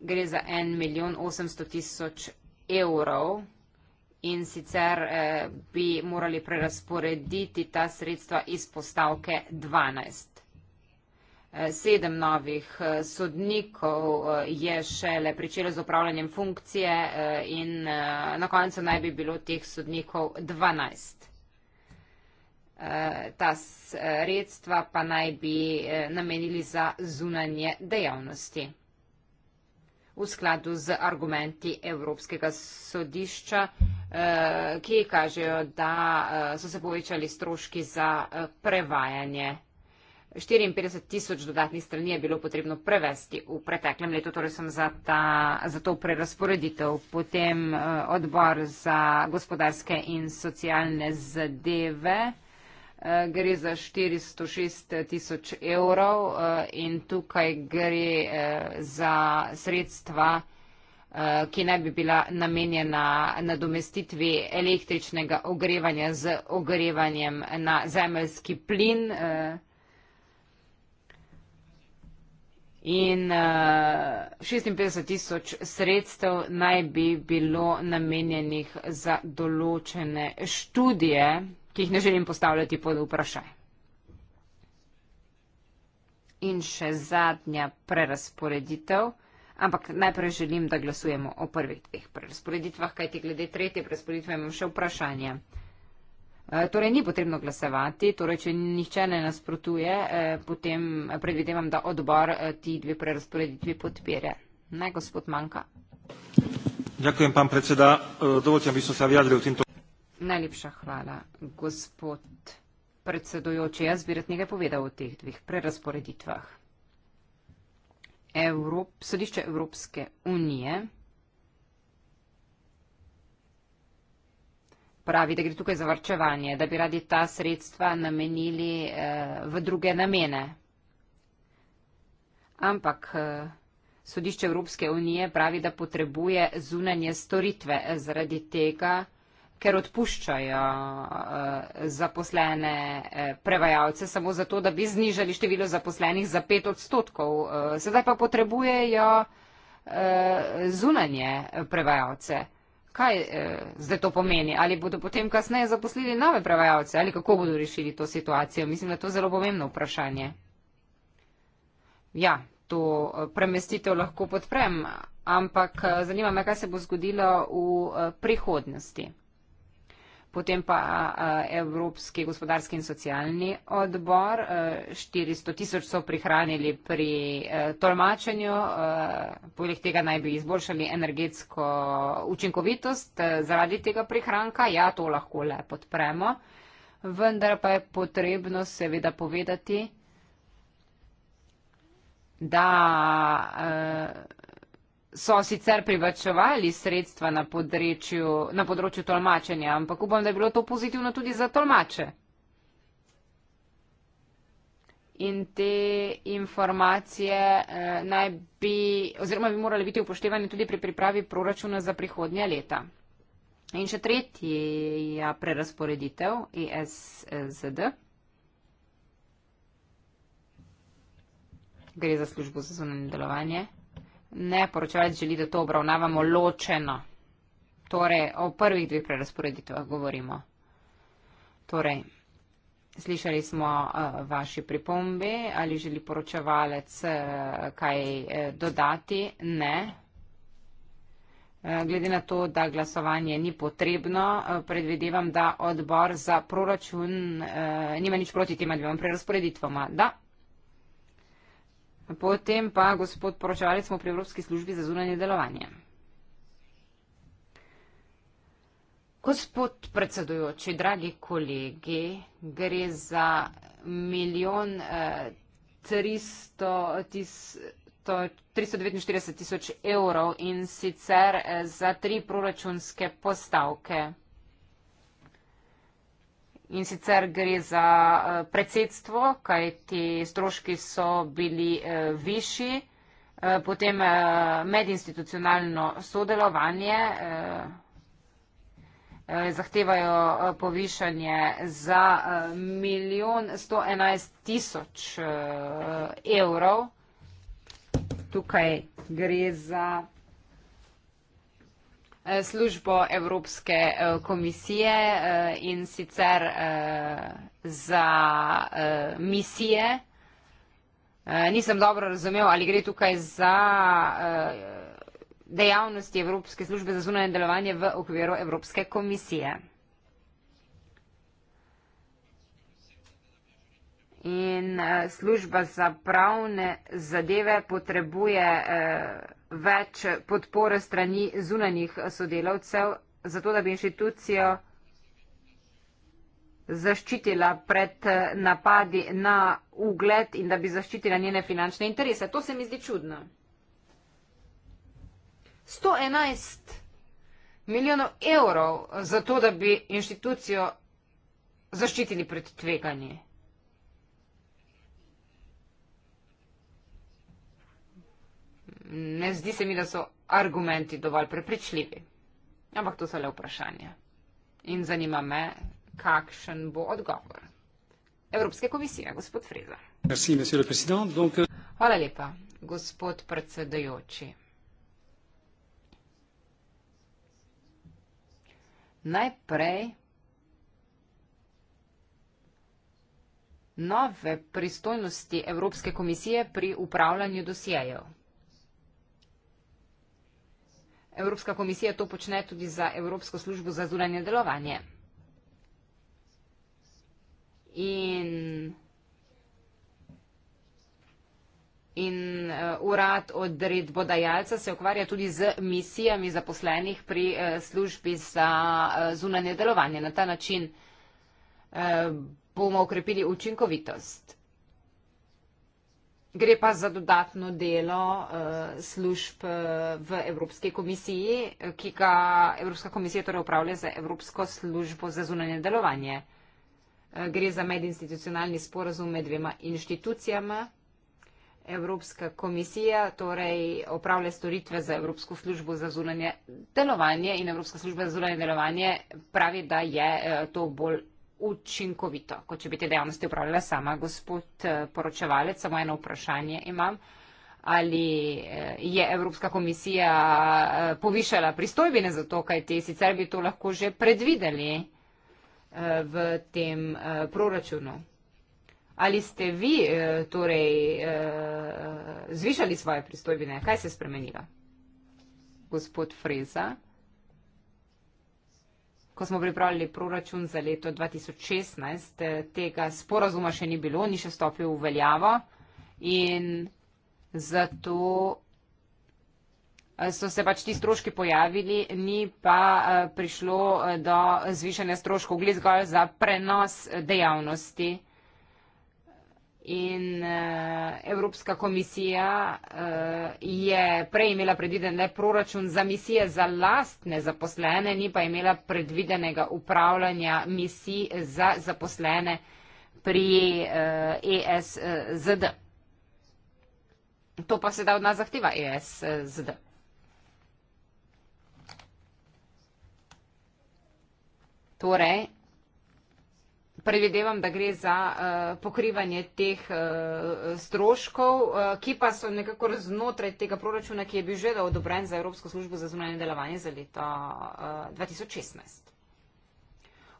gre za en milijon osemsto tisoč evrov in sicer eh, bi morali prerasporediti ta sredstva iz postavke 12. Eh, sedem novih eh, sodnikov je šele pričelo z upravljanjem funkcije in na koncu naj bi bilo teh sodnikov 12. Ta sredstva pa naj bi namenili za zunanje dejavnosti v skladu z argumenti Evropskega sodišča, eh, ki kažejo, da eh, so se povečali stroški za eh, prevajanje. 54 tisoč dodatnih strani je bilo potrebno prevesti v preteklem letu, torej sem za, ta, za to prerasporeditev. Potem odbor za gospodarske in socialne zadeve. Eh, gre za 406 tisoč evrov eh, in tukaj gre eh, za sredstva, ki naj bi bila namenjena nadomestitvi električnega ogrevanja z ogrevanjem na zemeljski plin. In 56 tisoč sredstev naj bi bilo namenjenih za določene študije ki jih ne želim postavljati pod vprašaj. In še zadnja prerasporeditev, ampak najprej želim, da glasujemo o prvih dveh prerasporeditvah, kajti glede tretje prerasporeditve imam še vprašanje. E, torej, ni potrebno glasovati, torej, če nihče ne nasprotuje, e, potem predvidevam, da odbor e, ti dve prerasporeditvi podpire. Naj gospod Manka. Dovoljte, da bi se javljali v tem toku. Najlepša hvala, gospod predsedojoči. Jaz bi rad nekaj povedal o teh dveh prerasporeditvah. Evrop, sodišče Evropske unije pravi, da gre tukaj za varčevanje, da bi radi ta sredstva namenili eh, v druge namene. Ampak eh, sodišče Evropske unije pravi, da potrebuje zunanje storitve eh, zaradi tega, ker odpuščajo eh, zaposlene eh, prevajalce samo zato, da bi znižali število zaposlenih za pet odstotkov. Eh, sedaj pa potrebujejo zunanje prevajalce. Kaj zdaj to pomeni? Ali bodo potem kasneje zaposlili nove prevajalce ali kako bodo rešili to situacijo? Mislim, da je to zelo pomembno vprašanje. Ja, to premestitev lahko podprem, ampak zanima me, kaj se bo zgodilo v prihodnosti. Potem pa Evropski gospodarski in socialni odbor. 400 tisoč so prihranili pri tolmačenju. Poleg tega naj bi izboljšali energetsko učinkovitost zaradi tega prihranka. Ja, to lahko le podpremo. Vendar pa je potrebno seveda povedati, da. Eh, so sicer privačevali sredstva na, podrečju, na področju tolmačenja, ampak upam, da je bilo to pozitivno tudi za tolmače. In te informacije eh, naj bi, oziroma bi morali biti upoštevane tudi pri pripravi proračuna za prihodnje leta. In še tretja prerasporeditev ESZD. Gre za službo za zunanje delovanje. Ne, poročevalec želi, da to obravnavamo ločeno. Torej, o prvih dveh prerasporeditvah govorimo. Torej, slišali smo uh, eh, vaši pripombi, ali želi poročevalec uh, kaj uh, dodati? Ne. Glede na to, da glasovanje ni potrebno, predvidevam, da odbor za proračun eh, nima nič proti tema dvema prerasporeditvama. Da, Potem pa gospod poročevalec smo pri Evropski službi za zunanje delovanje. Gospod predsedujoči, dragi kolegi, gre za milijon eh, tristo tis, devetinštirideset tisoč evrov in sicer eh, za tri proračunske postavke. In sicer gre za eh, predsedstvo, kaj ti stroški so bili eh, višji, eh, potem medinstitucionalno sodelovanje, zahtevajo povišanje za milijon 111 tisoč evrov. Tukaj gre za Eh, službo Evropske eh, komisije eh, in sicer za misije. Nisem dobro razumel, ali gre tukaj za dejavnosti Evropske službe za zunanje delovanje v okviru Evropske komisije. In služba za pravne zadeve potrebuje več podpore strani zunanjih sodelavcev, zato da bi inštitucijo zaščitila pred eh, napadi na ugled in da bi zaščitila njene finančne interese. To se mi zdi čudno. 111 milijonov evrov za to, da bi inštitucijo zaščitili pred tveganje. ne zdi se mi, da so argumenti dovolj prepričljivi. Ampak to so le vprašanje. In zanima me, kakšen bo odgovor Evropske komisije, gospod Freza. Euh, Hvala lepa, gospod predsedajoči. Najprej nove pristojnosti Evropske komisije pri upravljanju dosjejev. Evropska komisija to počne tudi za Evropsko službo za zunanje delovanje. In, in eh, urad odredbodajalca se ukvarja tudi z misijami zaposlenih pri eh, službi za eh, zunanje delovanje. Na ta način bomo ukrepili učinkovitost. Gre pa za dodatno delo uh, služb uh, v Evropski komisiji, eh, ki ga Evropska komisija torej upravlja za Evropsko službo za zunanje delovanje. Uh, gre za medinstitucionalni sporazum med dvema inštitucijama. Evropska komisija torej upravlja storitve za Evropsko službo za zunanje delovanje in Evropska služba za zunanje delovanje pravi, da je uh, to bolj učinkovito, kot če bi te dejavnosti upravljala sama. Gospod eh, poročevalec, samo eno vprašanje imam. Ali eh, je Evropska komisija eh, povišala pristojbine za to, kaj ti sicer bi to lahko že predvideli v tem proračunu? Ali ste vi torej zvišali svoje pristojbine? Kaj se je spremenilo? Gospod Freza ko smo pripravljali proračun za leto 2016, eh, tega sporazuma še ni bilo, ni še stopil v veljavo in zato eh, so se pač ti stroški pojavili, ni pa eh, prišlo do zvišanja stroškov, gre zgolj za prenos dejavnosti. In uh, Evropska komisija uh, je prej imela predviden le proračun za misije za lastne zaposlene, ni pa imela predvidenega upravljanja misij za zaposlene pri uh, eh, ESZD. To pa se da od nas zahteva ESZD. Torej, Predvidevam, da gre za uh, pokrivanje teh uh, stroškov, uh, ki pa so nekako znotraj tega proračuna, ki je bil že odobren za Evropsko službo za zunanje delovanje za leto uh, 2016.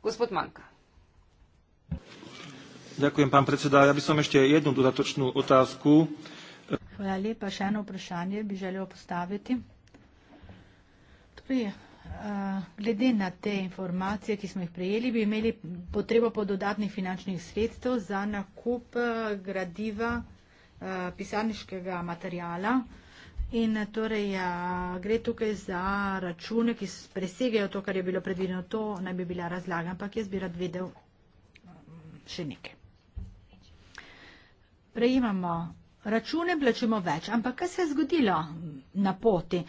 Gospod Manka. Zahvaljujem, pan predsedaj. Ja bi samo še eno dodatočno otasku. Hvala lepa. Še eno vprašanje bi želel postaviti. Torej, Glede na te informacije, ki smo jih prejeli, bi imeli potrebo po dodatnih finančnih sredstev za nakup gradiva pisarniškega materijala. In torej gre tukaj za račune, ki presegajo to, kar je bilo predvideno. To naj bi bila razlaga, ampak jaz bi rad vedel še nekaj. Prejemamo Račune plačemo več, ampak kaj se je zgodilo na poti?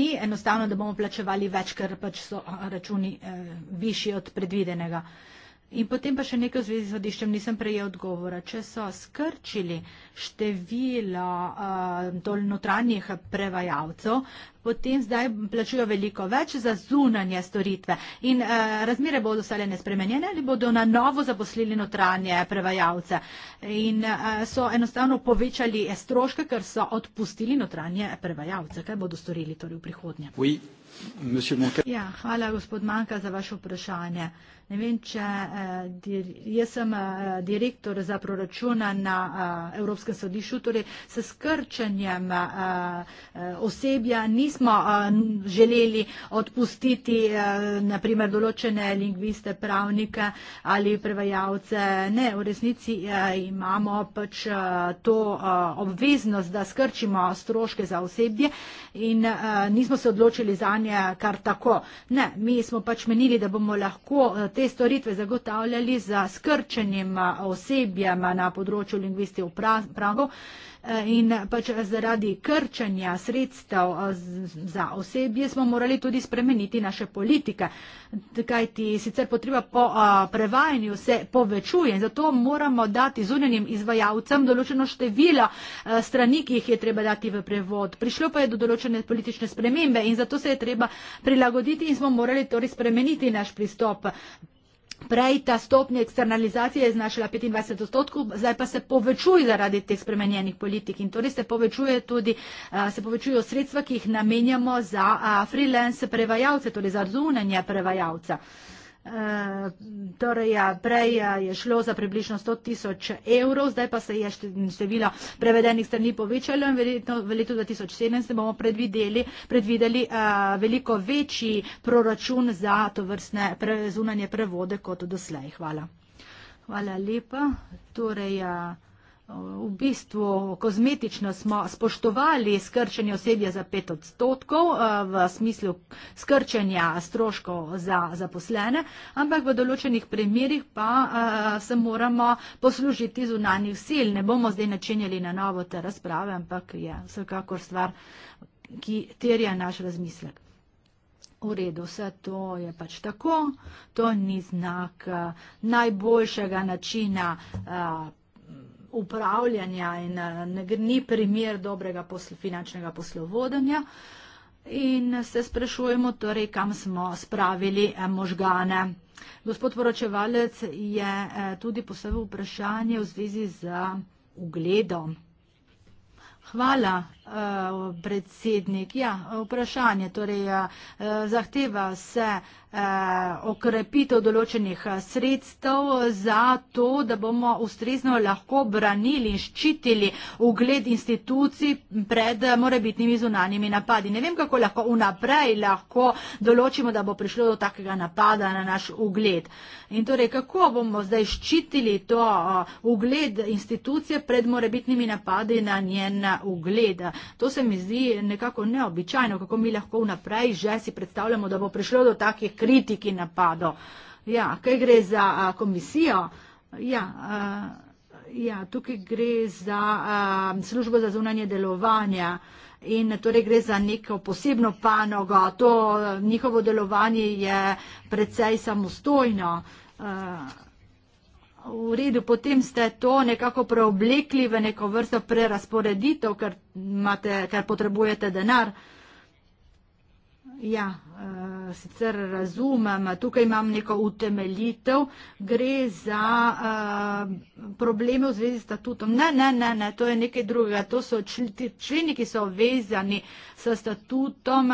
Ni enostavno, da bomo plačevali več, ker pač so računi eh, višji od predvidenega. In potem pa še nekaj v zvezi s sodiščem, nisem prejel odgovora. Če so skrčili število uh, eh, dolnotranjih prevajalcev, potem zdaj plačujo veliko več za zunanje storitve. In uh, eh, razmire bodo ostale nespremenjene ali bodo na novo zaposlili notranje prevajalce. In uh, so enostavno povečali stroške, ker so odpustili notranje prevajalce. Kaj bodo storili torej v prihodnje? Oui, ja, hvala, gospod Manka, za vaše vprašanje ne vem, če eh, jaz sem eh, direktor za proračuna na eh, Evropskem sodišču, torej s skrčenjem osebja nismo želeli odpustiti naprimer določene lingviste, pravnike ali prevajalce. Ne, v resnici imamo pač to obveznost, da skrčimo stroške za osebje in nismo se odločili za nje kar tako. Ne, mi smo pač menili, da bomo lahko te te storitve zagotavljali za skrčenima osebjama na področju lingvisti v Pragu, In pač zaradi krčanja sredstev eh, za osebje smo morali tudi spremeniti naše politike, kajti sicer potreba po eh, prevajanju se povečuje in zato moramo dati zunanjim izvajalcem določeno število eh, strani, ki jih je treba dati v prevod. Prišlo pa je do določene politične spremembe in zato se je treba prilagoditi in smo morali torej spremeniti naš pristop. Prej ta stopnja eksternalizacije je znašala 25 odstotkov, zdaj pa se povečuje zaradi teh spremenjenih politik in torej se povečuje tudi, se povečujejo sredstva, ki jih namenjamo za freelance prevajalce, torej za zunanje prevajalce. Eh, torej ja, prej ja, je šlo za približno 100 tisoč evrov, zdaj pa se je število prevedenih strani povečalo in verjetno v letu 2017 bomo predvideli, predvideli uh, veliko večji proračun za to vrstne pre, zunanje prevode kot doslej. Hvala. Hvala lepa. Torej, uh, v bistvu kozmetično smo spoštovali skrčenje osebja za pet odstotkov eh, v smislu skrčenja stroškov za zaposlene, ampak v določenih primerjih pa eh, se moramo poslužiti zunanjih sil. Ne bomo zdaj načenjali na novo te razprave, ampak je vsekakor stvar, ki terja naš razmislek. V redu, vse to je pač tako, to ni znak eh, najboljšega načina upravljanja in eh, ne, ni primer dobrega posl finančnega poslovodanja. In se sprašujemo, torej, kam smo spravili eh, možgane. Gospod poročevalec je eh, tudi postavil vprašanje v zvezi z ugledom. Hvala Eh, predsednik. Ja, vprašanje. Torej, eh, zahteva se eh, okrepitev določenih sredstev za to, da bomo ustrezno lahko branili in ščitili ugled institucij pred morebitnimi zunanjimi napadi. Ne vem, kako lahko vnaprej lahko določimo, da bo prišlo do takega napada na naš ugled. In torej, kako bomo zdaj ščitili to ugled institucije pred morebitnimi napadi na njen ugled? To se mi zdi nekako neobičajno, kako mi lahko vnaprej že si predstavljamo, da bo prišlo do takih kritik in napadov. Ja, kaj gre za a, komisijo? Ja, a, Ja, tukaj gre za uh, službo za zunanje delovanja in torej gre za neko posebno panogo. To njihovo delovanje je precej samostojno. Uh, V redu, potem ste to nekako preoblekli v neko vrsto prerasporeditev, ker, imate, ker potrebujete denar. Ja, uh, sicer razumem, tukaj imam neko utemeljitev, gre za uh, probleme v zvezi s statutom. Ne, ne, ne, ne, to je nekaj drugega. To so členi, ki so vezani s statutom,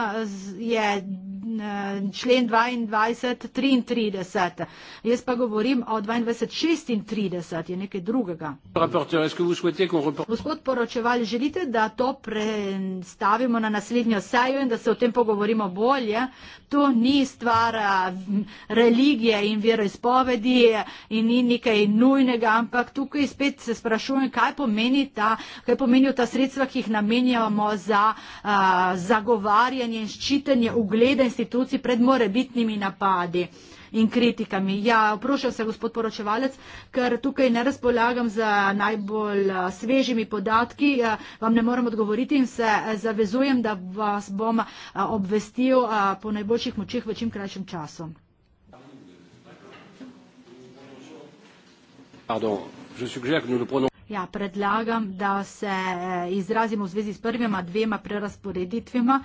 je eh, člen 22.33. Jaz pa govorim o 22.36, je nekaj drugega. Gospod poročeval, želite, da to prestavimo na naslednjo sejo in da se o tem pogovorimo bolje? to ni stvar religije in veroizpovedi in ni nekaj nujnega, ampak tukaj spet se sprašujem, kaj pomeni ta, kaj pomenijo ta sredstva, ki jih namenjamo za a, zagovarjanje in ščitenje ugleda institucij pred morebitnimi napadi in kritikami. Ja, vprašam se, gospod poročevalec, ker tukaj ne razpolagam z najbolj eh, svežimi podatki, eh, vam ne morem odgovoriti in se eh, zavezujem, da vas bom obvestil po najboljših močih v čim krajšem času. Pardon. Ja, predlagam, da se izrazimo v zvezi s prvima dvema prerasporeditvima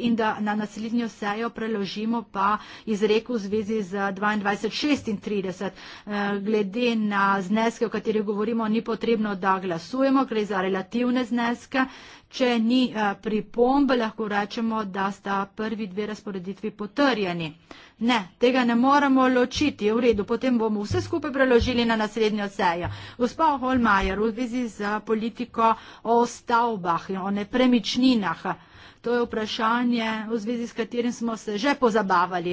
in da na naslednjo sejo preložimo pa izreku v zvezi z 22.36. Eh, glede na zneske, o katerih govorimo, ni potrebno, da glasujemo, gre za relativne zneske. Če ni eh, pripombe, lahko rečemo, da sta prvi dve razporeditvi potrjeni. Ne, tega ne moremo ločiti. V redu, potem bomo vse skupaj preložili na naslednjo sejo. Gospod Holmajer, v zvezi z politiko o stavbah, o nepremičninah, to je vprašanje, v zvezi s katerim smo se že pozabavali.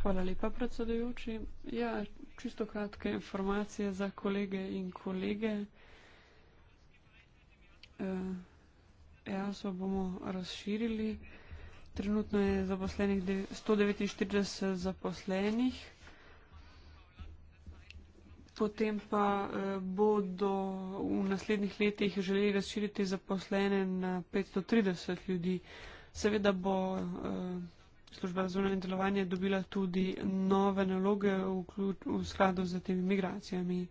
Hvala lepa, predsedujoči. Ja, čisto kratke informacije za kolege in kolege. E, eh, ja, so bomo razširili. Trenutno je zaposlenih 149 zaposlenih. Potem pa eh, bodo v naslednjih letih želeli razširiti zaposlene na 530 ljudi. Seveda bo eh, služba za zunanje delovanje dobila tudi nove naloge v, v skladu z temi migracijami.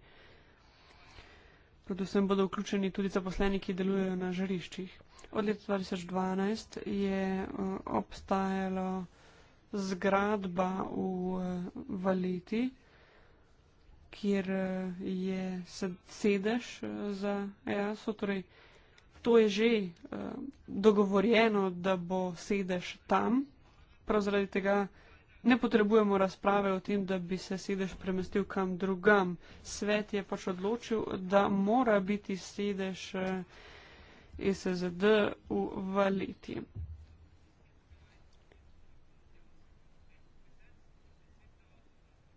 Predvsem bodo vključeni tudi zaposleni, ki delujejo na žariščih od leta 2012 je eh, obstajala zgradba v eh, Valiti, kjer eh, je sedež za EASO. Torej, to je že dogovorjeno, da bo sedež tam. Prav zaradi tega ne potrebujemo razprave o tem, da bi se sedež premestil kam drugam. Svet je pač odločil, da mora biti sedež. ESZD v Valeti.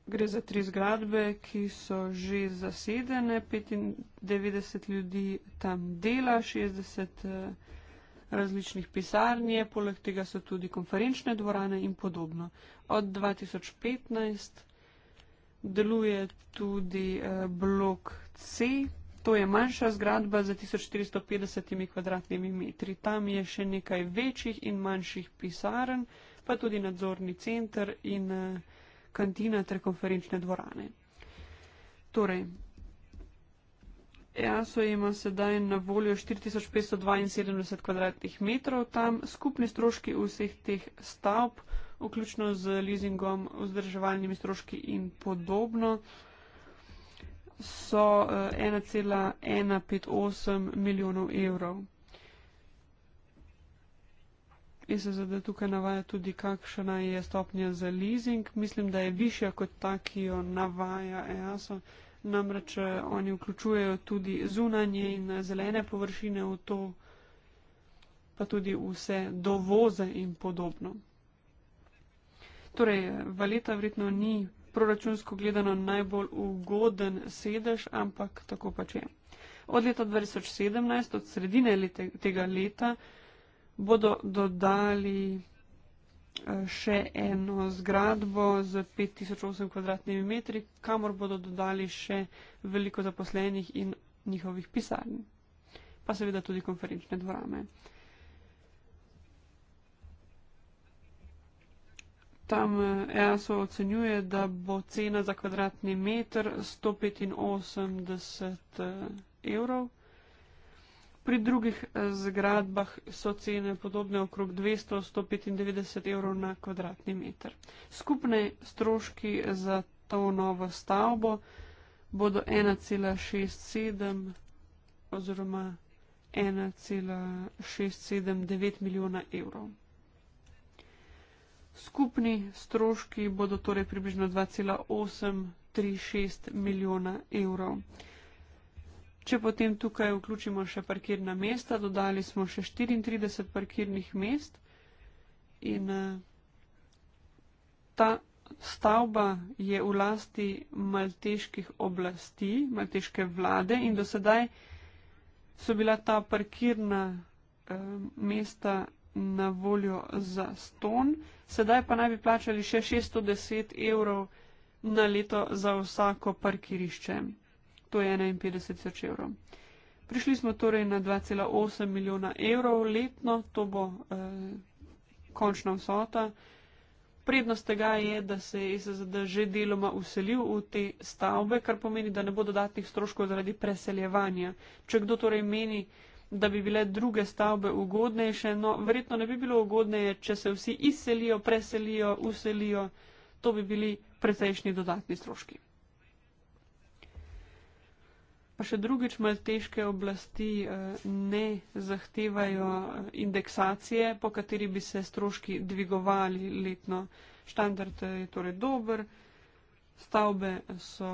Gre za tri zgradbe, ki so že zasedene, 95 ljudi tam dela, 60 eh, različnih pisarnje, poleg tega so tudi konferenčne dvorane in podobno. Od 2015 deluje tudi eh, blok C, To je manjša zgradba za 1450 kvadratnimi metri. Tam je še nekaj večjih in manjših pisarn, pa tudi nadzorni center in eh, kantina ter konferenčne dvorane. Torej, EASO ima sedaj na voljo 4572 kvadratnih metrov tam. Skupni stroški vseh teh stavb, vključno z leasingom, vzdrževalnimi stroški in podobno, so 1,158 eh, milijonov evrov. In se zdaj tukaj navaja tudi, kakšna je stopnja za leasing. Mislim, da je višja kot ta, ki jo navaja EASO. Namreč eh, oni vključujejo tudi zunanje in zelene površine v to, pa tudi vse dovoze in podobno. Torej, eh, valeta vredno ni proračunsko gledano najbolj ugoden sedež, ampak tako pač je. Od leta 2017, od sredine tega leta, bodo dodali eh, še eno zgradbo z 5008 kvadratnimi metri, kamor bodo dodali še veliko zaposlenih in njihovih pisarn, pa seveda tudi konferenčne dvorane. Tam ESO eh, ocenjuje, da bo cena za kvadratni meter 185 eh, evrov. Pri drugih eh, zgradbah so cene podobne okrog 200-195 evrov na kvadratni meter. Skupne stroški za to novo stavbo bodo 1,67 oziroma 1,679 milijona evrov. Skupni stroški bodo torej približno 2,836 milijona evrov. Če potem tukaj vključimo še parkirna mesta, dodali smo še 34 parkirnih mest in eh, ta stavba je v lasti malteških oblasti, malteške vlade in do sedaj so bila ta parkirna eh, mesta na voljo za stonj sedaj pa naj bi plačali še 610 evrov na leto za vsako parkirišče. To je 51 tisoč evrov. Prišli smo torej na 2,8 milijona evrov letno, to bo eh, končna vsota. Prednost tega je, da se je SZD že deloma uselil v te stavbe, kar pomeni, da ne bo dodatnih stroškov zaradi preseljevanja. Če kdo torej meni, da bi bile druge stavbe ugodnejše. No, verjetno ne bi bilo ugodneje, če se vsi izselijo, preselijo, uselijo. To bi bili precejšnji dodatni stroški. Pa še drugič, malteške oblasti eh, ne zahtevajo eh, indeksacije, po kateri bi se stroški dvigovali letno. Štandard eh, je torej dober, stavbe so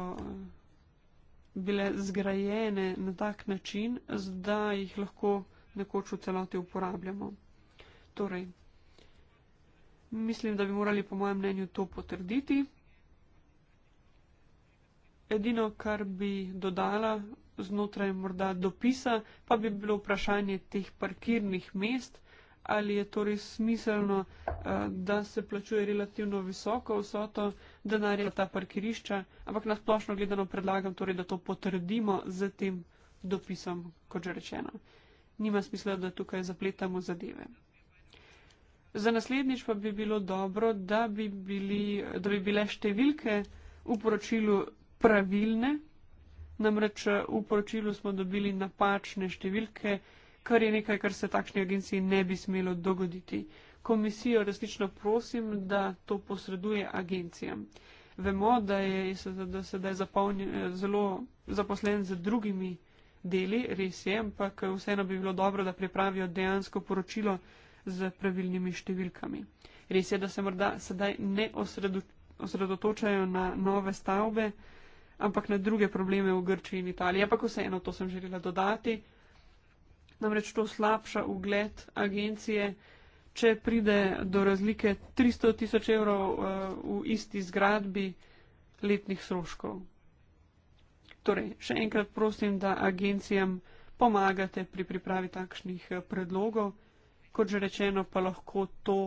bile zgrajene na tak način, da jih lahko nekoč v celoti uporabljamo. Torej, mislim, da bi morali po mojem mnenju to potrditi. Edino, kar bi dodala znotraj morda dopisa, pa bi bilo vprašanje teh parkirnih mest, ali je torej smiselno, eh, da se plačuje relativno visoko vsoto da naredijo ta parkirišča, ampak nasplošno gledano predlagam, torej, da to potrdimo z tem dopisom, kot že rečeno. Nima smisla, da tukaj zapletamo zadeve. Za naslednjič pa bi bilo dobro, da bi, bili, da bi bile številke v poročilu pravilne, namreč eh, v poročilu smo dobili napačne številke, kar je nekaj, kar se takšni agenciji ne bi smelo dogoditi komisijo resnično prosim, da to posreduje agencijam. Vemo, da je sedaj zelo zaposlen z drugimi deli, res je, ampak vseeno bi bilo dobro, da pripravijo dejansko poročilo z pravilnimi številkami. Res je, da se morda sedaj ne osredotočajo na nove stavbe, ampak na druge probleme v Grčiji in Italiji. Ampak vseeno, to sem želela dodati, namreč to slabša ugled agencije če pride do razlike 300 tisoč evrov eh, v isti zgradbi letnih stroškov. Torej, še enkrat prosim, da agencijam pomagate pri pripravi takšnih eh, predlogov. Kot že rečeno, pa lahko to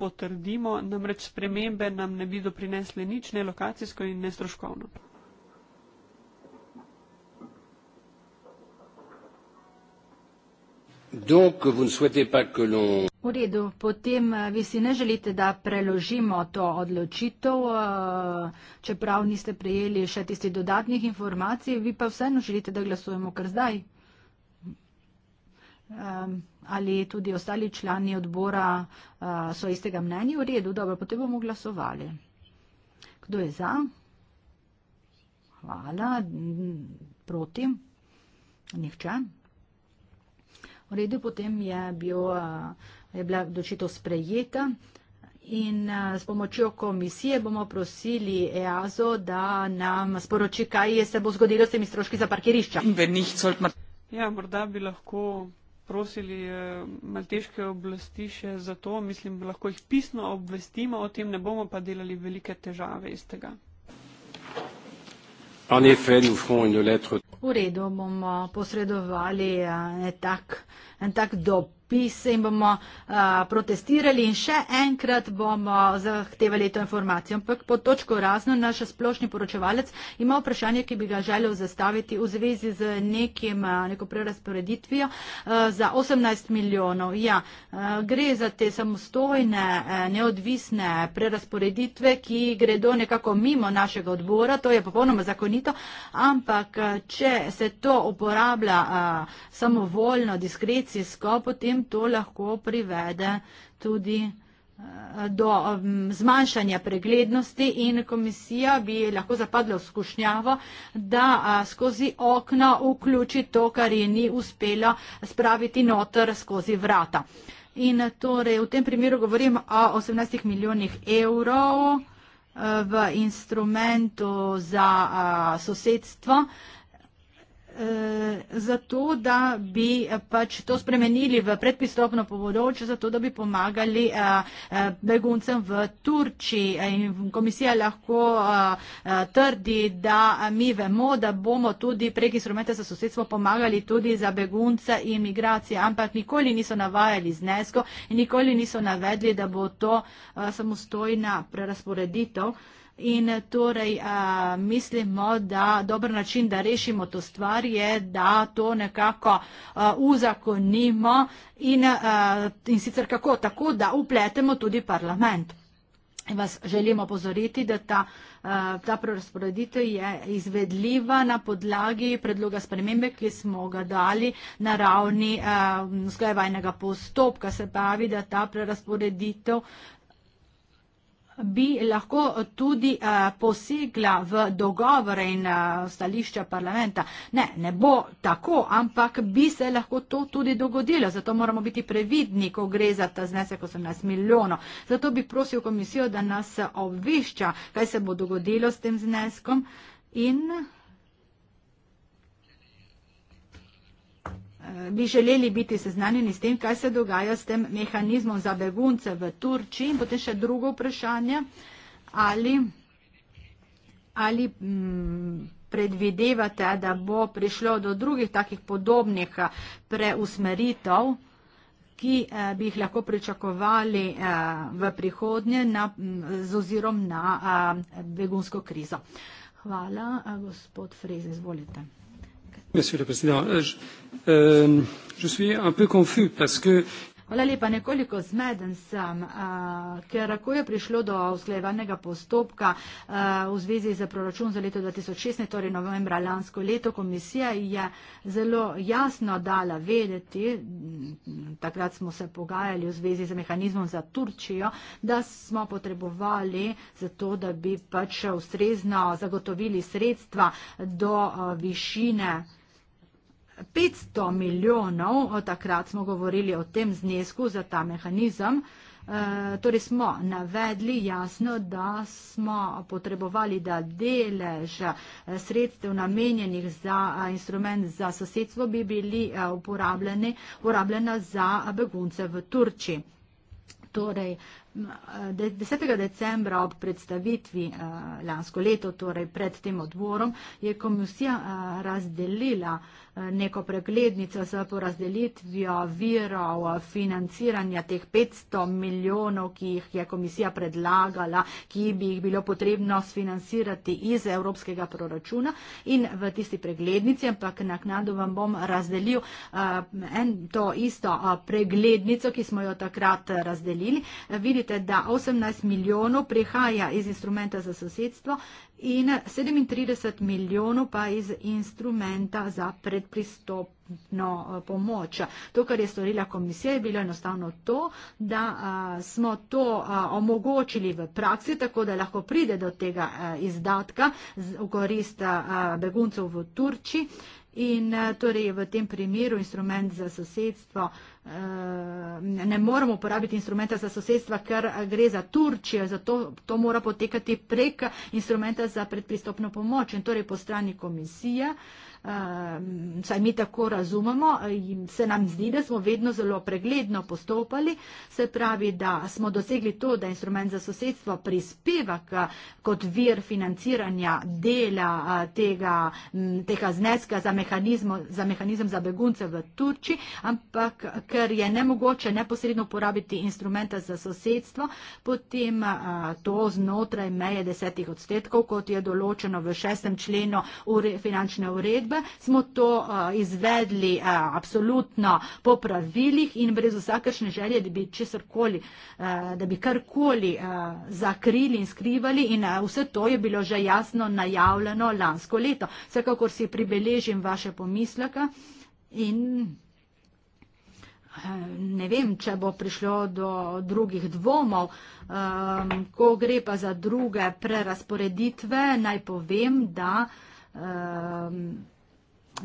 potrdimo, namreč spremembe nam ne bi doprinesle nič, ne lokacijsko in ne stroškovno. V redu, potem eh, vi si ne želite, da preložimo to odločitev, eh, čeprav niste prejeli še tistih dodatnih informacij, vi pa vseeno želite, da glasujemo kar zdaj. Ali tudi ostali člani odbora eh, so istega mnenja? V redu, dobro, potem bomo glasovali. Kdo je za? Hvala, proti? Nihče? Nihče? V redu, potem je, bil, eh, je bila odločitev sprejeta in eh, s pomočjo komisije bomo prosili EASO, da nam sporoči, kaj se bo zgodilo s temi stroški za parkirišča. Ja, morda bi lahko prosili eh, malteške oblasti še za to. Mislim, lahko jih pisno obvestimo o tem, ne bomo pa delali velike težave iz tega. V redu, bomo posredovali eh, en tak, en tak dopis podpise in bomo uh, protestirali in še enkrat bomo zahtevali to informacijo. Ampak pod točko razno naš splošni poročevalec ima vprašanje, ki bi ga želel zastaviti v zvezi z nekim, eh, neko prerasporeditvijo uh, eh, za 18 milijonov. Ja, uh, gre za te samostojne, neodvisne prerasporeditve, ki gredo nekako mimo našega odbora, to je popolnoma zakonito, ampak če se to uporablja uh, samovoljno, diskrecijsko, potem to lahko privede tudi eh, do mm, zmanjšanja preglednosti in komisija bi lahko zapadla v skušnjavo, da eh, skozi okna vključi to, kar je ni uspelo spraviti noter skozi vrata. In torej v tem primeru govorim o 18 milijonih evrov eh, v instrumentu za sosedstvo. Eh, zato, da bi eh, pač to spremenili v predpristopno področje, zato, da bi pomagali eh, beguncem v Turčiji. In komisija lahko trdi, da mi vemo, da bomo tudi prek instrumenta za sosedstvo pomagali tudi za begunce in migracije, ampak nikoli niso navajali znesko in nikoli niso navedli, da bo to samostojna prerasporeditev. In eh, torej a, eh, mislimo, da dober način, da rešimo to stvar, je, da to nekako a, eh, uzakonimo in, a, in sicer kako, tako da upletemo tudi parlament. In vas želimo pozoriti, da ta, ta prerasporeditev je izvedljiva na podlagi predloga spremembe, ki smo ga dali na ravni zgajevajnega postopka. Se pravi, da ta prerasporeditev bi lahko tudi eh, posegla v dogovore in eh, stališča parlamenta. Ne, ne bo tako, ampak bi se lahko to tudi dogodilo. Zato moramo biti previdni, ko gre za ta znesek 18 milijonov. Zato bi prosil komisijo, da nas obvešča, kaj se bo dogodilo s tem zneskom. In bi želeli biti seznanjeni s tem, kaj se dogaja s tem mehanizmom za begunce v Turčiji. Potem še drugo vprašanje, ali, ali mm, predvidevate, da bo prišlo do drugih takih podobnih eh, preusmeritev, ki eh, bi jih lahko pričakovali eh, v prihodnje na, mm, z ozirom na begunsko krizo. Hvala, gospod Frez, izvolite. Monsieur le Président, euh, je, euh, je suis un peu confus parce que. Hvala lepa, nekoliko zmeden sem, uh, ker ko je prišlo do usklajevanega postopka uh, v zvezi z proračun za leto 2016, torej novembra lansko leto, komisija je zelo jasno dala vedeti, takrat smo se pogajali v zvezi z mehanizmom za Turčijo, da smo potrebovali za to, da bi pač ustrezno zagotovili sredstva do uh, višine 500 milijonov, od takrat smo govorili o tem znesku za ta mehanizem, eh, torej smo navedli jasno, da smo potrebovali, da delež eh, sredstev namenjenih za eh, instrument za sosedstvo bi bili uporabljena za begunce v Turčiji. Torej, 10. decembra ob predstavitvi lansko leto, torej pred tem odborom, je komisija razdelila neko preglednico s porazdelitvijo virov financiranja teh 500 milijonov, ki jih je komisija predlagala, ki bi jih bilo potrebno sfinansirati iz evropskega proračuna in v tisti preglednici, ampak naknado vam bom razdelil eh, en, to isto eh, preglednico, ki smo jo takrat razdelili. Vidite, da 18 milijonov prihaja iz instrumenta za sosedstvo, in 37 milijonov pa iz instrumenta za predpristopno eh, pomoč. To, kar je storila komisija, je bilo enostavno to, da eh, smo to eh, omogočili v praksi, tako da lahko pride do tega izdatka v korist beguncev v Turčiji. In eh, torej v tem primeru instrument za sosedstvo, eh, ne moramo uporabiti instrumenta za sosedstvo, ker eh, gre za Turčijo, zato to mora potekati prek instrumenta za predpristopno pomoč in torej po strani komisije. Ehm, saj mi tako razumemo, se nam zdi, da smo vedno zelo pregledno postopali, se pravi, da smo dosegli to, da instrument za sosedstvo prispeva kot vir financiranja dela tega, tega zneska za mehanizmo, za mehanizem za begunce v Turčji, ampak ker je nemogoče neposredno uporabiti instrumenta za sosedstvo, potem to znotraj meje desetih odstotkov, kot je določeno v šestem členu ure, finančne uredbe, ribe, smo to uh, izvedli uh, absolutno po pravilih in brez vsakršne želje, da bi česarkoli, uh, da bi karkoli uh, zakrili in skrivali in uh, vse to je bilo že jasno najavljeno lansko leto. Vsekakor si pribeležim vaše pomisleke in. Ne vem, če bo prišlo do drugih dvomov, um, ko gre pa za druge prerasporeditve, naj povem, da um,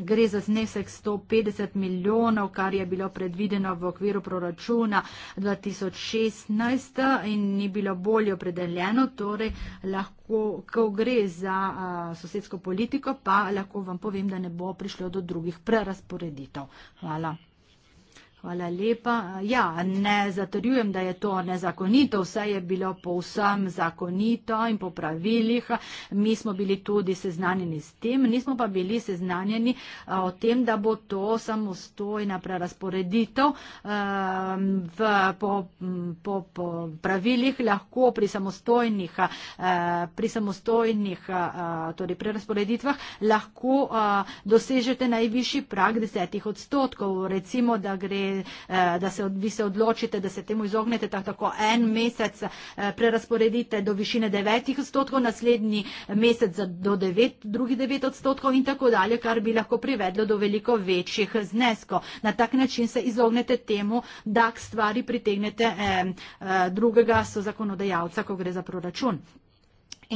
gre za znesek 150 milijonov, kar je bilo predvideno v okviru proračuna 2016 in ni bilo bolje opredeljeno, torej lahko, ko gre za sosedsko politiko, pa lahko vam povem, da ne bo prišlo do drugih prerasporeditev. Hvala. Hvala lepa. Ja, ne zatrjujem, da je to nezakonito, vse je bilo povsem zakonito in po pravilih. Mi smo bili tudi seznanjeni s tem, nismo pa bili seznanjeni eh, o tem, da bo to samostojna prerasporeditev. Eh, v, po, po, po pravilih lahko pri samostojnih, eh, pri samostojnih torej prerasporeditvah lahko dosežete najvišji prag desetih odstotkov. Recimo, da gre Eh, da se, vi se odločite, da se temu izognete, tako, tako en mesec eh, prerasporedite do višine 9 odstotkov, naslednji mesec do 9, drugi 9 odstotkov in tako dalje, kar bi lahko privedlo do veliko večjih zneskov. Na tak način se izognete temu, da k stvari pritegnete eh, drugega so zakonodajalca, ko gre za proračun.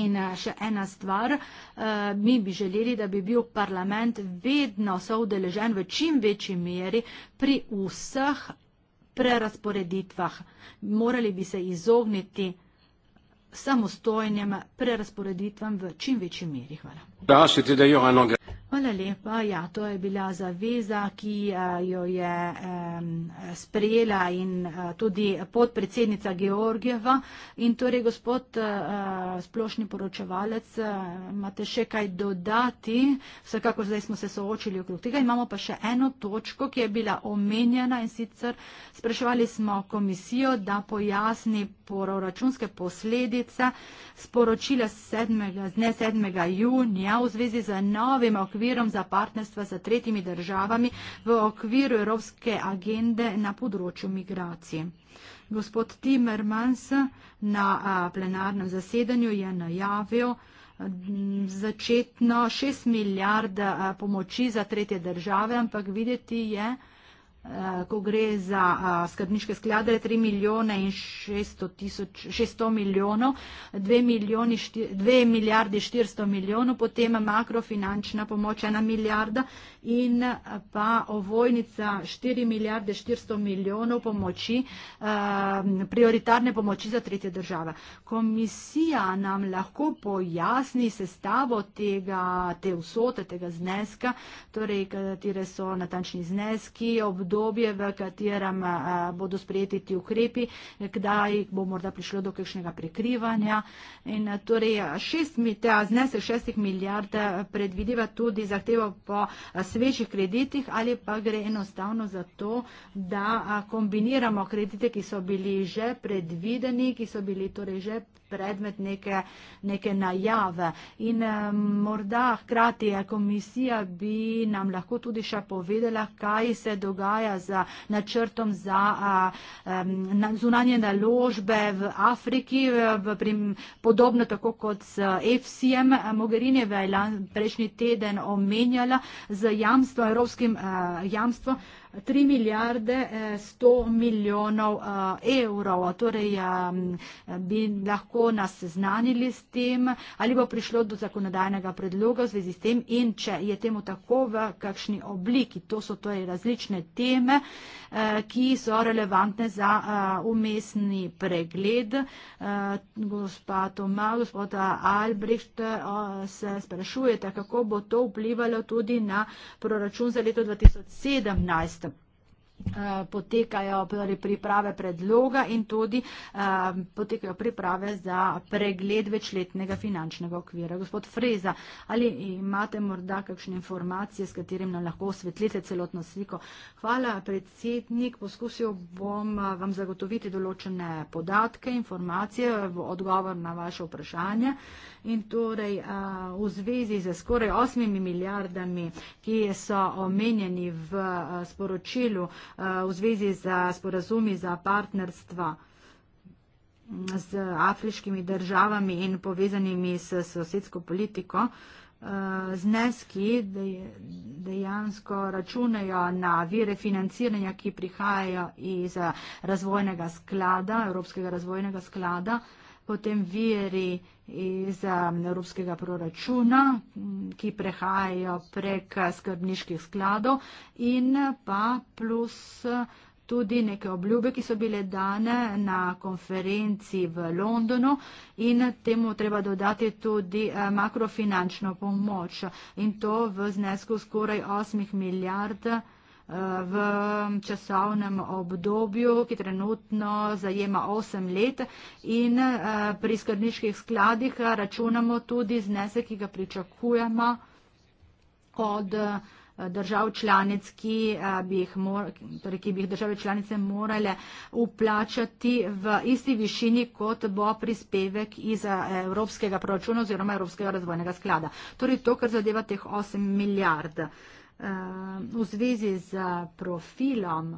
In eh, še ena stvar, eh, mi bi želeli, da bi bil parlament vedno soudeležen v čim večji meri pri vseh prerasporeditvah. Morali bi se izogniti samostojnim prerasporeditvam v čim večji meri. Hvala. Hvala lepa. Ja, to je bila zaveza, ki eh, jo je sprejela in eh, tudi podpredsednica Georgijeva. In torej, gospod eh, splošni poročevalec, imate še kaj dodati? Vsekako zdaj smo se soočili okrog tega. Imamo pa še eno točko, ki je bila omenjena in sicer spraševali smo komisijo, da pojasni proračunske posledice predsednica sporočila 7, dne 7. junija v zvezi z novim okvirom za partnerstva z tretjimi državami v okviru Evropske agende na področju migracije. Gospod Timmermans na plenarnem zasedanju je najavil začetno 6 milijard pomoči za tretje države, ampak videti je, Eh, ko gre za eh, skrbniške sklade 3 milijone in 600, tisoč, 600 milijonov, 2, milijoni, 2 milijardi 400 milijonov, potem makrofinančna pomoč 1 milijarda in eh, pa ovojnica 4 milijarde 400 milijonov pomoči, prioritarne pomoči za tretje države. Komisija nam lahko pojasni sestavo tega, te vsote, tega zneska, torej katere so natančni zneski, obdobje, obdobje, v katerem bodo sprejeti ti ukrepi, kdaj bo morda prišlo do kakšnega prekrivanja. In torej šest, znesek šestih milijard predvideva tudi zahtevo po svežih kreditih ali pa gre enostavno za to, da kombiniramo kredite, ki so bili že predvideni, ki so bili torej že predmet neke, neke najave. In um, morda hkrati komisija bi nam lahko tudi še povedala, kaj se dogaja prihaja z načrtom za zunanje naložbe v Afriki, v prim, podobno tako kot s EFSI-jem. Mogherini je prejšnji teden omenjala z jamstvom, evropskim jamstvom. 3 milijarde 100 eh, milijonov eh, evrov. Torej ehm, bi lahko nas seznanili s tem, ali bo prišlo do zakonodajnega predloga v zvezi s tem in če je temu tako v kakšni obliki. To so torej različne teme, eh, ki so relevantne za umestni pregled. Gospa Toma, gospoda Albrecht se sprašujete, kako bo to vplivalo tudi na proračun za leto 2017. Eh, potekajo torej priprave predloga in tudi eh, potekajo priprave za pregled večletnega finančnega okvira. Gospod Freza, ali imate morda kakšne informacije, s katerim nam lahko osvetlite celotno sliko? Hvala, predsednik. Poskusil bom eh, vam zagotoviti določene podatke, informacije, odgovor na vaše vprašanje. In torej v zvezi z skoraj 8 milijardami, ki so omenjeni v sporočilu, Eh, v zvezi z sporazumi za partnerstva z afriškimi državami in povezanimi s sosedsko politiko. Eh, zneski dejansko računajo na vire financiranja, ki prihajajo iz razvojnega sklada, Evropskega razvojnega sklada potem viri iz um, evropskega proračuna, ki prehajajo prek skrbniških skladov in pa plus tudi neke obljube, ki so bile dane na konferenci v Londonu in temu treba dodati tudi eh, makrofinančno pomoč in to v znesku skoraj 8 milijard evrov v časovnem obdobju, ki trenutno zajema 8 let in eh, pri skrbniških skladih računamo tudi znesek, ki ga pričakujemo od eh, držav članic, ki eh, bi, jih mor, torej, ki bi jih države članice morale uplačati v isti višini, kot bo prispevek iz Evropskega proračuna oziroma Evropskega razvojnega sklada. Torej to, kar zadeva teh 8 milijard. Uh, Eh, v zvezi z profilom,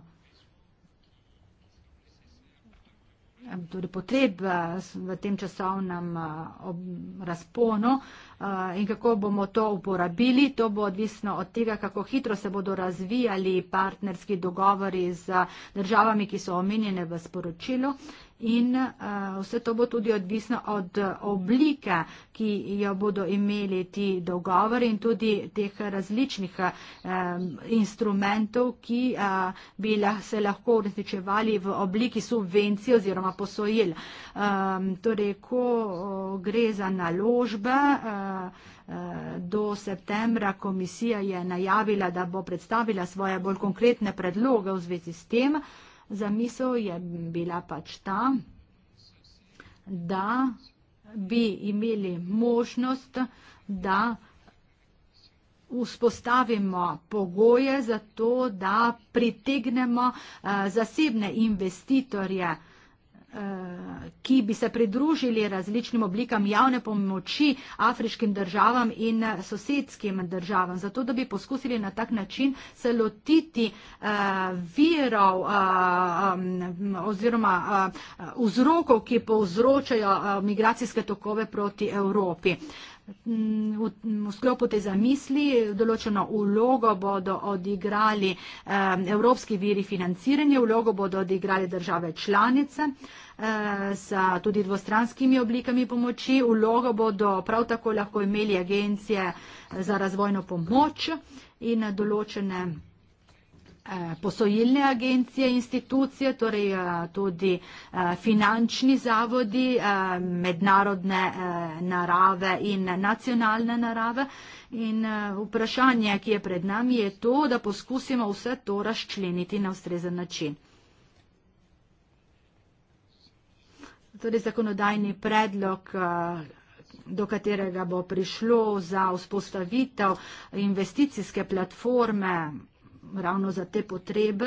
tudi torej potreb eh, v tem časovnem eh, razponu in kako bomo to uporabili. To bo odvisno od tega, kako hitro se bodo razvijali partnerski dogovori z državami, ki so omenjene v sporočilu in uh, vse to bo tudi odvisno od eh, oblike, ki jo bodo imeli ti dogovori in tudi teh različnih um, instrumentov, ki uh, bi lah, se lahko uresničevali v obliki subvencij oziroma posojil. Um, torej, ko uh, gre za naložbe. Uh, Do septembra komisija je najavila, da bo predstavila svoje bolj konkretne predloge v zvezi s tem. Uh, zamisel je bila pač ta, da bi imeli možnost, da vzpostavimo pogoje za to, da pritegnemo eh, zasebne investitorje ki bi se pridružili različnim oblikam javne pomoči afriškim državam in eh, sosedskim državam, zato da bi poskusili na tak način se lotiti eh, virov eh, oziroma vzrokov, ki povzročajo migracijske tokove proti Evropi. Mm, v, v sklopu te zamisli določeno ulogo bodo odigrali eh, evropski viri financiranja, ulogo bodo odigrali države članice eh, s tudi dvostranskimi oblikami pomoči, ulogo bodo prav tako lahko imeli agencije za razvojno pomoč in določene Eh, posojilne agencije, institucije, torej eh, tudi eh, finančni zavodi mednarodne narave in nacionalne narave. In vprašanje, ki je pred nami, je to, da poskusimo vse to razčleniti na ustrezen način. Torej zakonodajni predlog do katerega bo prišlo za vzpostavitev investicijske platforme ravno za te potrebe.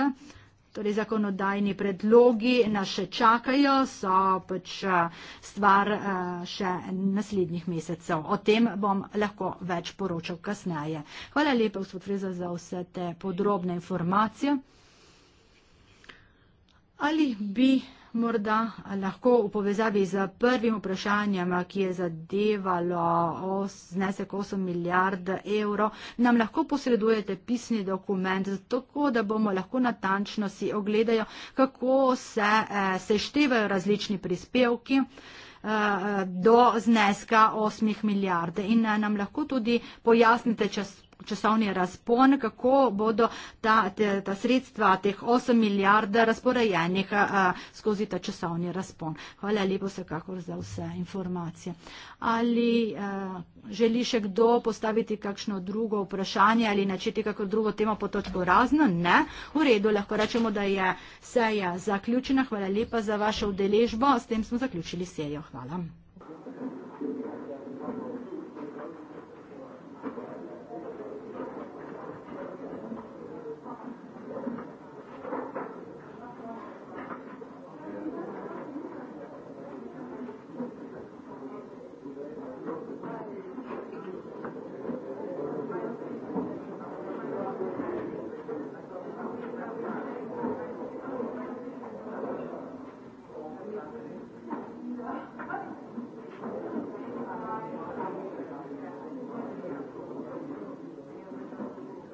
Torej zakonodajni predlogi nas še čakajo, so pač eh, stvar eh, še naslednjih mesecev. O tem bom lahko več poročal kasneje. Hvala lepa, gospod Freza, za vse te podrobne informacije. Ali bi morda lahko v povezavi z prvim vprašanjem, ki je zadevalo os, znesek 8 milijard evrov, nam lahko posredujete pisni dokument, tako da bomo lahko natančno si ogledajo, kako se eh, seštevajo različni prispevki eh, do zneska 8 milijarde. In eh, nam lahko tudi pojasnite čas, časovni razpon, kako bodo ta, te, ta sredstva, teh 8 milijard razporejenih a, skozi ta časovni razpon. Hvala lepo vsekakor za vse informacije. Ali a, želi še kdo postaviti kakšno drugo vprašanje ali načeti kako drugo temo po točko razno? Ne. V redu, lahko rečemo, da je seja zaključena. Hvala lepa za vašo udeležbo. S tem smo zaključili sejo. Hvala.